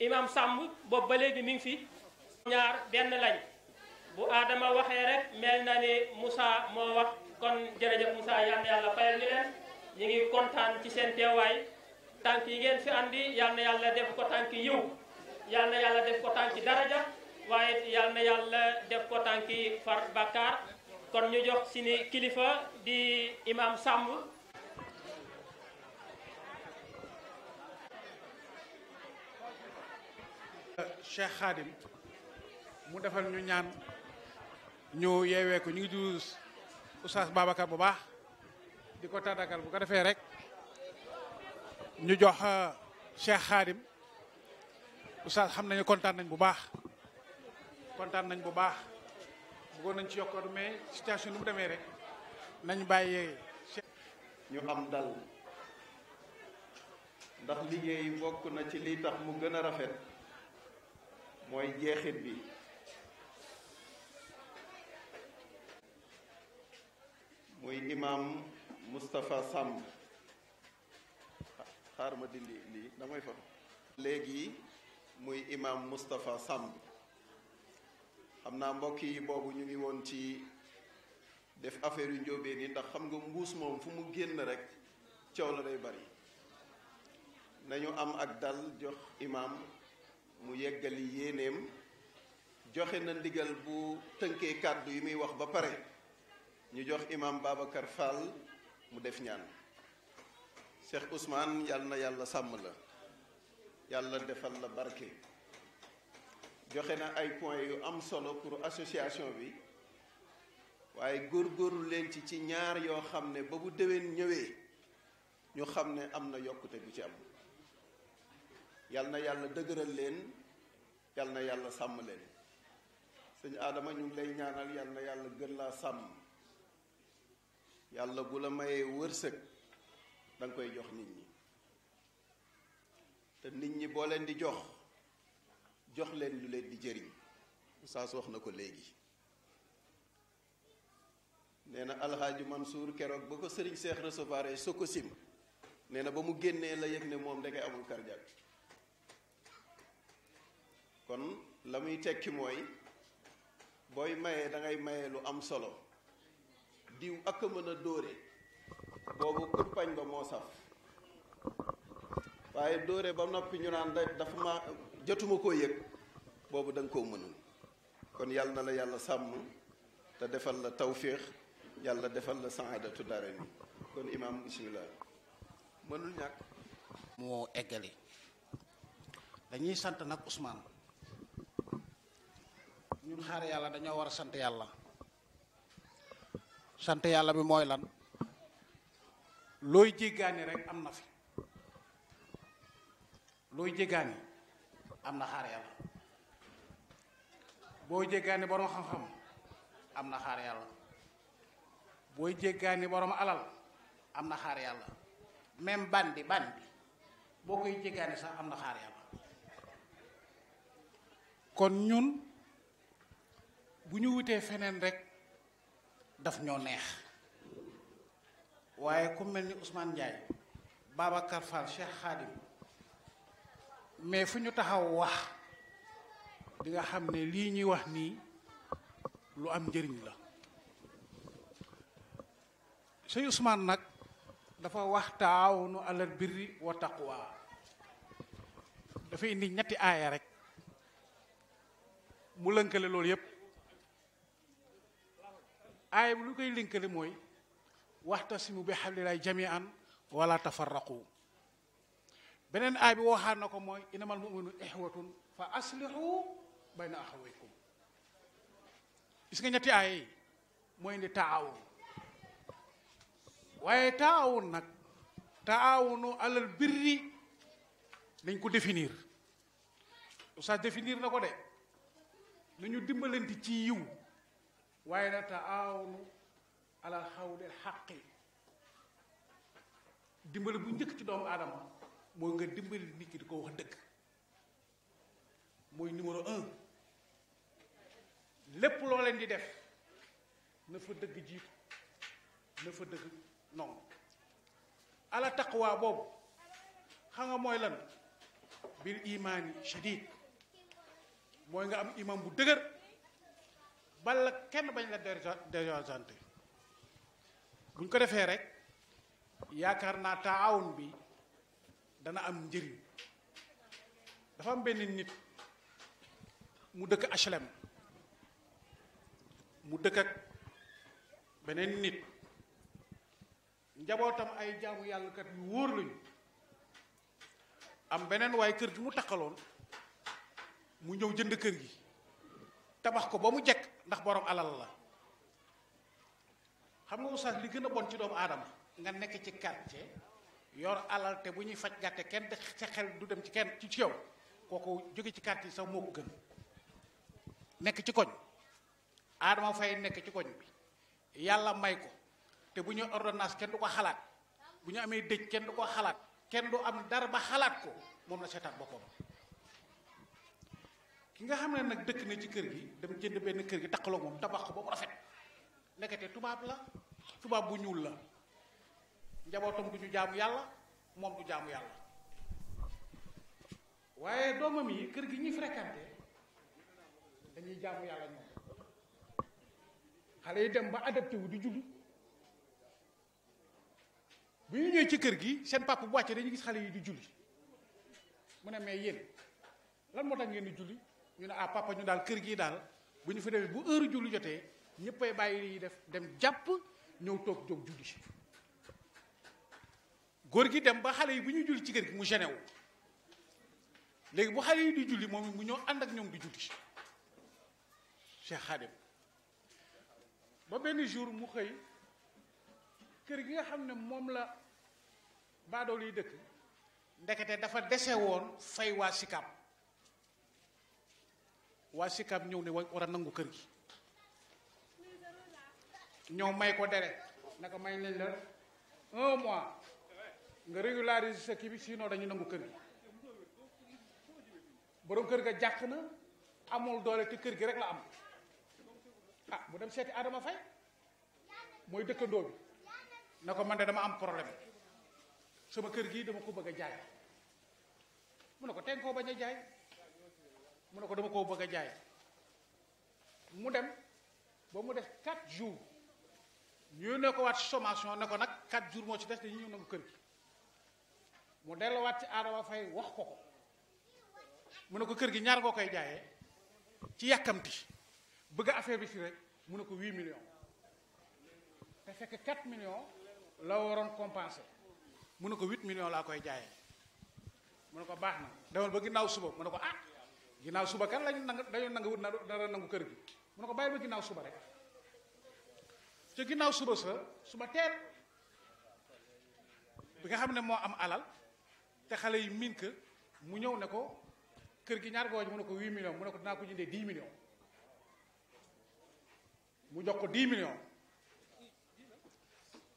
[SPEAKER 2] imam sàmm boobu ba léegi mi ngi fi ñaar benn lañ bu aadama waxee rek mel na ni Moussa moo wax kon jërëjëf Moussa yal na yàlla fayal ñu leen ngi kontaan ci seen teewaay tànk yi ngeen fi andi na yàlla def ko tànk yiw yal na yàlla def ko tànk daraja waaye yal na yàlla def ko tànk far bàkkaar kon ñu jox sini kilifa di imam sàmm
[SPEAKER 1] Cheikh Khadim mu defal ñu ñaan ñu yewee ko ñu ngi di Oustaz Babacar bu baax di ko tàddakal bu ko defee rek ñu jox euh, Cheikh Khadim Oustaz xam nañu kontaan nañ bu baax kontaan nañ bu baax bëggoon nañ ci yokkoon mais situation ni mu demee rek nañ bàyyee
[SPEAKER 4] ñu am dal ndax liggéey bokk na ci lii tax mu gën a rafet mooy jeexit bi muy imam Moustapha Samb xaar ma dindi lii damay fa léegi muy imam Moustapha Samb xam naa mbokk yi boobu ñu ngi woon ci def affaire yu njóobeen yi ndax xam nga mbuus moom fu mu génn rek coow la day bari nañu am ak dal jox imam mu yeggali yéeneem joxe na ndigal bu tënkee kàddu yi muy wax ba pare ñu jox imam Babacar Fall mu def ñaan Cheikh Ousmane yàlla na yàlla sàmm la yàlla defal la barke joxe na ay point yu am solo pour association bi waaye góor góorgóorlu leen ci ci ñaar yoo xam ne ba bu déwén ñëwee ñu xam ne am na yokkute bu ci am yal na yàlla dëgëral leen yal na yàlla sàmm leen sëñ aadama ñu lay ñaanal yal na yàlla gën laa sàmm yàlla bu la mayee wërsëg da koy jox nit ñi te nit ñi boo leen di jox jox leen lu leen di jëriñ saa Oustaz wax na ko léegi nee na alxaaji Mansour keroog ba ko sëriñ seex recevoir soko sim nee na ba mu génnee la yëg ne moom da ngay amul cardiaque kon la muy tekki mooy booy mayee dangay ngay maye lu am solo diw ak mën a dóore boobu kurpañ ba moo saf waaye dóore ba noppi ñu naan dafa ma jotuma koo yëg boobu da koo mënul kon yàlla na la yàlla sàmm te defal la tawféex yàlla defal la saadatu dara mi kon imaam bismillah mënul ñàkk moo eggale dañuy sant nag Ousmane ñun xaar
[SPEAKER 1] yàlla dañoo war a sant yàlla sant yàlla bi mooy lan looy jéggaani rek am na fi looy jéggaani am na xaar yàlla booy jéggaani borom am na xaar booy jéggaani borom alal am na xaar yàlla même bandi bandi boo koy jéggaani sax am na xaar yàlla kon ñun bu ñu wutee feneen rek daf ñoo neex waaye ku mel ni Ousmane Ndiaye Babacar Fall Cheikh Khadim mais fu ñu taxaw wax di nga xam ne lii ñuy wax nii lu am njëriñ la sëñ Ousmane nag dafa wax taawunu alal birri wa taqwa dafa indi ñetti aaya rek mu lënkale loolu yépp aaya bi lu koy linkale mooy waxtasimu bi xablillaay jamian wala tafarraqu beneen aay bi waxaat na ko mooy inamal muminu ixwatun fa aslihu bayna axawaykum gis nga ñetti aaya yi mooy indi taawun waaye taawun nag taawunu alal birri dañ ko définir oustaz définir na ko de nañu dimbalante ci yiw waaye nag taawunu alal xawlil xaqi dimbali bu njëkk ci doomu aadama mooy nga dimbali nit ki di ko wax dëgg mooy numéro un lépp loo leen di def na fa dëgg jiitu na fa dëgg non ala taqwa boobu xam nga mooy lan bil imaani shadid mooy nga am imaam bu dëgër bala kenn bañ la désorienté buñ ko defee rek yaakaar naa taawun bi dana am njëriñ dafa am benn nit mu dëkk HLM mu dëkkat beneen nit njabootam ay jaamu yàllakat yu wóor lañu am beneen waaye kër gi mu takkaloon mu ñëw jënd kër gi tabax ko ba mu jekk ndax borom alal la xam nga oustaz li gën a bon ci doomu aadama nga nekk ci quartier yor alal te bu ñuy faj gàtte kenn sa xel du dem ci kenn ci yow kooku jóge ci quartier sax moo ko gën nekk ci koñ aadama fay nekk ci koñ bi yàlla may ko te bu ñuy ordonnance kenn du ko xalaat bu ñu amee dëj kenn du ko xalaat kenn du am dara ba xalaat ko moom la seetaan boppam ki nga xam ne nag dëkk na ci kër gi dem jënd benn kër gi takkaloog moom tabax ko ba mu rafet ndekete tubaab la tubaab bu ñuul la njabootam du ñu jaamu yàlla moom du jaamu yàlla waaye doomam yi kër gi ñuy fréquenté dañuy jaamu yàlla ñoom xale yi dem ba adapté wu di julli bu ñu ñëwee ci kër gi seen papa bu wàccee dañuy gis xale yi di julli mu ne mais yéen lan moo tax ngeen di julli ñu ne ah papa ñu daal kër gii daal bu ñu fi demee bu heure julli jotee ñëppay bàyyi def dem jàpp ñëw toog jóg julli góor gi dem ba xale yi bu ñuy julli ci kër gi mu géné wu léegi bu xale yi di julli moom mu ñëw ànd ak ñoom di julli Cheikh Khadim ba benn jour mu xëy kër gi nga xam ne moom la baadool yi dëkk ndekete dafa dese woon fay waa Sicap waa Sicap ñëw ne war a nangu kër gi ñoo may ko deret naka may nañ la un mois nga régulariser sa kii siinoo sinon dañu nangu kër gi borom kër ga jàq na amul doole te kër gi rek la am ah bu dem seeti Adama Faye mooy dëkkandoo bi na ko man de dama am problème sama kër gi dama ko bëgg a jaay mu ne ko teg koo bañ a jaay mu ne ko dama koo bëgg a jaay mu dem ba mu def quatre jours ñu ne ko waat sommation ne ko nag quatre jours moo ci des dañuy ñëw nangu kër gi mu delluwaat ci Adama Faye wax ko ko mu ne ko kër gi ñaar ngoo koy jaayee ci yàkkamti bëgg affaire bi si rek mu ne ko huit million te fekk quatre million la waroon compensé mu ne ko huit million laa koy jaayee mu ne ko baax na demal ba ginnaaw suba mu ne ko ah ginnaaw suba kan lañu nang dañu nangu wut nara nangu kër gi mu ne ko bàyyi ba ginnaaw suba rek ca ginnaaw suba sa suba teel bi nga xam ne moo am alal te xale yi miin ka mu ñëw ne ko kër gi ñaar gooñ mu ne ko huit millions mu ne ko dinaa ko jëndee dix millions mu jox ko dix millions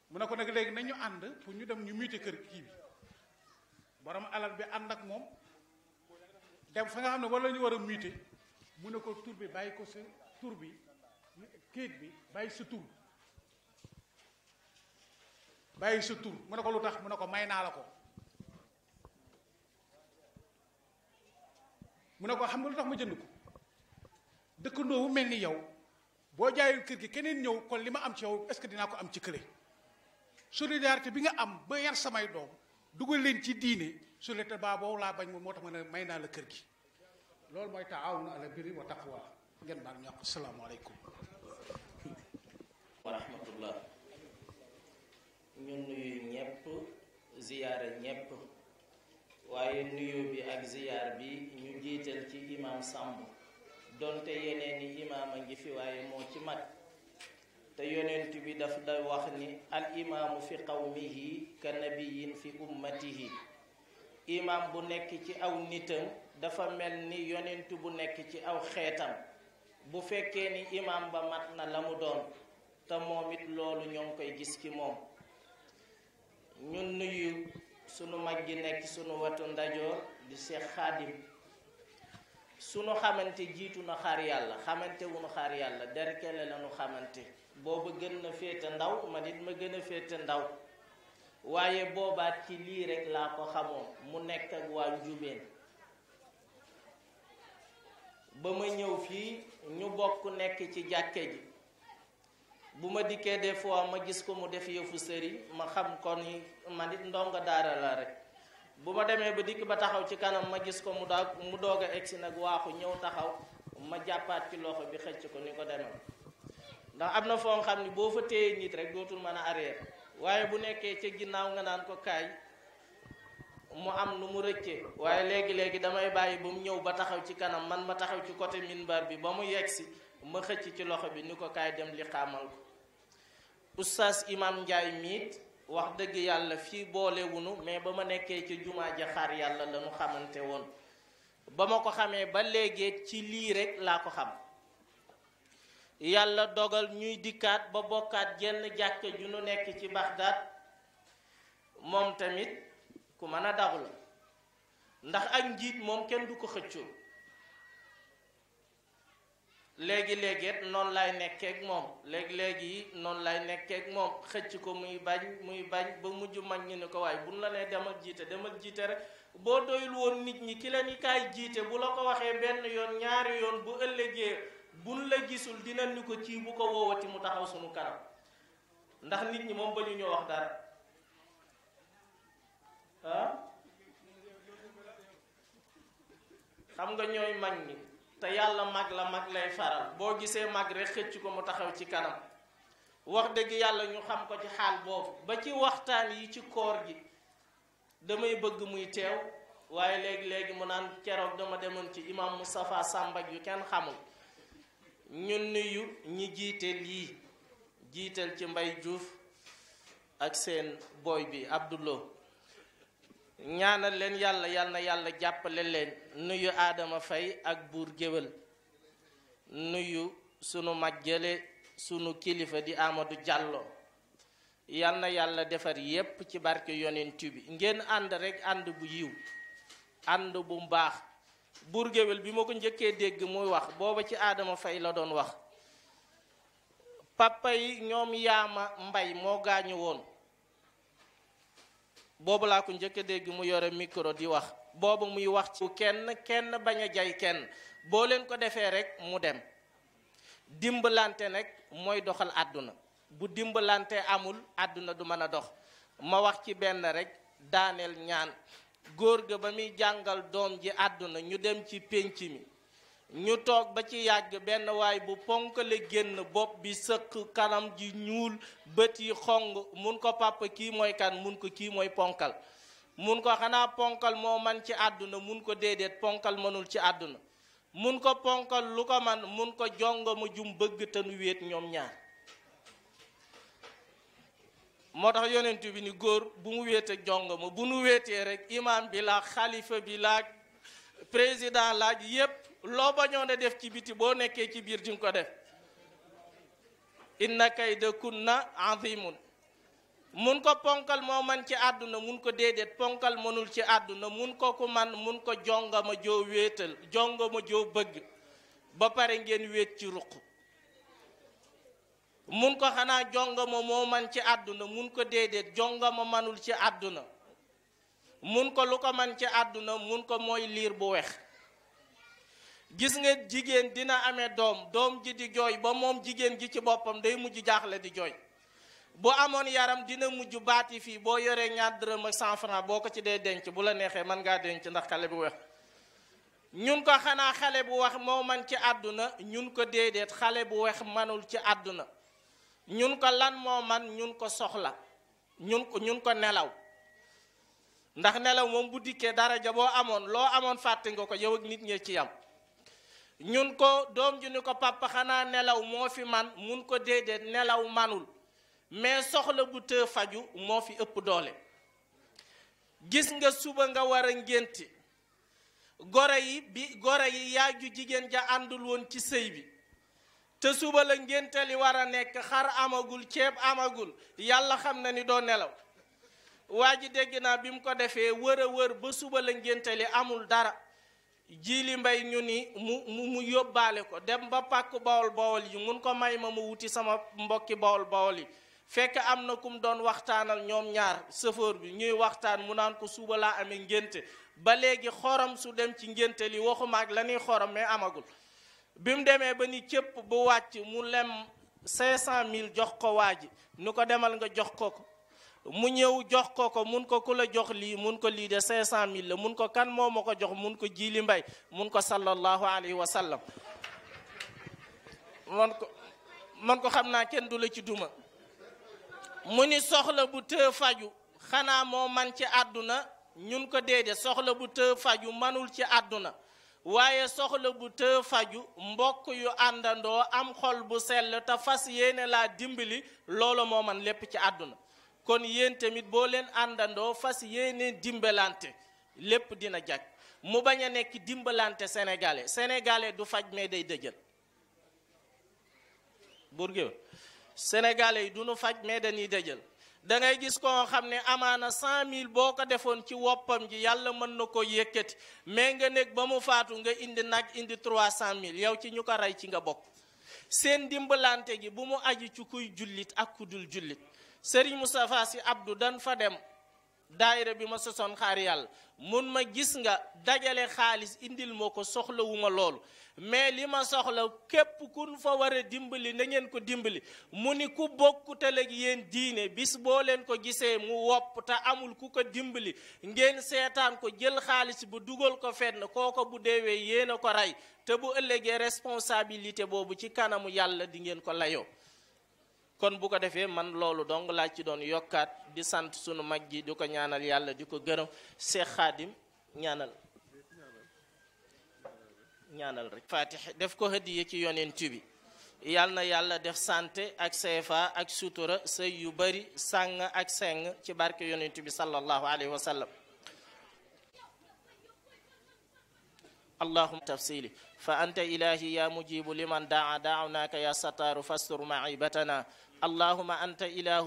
[SPEAKER 1] mu ne ko nag léegi ñu ànd pour ñu dem ñu miite kër kii bi borom alal bi ànd ak moom dem fa nga xam ne wala ñu war a muté mu ne ko tur bi bàyyi ko sa tur bi kayit bi bàyyi sa tur bàyyi sa tur mu ne ko lu tax mu ne ko may naa la ko mu ne ko xam nga lu tax ma jënd ko dëkkandoo bu mel ni yow boo jaayul kër gi keneen ñëw kon li ma am ci yow est que dinaa ko am ci kële solidarité bi nga am ba yar samay doom dugal leen ci diine su lette baa boobu laa bañ moom moo tax ma may naa la kër gi loolu mooy taawun ala birri wa taqwa ngeen baal ñoo asalaamaaleykum
[SPEAKER 7] wa rahmatullah waaye nuyu bi ak ziyaar bi ñu jiital ci imaam Samb donte yeneen i imaam ngi fi waaye moo ci mag te yonent bi daf da wax ni al imaamu fi qawmihi ka nabiyin fi ummatihi imam bu nekk ci aw nitam dafa mel ni yonent bu nekk ci aw xeetam bu fekkee ni imam ba mat na la mu doon te moom it loolu ñoo koy gis ci moom ñun nuyu sunu mag gi nekk sunu watu ndajoor di Seex Xaadim sunu xamante jiitu na xaar yàlla xamante wu nu xaar yàlla derkele la xamante booba gën na féete ndaw man it ma gën a féete ndaw waaye boobaat ci lii rekk laa ko xamoon mu nekk ak waa njubeen ba ma ñëw fii ñu bokk nekk ci jàkke ji bu ma dikkee des fois ma gis ko mu def yëfu sëriñ ma xam ko ni man it ndongo daara la rek bu ma demee ba dikk ba taxaw ci kanam ma gis ko mu daag mu doog a egsi nag waaxu ñëw taxaw ma jàppaat ci loxo bi xëcc ko ni ko demee ndax am na foo xam ni boo fa téye nit rek dootul mën a arrière waaye bu nekkee ca ginnaaw nga naan ko kaay mu am lu mu rëccee waaye léegi-léegi damay bàyyi ba ñëw ba taxaw ci kanam man ma taxaw ci côté minbar bi ba mu yegsi ma xëcc ci loxo bi ni ko kaay dem li xaamal ko oustaz imam njaay miit wax dëgg yàlla fii boolewunu mais ba ma nekkee ca jumaa ja xaar yàlla la xamante woon ba ma ko xamee ba léegi ci lii rek laa ko xam yàlla dogal ñuy dikkaat ba bokkaat jenn jàkka ju nu nekk ci Baxdaad moom tamit ku mën a dabu la ndax ak njiit moom kenn du ko xëccoo léegi-léegi noon lay nekkeek moom léegi-léegi noonu lay nekkeek moom xëcc ko muy bañ muy bañ ba mujj mag ñi ni ko waaye buñ la nee demal jiite demal jiite rek boo doyul woon nit ñi ki la ni jiite bu la ko waxee benn yoon ñaari yoon bu ëllëgee buñ la gisul dina ni ko ci bu ko woowati mu taxaw sunu kanam ndax nit ñi moom ba ñu ñoo wax dara ah xam nga ñooy mag ni te yàlla mag la mag lay faral boo gisee mag rek xëcc ko mu taxaw ci kanam wax dëgg yàlla ñu xam ko ci xaal boobu ba ci waxtaan yi ci koor gi damay bëgg muy teew waaye léegi-léegi mu naan keroog dama demoon ci imam Moustapha Samba yu kenn xamul ñu nuyu ñi jiite lii jiital ci Mbay Juuf ak seen booy bi Abdoulou ñaanal leen yàlla yàlla na yàlla jàppale leen nuyu aadama Faye ak buur géwél nuyu sunu majjale sunu kilifa di Amadou jàlloo yàlla na yàlla defar yépp ci barke yonent bi ngeen ànd rekk ànd bu yiw ànd bu mbaax buur géwél bi ma ko njëkkee dégg muy wax booba ci aadama fay la doon wax papa yi ñoom yaama mbay moo gaañu woon boobu laa ko njëkk dégg mu yore micro di wax boobu muy wax ci kenn kenn bañ a jay kenn boo leen ko defee rekk mu dem dimbalante nag mooy doxal àdduna bu dimbalante amul àdduna du mën a dox ma wax ci benn rek daaneel ñaan góor ga ba muy jàngal doom ji àdduna ñu dem ci pénc mi ñu toog ba ci yàgg benn waay bu ponkale génn bopp bi sëq kanam ji ñuul bët yi xonq mun ko pàpp kii mooy kan mun ko kii mooy ponkal mun ko xanaa ponkal moo man ci àdduna mun ko déedéet ponkal mënul ci àdduna mun ko ponkal lu ko man mun ko jongo jum bëgg te nu wéet ñoom ñaar moo tax yonent bi ni góor bu mu wéet ak jongama bu nu wéetee rek imam bi laag xalifa bi laag président laaj yépp loo bañoon def ci biti boo nekkee ci biir di ko def inna na kunna azimun mun ko ponkal moo man ci àdduna mun ko déedéet ponkal mënul ci àdduna mun ko ku man mun ko jongama joo wéetal jongama joo bëgg ba pare ngeen wéet ci ruq mun ko xanaa jongama moo man ci àdduna mun ko déedéet jongama manul ci àdduna mun ko lu ko man ci àdduna mun ko mooy liir bu weex gis nga jigéen dina ame doom doom ji di jooy ba moom jigéen ji ci boppam day mujj jaaxle di jooy bu amoon yaram dina mujj baati fii boo yoree ñaar dërëm ak cent franc boo ko ci dee denc bu la neexee mën ngaa denc ndax xale bu weex ñun ko xanaa xale bu wax moo man ci àdduna ñun ko déedéet xale bu weex manul ci àdduna ñun ko lan moo man ñun ko soxla ñun ko ñun ko nelaw ndax nelaw moom bu dikkee daraja boo amoon loo amoon fàtte nga ko yow ak nit ñi ci yam ñun ko doom ju ni ko papa xanaa nelaw moo fi man mun ko déedéet nelaw manul mais soxla bu tëë faju moo fi ëpp doole gis nga suba nga war a ngénti goro yi bi goro yi yaaju jigéen ja àndul woon ci sëy bi te suba la ngénte li war a nekk xar amagul ceeb amagul yàlla xam na ni doo nelaw waa ji dégg naa bi mu ko defee wër a wër ba suba la ngénte li amul dara jiili mbay ñu ni mu mu yóbbaale ko dem ba pàkk bawol bawol yi mun ko may ma mu wuti sama mbokki bawol bawol yi fekk am na kum doon waxtaanal ñoom ñaar sëfoor bi ñuy waxtaan mu naan ko suba laa amee ngénte ba léegi xorom su dem ci ngénte li waxuma ak la ñuy xorom mais amagul bi mu demee ba ni cëpp bu wàcc mu lem cinq cent mille jox ko waa ji nu ko demal nga jox ko ko mu ñëw jox ko ko mun ko ku la jox lii mun ko lii de cinq mille la mun ko kan moo ma ko jox mun ko jiili mbay mun ko sallallahu alayhi wa sallam man ko man ko xam naa kenn du la ci duma mu ni soxla bu tëë faju xanaa moo man ci àdduna ñun ko déedéet soxla bu tëë faju manul ci àdduna waaye soxla bu te faju mbokk yu àndandoo am xol bu sell te fas yéene laa dimbali loolu moo lépp ci àdduna kon yéen tamit boo leen àndandoo fas yéene dimbalante lépp dina jag mu bañ a nekk dimbalante sénégalais sénégalais du faj mais day dëjël burgéw sénégalais yi du nu faj mais dañuy dëjël da ngay gis koo xam ne amaana cent mille boo ko defoon ci woppam ji yàlla mën na ko yëkkati mais nga nekk ba mu faatu nga indi nag indi trois cent mille yow ci ñu ko rey ci nga bokk seen dimbalante gi bu mu aju ci kuy jullit ak ku dul jullit Serigne Moustapha Sy Abdou dan fa dem daayira bi ma sosoon xaar yàlla mun ma gis nga dajale xaalis indil ma ko soxlawuma loolu mais li ma soxla képp kun fa war dimbali na ngeen ko dimbali mu ni ku bokkutale ak yéen diine bis boo leen ko gisee mu wopp te amul ku ko dimbali ngeen seetaan ko jël xaalis bu dugal ko fenn kooko bu deewee yéen ko rey te bu ëllëgee responsabilité boobu ci kanamu yàlla di ngeen ko layoo kon bu ko defee man loolu dong laa ci doon yokkaat di sant sunu mag ji di ko ñaanal yàlla di ko gërëm Cheikh Khadim ñaanal ñaanal rek fatih def ko hadiya ci yonent bi yal yàlla def santé ak seefa ak sutura sëy yu bari sàng ak seng ci barke yonent sallallahu alayhi wa sallam allahuma tafsili fa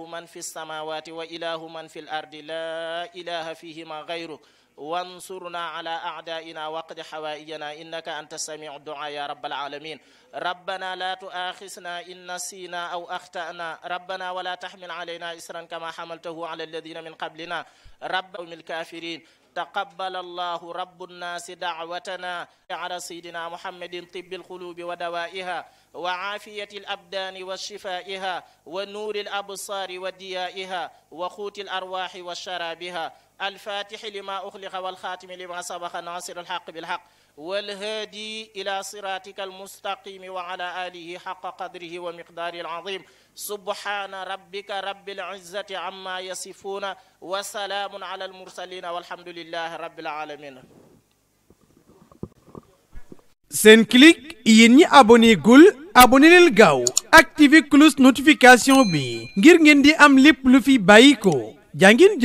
[SPEAKER 7] man fi lsamawati wa ilahu man fi l ardi la ilaha fihima gayruk وانصرنا على أعدائنا واقض حوائجنا إنك أنت السميع الدعاء يا رب العالمين ربنا لا تؤاخذنا إن نسينا أو أخطأنا ربنا ولا تحمل علينا إسرا كما حملته على الذين من قبلنا رب الكافرين تقبل الله رب الناس دعوتنا على سيدنا محمد طب القلوب ودوائها وعافية الأبدان وشفائها ونور الأبصار وديائها وقوت الأرواح وشرابها الفاتح لما أغلق والخاتم لما سبق ناصر الحق بالحق والهادي إلى صراطك المستقيم وعلى آله حق قدره ومقداره العظيم سبحان ربك رب العزة عما يصفون وسلام على المرسلين والحمد لله رب العالمين
[SPEAKER 1] Senclic yéen ñi abonné gul abonné leen gaaw activé cloche notification bi ngir ngeen di am lépp lu fi bàyyi ko
[SPEAKER 5] jàngin